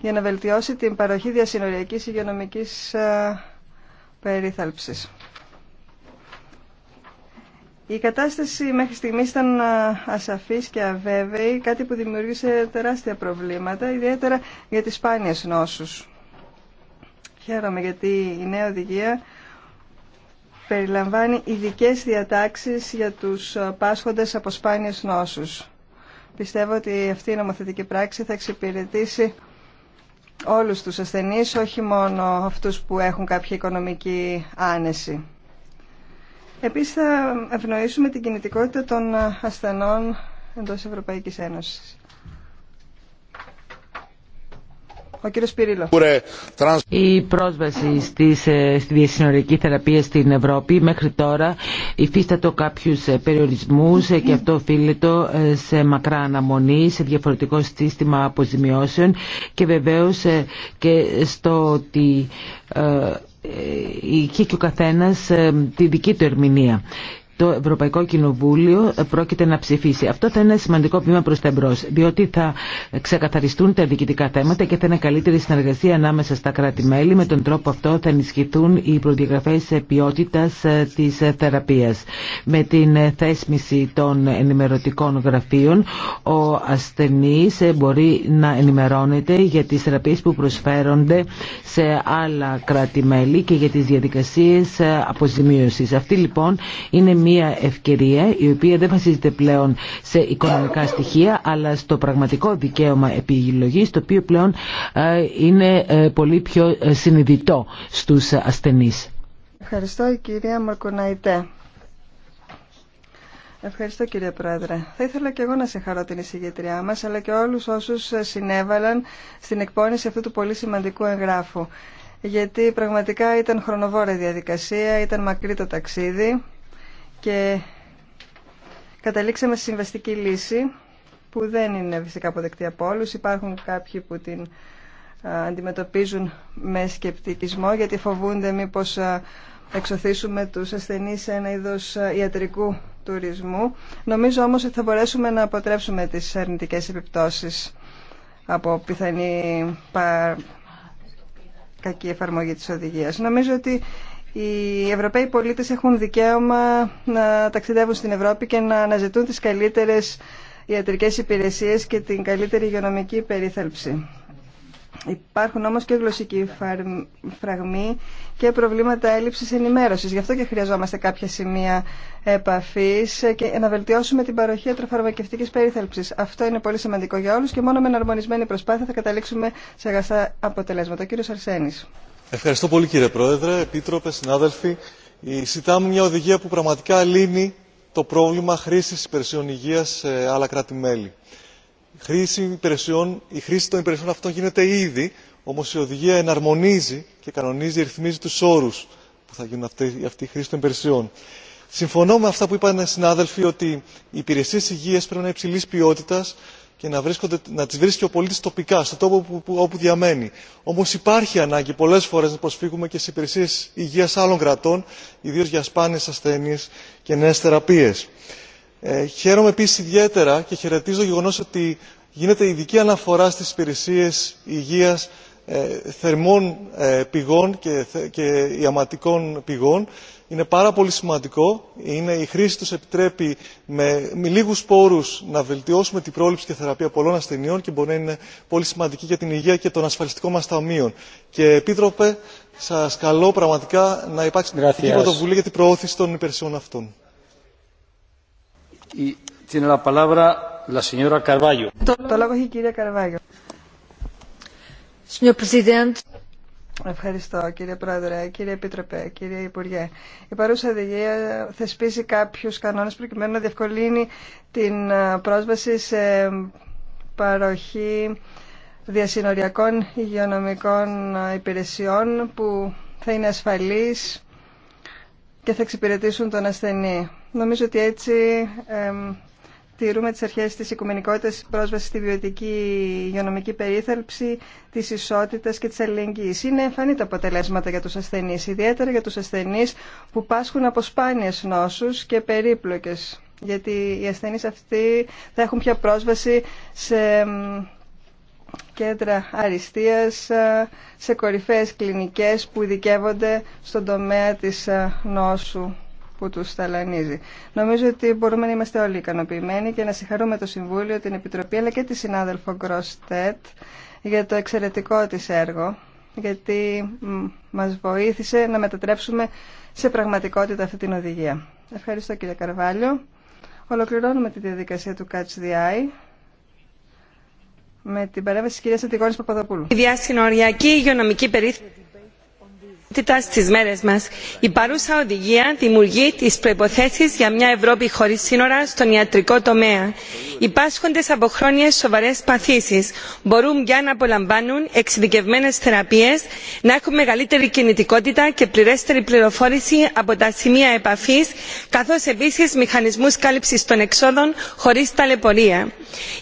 για να βελτιώσει την παροχή διασυνοριακής υγειονομικής ε, περίθαλψης. Η κατάσταση μέχρι στιγμής ήταν ασαφής και αβέβαιη, κάτι που δημιούργησε τεράστια προβλήματα, ιδιαίτερα για τις σπάνιες νόσους. Χαίρομαι γιατί η νέα οδηγία περιλαμβάνει ειδικέ διατάξεις για τους ε, πάσχοντες από σπάνιες νόσους. Πιστεύω ότι αυτή η νομοθετική πράξη θα εξυπηρετήσει όλους τους ασθενείς, όχι μόνο αυτούς που έχουν κάποια οικονομική άνεση. Επίσης θα ευνοήσουμε την κινητικότητα των ε, ασθενών εντός Ευρωπαϊκής Ένωσης. Η πρόσβαση ε, στη διασυνορική θεραπεία στην Ευρώπη μέχρι τώρα υφίστατο κάποιους ε, περιορισμούς ε, και αυτό οφείλεται σε μακρά αναμονή, σε διαφορετικό σύστημα αποζημιώσεων και βεβαίως και στο ότι είχε και ο καθένας τη δική του ερμηνεία το Ευρωπαϊκό Κοινοβούλιο πρόκειται να ψηφίσει. Αυτό θα είναι ένα σημαντικό βήμα προ τα εμπρό, διότι θα ξεκαθαριστούν τα διοικητικά θέματα και θα είναι καλύτερη συνεργασία ανάμεσα στα κράτη-μέλη. Με τον τρόπο αυτό θα ενισχυθούν οι προδιαγραφέ ποιότητα ε, τη ε, θεραπεία. Με την ε, θέσμηση των ενημερωτικών γραφείων, ο ασθενή μπορεί να ενημερώνεται για τι θεραπείε που προσφέρονται σε άλλα κράτη-μέλη και για τι διαδικασίε αποζημίωση. Αυτή λοιπόν είναι μια ευκαιρία η οποία δεν βασίζεται πλέον σε οικονομικά στοιχεία αλλά στο πραγματικό δικαίωμα επιλογής το οποίο πλέον ε, είναι ε, πολύ πιο ε, συνειδητό στους ασθενείς. Ευχαριστώ κυρία Μαρκουναϊτέ. Ευχαριστώ κύριε Πρόεδρε. Θα ήθελα και εγώ να συγχαρώ την εισηγητριά μας, αλλά και όλους όσους συνέβαλαν στην εκπόνηση αυτού του πολύ σημαντικού εγγράφου. Γιατί πραγματικά ήταν χρονοβόρα διαδικασία, ήταν μακρύ το ταξίδι και καταλήξαμε στη συμβαστική λύση που δεν είναι φυσικά αποδεκτή από όλους. Υπάρχουν κάποιοι που την αντιμετωπίζουν με σκεπτικισμό γιατί φοβούνται μήπως εξωθήσουμε τους ασθενείς σε ένα είδος ιατρικού τουρισμού. Νομίζω όμως ότι θα μπορέσουμε να αποτρέψουμε τις αρνητικές επιπτώσεις από πιθανή πα... κακή εφαρμογή της οδηγίας. Νομίζω ότι οι Ευρωπαίοι πολίτες έχουν δικαίωμα να ταξιδεύουν στην Ευρώπη και να αναζητούν τις καλύτερες ιατρικές υπηρεσίες και την καλύτερη υγειονομική περίθαλψη. Υπάρχουν όμως και γλωσσικοί φραγμοί και προβλήματα έλλειψης ενημέρωσης. Γι' αυτό και χρειαζόμαστε κάποια σημεία επαφής και να βελτιώσουμε την παροχή ατροφαρμακευτικής περίθαλψης. Αυτό είναι πολύ σημαντικό για όλους και μόνο με εναρμονισμένη προσπάθεια θα καταλήξουμε σε αγαστά αποτελέσματα. κύριος Αρσένης. Ευχαριστώ πολύ κύριε Πρόεδρε, Επίτροπε, συνάδελφοι. Συντάμε μια οδηγία που πραγματικά λύνει το πρόβλημα χρήση υπηρεσιών υγεία σε άλλα κράτη-μέλη. Η χρήση των υπηρεσιών αυτών γίνεται ήδη, όμω η οδηγία εναρμονίζει και κανονίζει, ρυθμίζει του όρου που θα γίνουν αυτή, αυτή η χρήση των υπηρεσιών. Συμφωνώ με αυτά που είπαν οι συνάδελφοι ότι οι υπηρεσίε υγεία πρέπει να είναι υψηλή ποιότητα και να, να τις βρίσκει ο πολίτης τοπικά, στον τόπο που, που, όπου διαμένει. Όμως υπάρχει ανάγκη πολλές φορές να προσφύγουμε και σε υπηρεσίες υγείας άλλων κρατών, ιδίως για σπάνιες ασθένειες και νέες θεραπείες. Ε, χαίρομαι επίσης ιδιαίτερα και χαιρετίζω το γεγονός ότι γίνεται ειδική αναφορά στις υπηρεσίες υγείας ε, θερμών ε, πηγών και ιαματικών πηγών είναι πάρα πολύ σημαντικό. η χρήση τους επιτρέπει με λίγους πόρους να βελτιώσουμε την πρόληψη και θεραπεία πολλών ασθενειών και μπορεί να είναι πολύ σημαντική για την υγεία και των ασφαλιστικών μας ταμείων. και επίτροπε σας καλώ πραγματικά να υπάρξει μια πρωτοβουλία για την προώθηση των υπηρεσιών αυτών. Το λόγο έχει η κυρία Καρβάγιο. Ευχαριστώ κύριε Πρόεδρε, κύριε Επίτροπε, κύριε Υπουργέ. Η παρούσα οδηγία θεσπίζει κάποιους κανόνες προκειμένου να διευκολύνει την ε, πρόσβαση σε παροχή διασυνοριακών υγειονομικών ε, υπηρεσιών που θα είναι ασφαλείς και θα εξυπηρετήσουν τον ασθενή. Νομίζω ότι έτσι τηρούμε τις αρχές της οικουμενικότητας, πρόσβαση στη βιωτική υγειονομική περίθαλψη, της ισότητας και της αλληλεγγύης. Είναι εμφανή τα αποτελέσματα για τους ασθενείς, ιδιαίτερα για τους ασθενείς που πάσχουν από σπάνιες νόσους και περίπλοκες. Γιατί οι ασθενείς αυτοί θα έχουν πια πρόσβαση σε κέντρα αριστείας, σε κορυφαίες κλινικές που ειδικεύονται στον τομέα της ε, νόσου που τους ταλανίζει. Νομίζω ότι μπορούμε να είμαστε όλοι ικανοποιημένοι και να συγχαρούμε το Συμβούλιο, την Επιτροπή αλλά και τη συνάδελφο Γκροστέτ για το εξαιρετικό της έργο γιατί μας βοήθησε να μετατρέψουμε σε πραγματικότητα αυτή την οδηγία. Ευχαριστώ κύριε Καρβάλιο. Ολοκληρώνουμε τη διαδικασία του Catch the Eye με την παρέμβαση της κυρίας Αντιγόνης Παπαδοπούλου. Η υγειονομική στι μέρε μα. η παρούσα οδηγία δημιουργεί τι προποθέσει για μια ευρώπη χωρί σύνορα στον ιατρικό τομέα. οι πάσχοντε από χρόνιε σοβαρέ παθήσει μπορούν πια να απολαμβάνουν εξειδικευμένε θεραπείε να έχουν μεγαλύτερη κινητικότητα και πληρέστερη πληροφόρηση από τα σημεία επαφή καθώ επίση μηχανισμού κάλυψη των εξόδων χωρί ταλαιπωρία.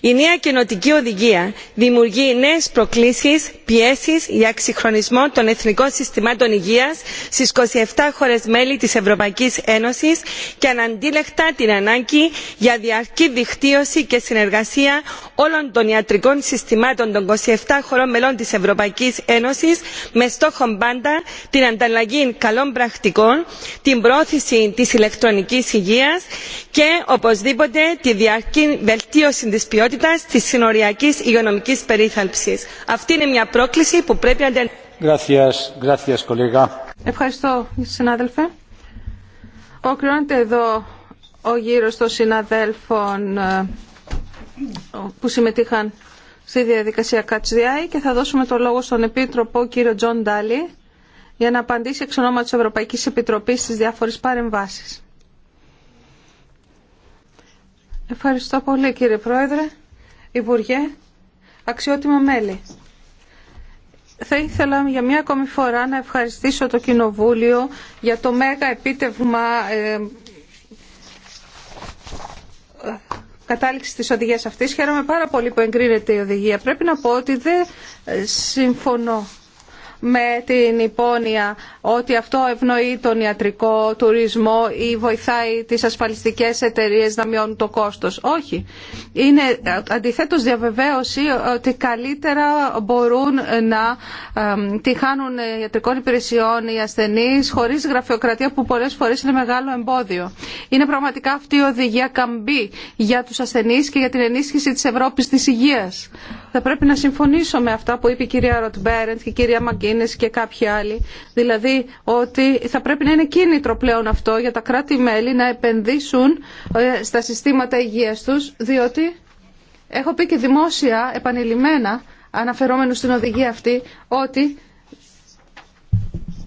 η νέα κοινοτική οδηγία δημιουργεί νέε προκλήσει πιέσει για εξυγχρονισμό των εθνικών συστημάτων υγείας στις 27 χώρες μέλη της Ευρωπαϊκής Ένωσης και αναντίλεκτα την ανάγκη για διαρκή δικτύωση και συνεργασία όλων των ιατρικών συστημάτων των 27 χωρών μελών της Ευρωπαϊκής Ένωσης με στόχο πάντα την ανταλλαγή καλών πρακτικών, την πρόθεση της ηλεκτρονικής υγείας και οπωσδήποτε τη διαρκή βελτίωση της ποιότητας της συνοριακής υγειονομικής περίθαλψης. Αυτή είναι μια πρόκληση που πρέπει να Ευχαριστώ, συνάδελφε. Ολοκληρώνεται εδώ ο γύρος των συναδέλφων ε, που συμμετείχαν στη διαδικασία Κατσδιάη και θα δώσουμε το λόγο στον Επίτροπο κύριο Τζον Ντάλι για να απαντήσει εξ ονόματος της Ευρωπαϊκής Επιτροπής στις διάφορες παρεμβάσεις. Ευχαριστώ πολύ κύριε Πρόεδρε, Υπουργέ, αξιότιμα μέλη. Θα ήθελα για μια ακόμη φορά να ευχαριστήσω το Κοινοβούλιο για το μέγα επίτευγμα ε, ε, κατάληξη της οδηγίας αυτής. Χαίρομαι πάρα πολύ που εγκρίνεται η οδηγία. Πρέπει να πω ότι δεν ε, συμφωνώ με την υπόνοια ότι αυτό ευνοεί τον ιατρικό τουρισμό ή βοηθάει τις ασφαλιστικές εταιρείες να μειώνουν το κόστος. Όχι. Είναι αντιθέτως διαβεβαίωση ότι καλύτερα μπορούν να τυχάνουν ιατρικών υπηρεσιών οι ασθενείς χωρίς γραφειοκρατία που πολλές φορές είναι μεγάλο εμπόδιο. Είναι πραγματικά αυτή η οδηγία καμπή για τους ασθενείς και για την ενίσχυση της Ευρώπης της υγείας θα πρέπει να συμφωνήσω με αυτά που είπε η κυρία Ροτμπέρεντ και η κυρία Μαγκίνες και κάποιοι άλλοι. Δηλαδή ότι θα πρέπει να είναι κίνητρο πλέον αυτό για τα κράτη-μέλη να επενδύσουν ε, στα συστήματα υγείας τους, διότι έχω πει και δημόσια επανειλημμένα αναφερόμενο στην οδηγία αυτή ότι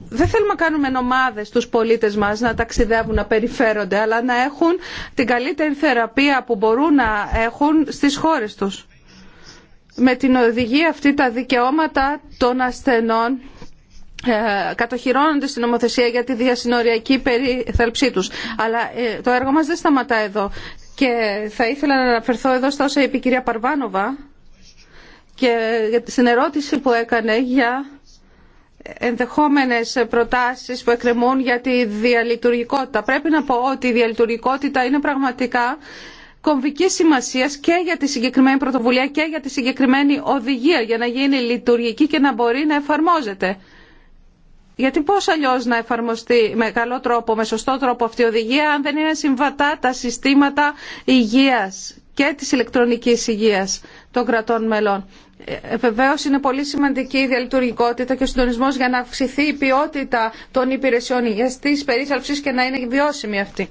δεν θέλουμε να κάνουμε ομάδε τους πολίτες μας να ταξιδεύουν, να περιφέρονται, αλλά να έχουν την καλύτερη θεραπεία που μπορούν να έχουν στις χώρες τους με την οδηγία αυτή τα δικαιώματα των ασθενών ε, κατοχυρώνονται στην νομοθεσία για τη διασυνοριακή περιθαλψή τους. Αλλά ε, το έργο μας δεν σταματά εδώ. Και θα ήθελα να αναφερθώ εδώ στα όσα είπε η κυρία Παρβάνοβα και ε, στην ερώτηση που έκανε για ενδεχόμενες προτάσεις που εκκρεμούν για τη διαλειτουργικότητα. Πρέπει να πω ότι η διαλειτουργικότητα είναι πραγματικά κομβική σημασία και για τη συγκεκριμένη πρωτοβουλία και για τη συγκεκριμένη οδηγία για να γίνει λειτουργική και να μπορεί να εφαρμόζεται. Γιατί πώς αλλιώς να εφαρμοστεί με καλό τρόπο, με σωστό τρόπο αυτή η οδηγία αν δεν είναι συμβατά τα συστήματα υγείας και της ηλεκτρονικής υγείας των κρατών μελών. Ε, ε, Βεβαίω είναι πολύ σημαντική η διαλειτουργικότητα και ο συντονισμό για να αυξηθεί η ποιότητα των υπηρεσιών υγεία τη περίθαλψη και να είναι βιώσιμη αυτή.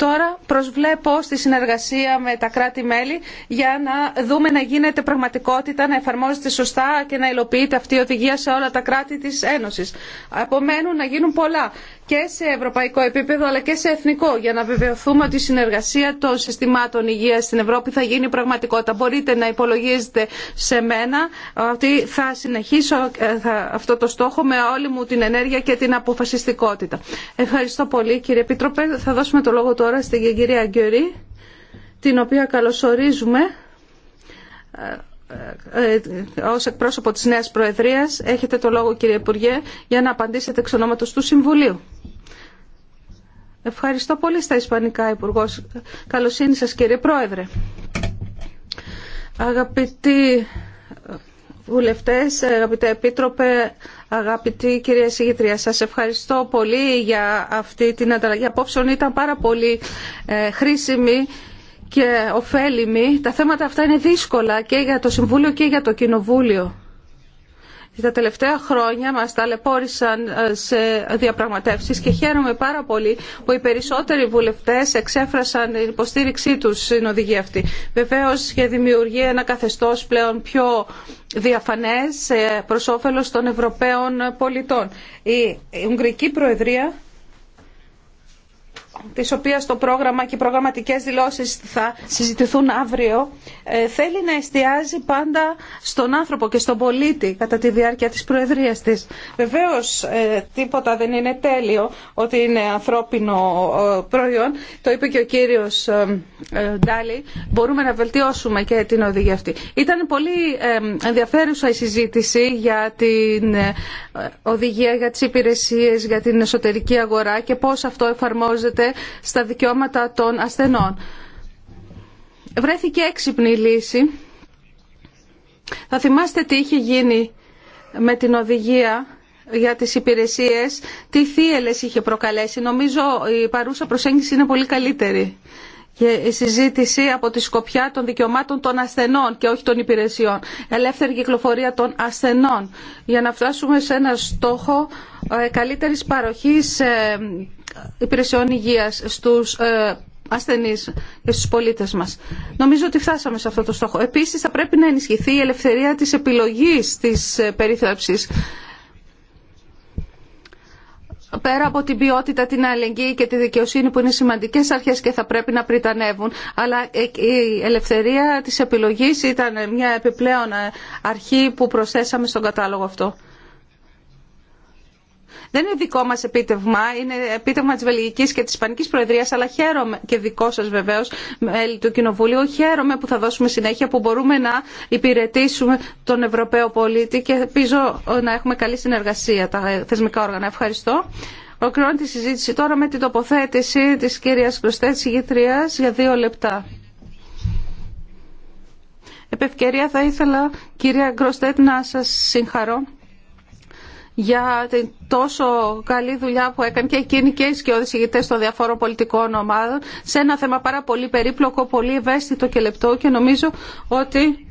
Τώρα προσβλέπω στη συνεργασία με τα κράτη-μέλη για να δούμε να γίνεται πραγματικότητα, να εφαρμόζεται σωστά και να υλοποιείται αυτή η οδηγία σε όλα τα κράτη της Ένωσης. Απομένουν να γίνουν πολλά και σε ευρωπαϊκό επίπεδο αλλά και σε εθνικό για να βεβαιωθούμε ότι η συνεργασία των συστημάτων υγείας στην Ευρώπη θα γίνει πραγματικότητα. Μπορείτε να υπολογίζετε σε μένα ότι θα συνεχίσω ε, αυτό το στόχο με όλη μου την ενέργεια και την αποφασιστικότητα. Ευχαριστώ πολύ κύριε Επίτροπε. Θα δώσουμε το λόγο τώρα τώρα στην κυρία Γκιορή, την οποία καλωσορίζουμε ε, ε, ε, ως εκπρόσωπο της Νέας Προεδρίας. Έχετε το λόγο κύριε Υπουργέ για να απαντήσετε εξ του Συμβουλίου. Ευχαριστώ πολύ στα Ισπανικά Υπουργό. Καλωσύνη σας κύριε Πρόεδρε. Αγαπητοί Βουλευτές, αγαπητέ Επίτροπε, αγαπητή κυρία Συγήτρια, σας ευχαριστώ πολύ για αυτή την ανταλλαγή απόψεων. Ήταν πάρα πολύ ε, χρήσιμη και ωφέλιμη. Τα θέματα αυτά είναι δύσκολα και για το Συμβούλιο και για το Κοινοβούλιο τα τελευταία χρόνια μας ταλαιπώρησαν ε, σε διαπραγματεύσεις και χαίρομαι πάρα πολύ που οι περισσότεροι βουλευτές εξέφρασαν την υποστήριξή τους στην οδηγία αυτή. Βεβαίως και δημιουργεί ένα καθεστώς πλέον πιο διαφανές ε, προς όφελος των Ευρωπαίων πολιτών. Η Ουγγρική Προεδρία Τη οποία το πρόγραμμα και οι προγραμματικέ δηλώσει θα συζητηθούν αύριο, ε, θέλει να εστιάζει πάντα στον άνθρωπο και στον πολίτη κατά τη διάρκεια της Προεδρίας της. Βεβαίως ε, τίποτα δεν είναι τέλειο ότι είναι ανθρώπινο ε, προϊόν. Το είπε και ο κύριος Ντάλι. Μπορούμε να βελτιώσουμε και την οδηγία αυτή. Ήταν πολύ ενδιαφέρουσα η συζήτηση για την οδηγία για τι υπηρεσίε, για την εσωτερική αγορά και πώ αυτό εφαρμόζεται στα δικαιώματα των ασθενών. Βρέθηκε έξυπνη λύση. Θα θυμάστε τι είχε γίνει με την οδηγία για τις υπηρεσίες, τι θύελες είχε προκαλέσει. Νομίζω η παρούσα προσέγγιση είναι πολύ καλύτερη και η συζήτηση από τη σκοπιά των δικαιωμάτων των ασθενών και όχι των υπηρεσιών. Ελεύθερη κυκλοφορία των ασθενών για να φτάσουμε σε ένα στόχο ε, καλύτερης παροχής ε, υπηρεσιών υγείας στους ε, ασθενείς και στους πολίτες μας. Νομίζω ότι φτάσαμε σε αυτό το στόχο. Επίσης θα πρέπει να ενισχυθεί η ελευθερία της επιλογής της περίθαψης πέρα από την ποιότητα, την αλληλεγγύη και τη δικαιοσύνη που είναι σημαντικές αρχές και θα πρέπει να πριτανεύουν. Αλλά ε, η ελευθερία της επιλογής ήταν μια επιπλέον αρχή που προσθέσαμε στον κατάλογο αυτό. Δεν είναι δικό μας επίτευγμα, είναι επίτευγμα της Βελγικής και της Ισπανικής Προεδρίας, αλλά χαίρομαι και δικό σας βεβαίως, μέλη του Κοινοβουλίου, χαίρομαι που θα δώσουμε συνέχεια, που μπορούμε να υπηρετήσουμε τον Ευρωπαίο πολίτη και ελπίζω να έχουμε καλή συνεργασία τα θεσμικά όργανα. Ευχαριστώ. Ολοκληρώνω τη συζήτηση τώρα με την τοποθέτηση της κυρίας Γκροστέτ Υγητρίας για δύο λεπτά. Επ' ευκαιρία θα ήθελα, κυρία Γκροστέτ, να σας συγχαρώ για την τόσο καλή δουλειά που έκανε και εκείνη και οι σκιώδεις ηγητές των διαφόρων πολιτικών ομάδων σε ένα θέμα πάρα πολύ περίπλοκο, πολύ ευαίσθητο και λεπτό και νομίζω ότι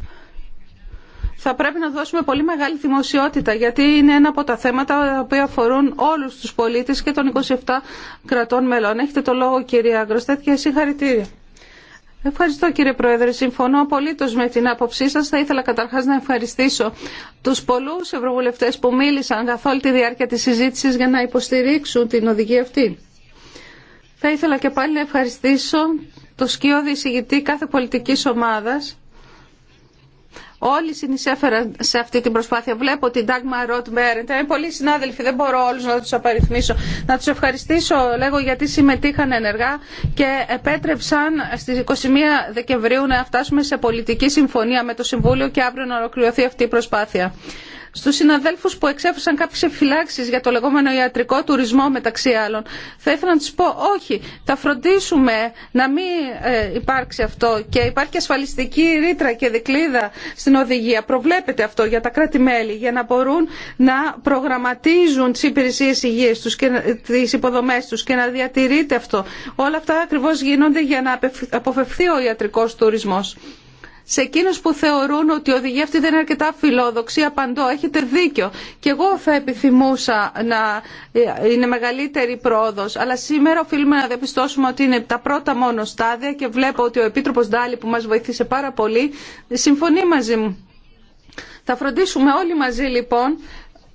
θα πρέπει να δώσουμε πολύ μεγάλη δημοσιότητα γιατί είναι ένα από τα θέματα που αφορούν όλους τους πολίτες και των 27 κρατών μελών. Έχετε το λόγο κυρία Γκροστέτ και συγχαρητήρια. Ευχαριστώ κύριε Πρόεδρε. Συμφωνώ απολύτω με την άποψή σα. Θα ήθελα καταρχά να ευχαριστήσω του πολλού ευρωβουλευτέ που μίλησαν καθ' όλη τη διάρκεια τη συζήτηση για να υποστηρίξουν την οδηγία αυτή. Θα ήθελα και πάλι να ευχαριστήσω το σκιώδη εισηγητή κάθε πολιτική ομάδα Όλοι συνεισέφεραν σε αυτή την προσπάθεια. Βλέπω την Ντάγμα Ροτ Μπέρεντ. Είναι πολλοί συνάδελφοι, δεν μπορώ όλου να του απαριθμίσω. Να του ευχαριστήσω, λέγω, γιατί συμμετείχαν ενεργά και επέτρεψαν στι 21 Δεκεμβρίου να φτάσουμε σε πολιτική συμφωνία με το Συμβούλιο και αύριο να ολοκληρωθεί αυτή η προσπάθεια. Στους συναδέλφους που εξέφρασαν κάποιες επιφυλάξει για το λεγόμενο ιατρικό τουρισμό μεταξύ άλλων, θα ήθελα να τους πω όχι, θα φροντίσουμε να μην ε, υπάρξει αυτό και υπάρχει ασφαλιστική ρήτρα και δικλίδα στην οδηγία. Προβλέπεται αυτό για τα κράτη-μέλη για να μπορούν να προγραμματίζουν τις υπηρεσίες υγείας τους και τις υποδομές τους και να διατηρείται αυτό. Όλα αυτά ακριβώς γίνονται για να αποφευθεί ο ιατρικός τουρισμός σε εκείνους που θεωρούν ότι η οδηγία αυτή δεν είναι αρκετά φιλόδοξη, απαντώ, έχετε δίκιο. Και εγώ θα επιθυμούσα να είναι μεγαλύτερη πρόοδος, αλλά σήμερα οφείλουμε να διαπιστώσουμε ότι είναι τα πρώτα μόνο στάδια και βλέπω ότι ο Επίτροπος Ντάλι που μας βοηθήσε πάρα πολύ συμφωνεί μαζί μου. Θα φροντίσουμε όλοι μαζί λοιπόν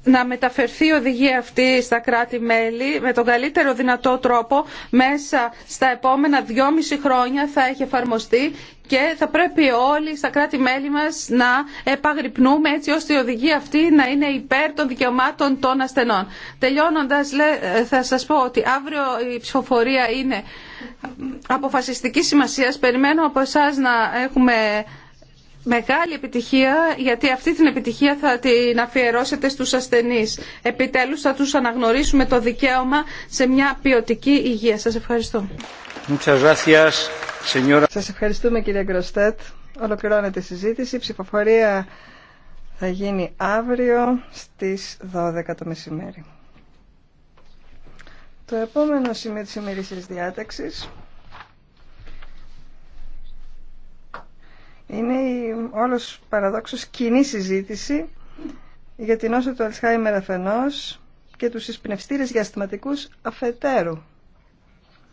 να μεταφερθεί η οδηγία αυτή στα κράτη-μέλη με τον καλύτερο δυνατό τρόπο μέσα στα επόμενα δυόμιση χρόνια θα έχει εφαρμοστεί και θα πρέπει όλοι στα κράτη-μέλη μας να επαγρυπνούμε έτσι ώστε η οδηγία αυτή να είναι υπέρ των δικαιωμάτων των ασθενών. Τελειώνοντας θα σας πω ότι αύριο η ψηφοφορία είναι αποφασιστική σημασίας. Περιμένω από εσά να έχουμε μεγάλη επιτυχία γιατί αυτή την επιτυχία θα την αφιερώσετε στους ασθενείς. Επιτέλους θα τους αναγνωρίσουμε το δικαίωμα σε μια ποιοτική υγεία. Σας ευχαριστώ. Σας ευχαριστούμε κύριε Γκροστέτ. Ολοκληρώνεται η συζήτηση. Η ψηφοφορία θα γίνει αύριο στις 12 το μεσημέρι. Το επόμενο σημείο της ημερήσιας διάταξης είναι η όλος παραδόξως κοινή συζήτηση για την όσο του Αλσχάιμερ αφενός και τους εισπνευστήρες για αφετέρου.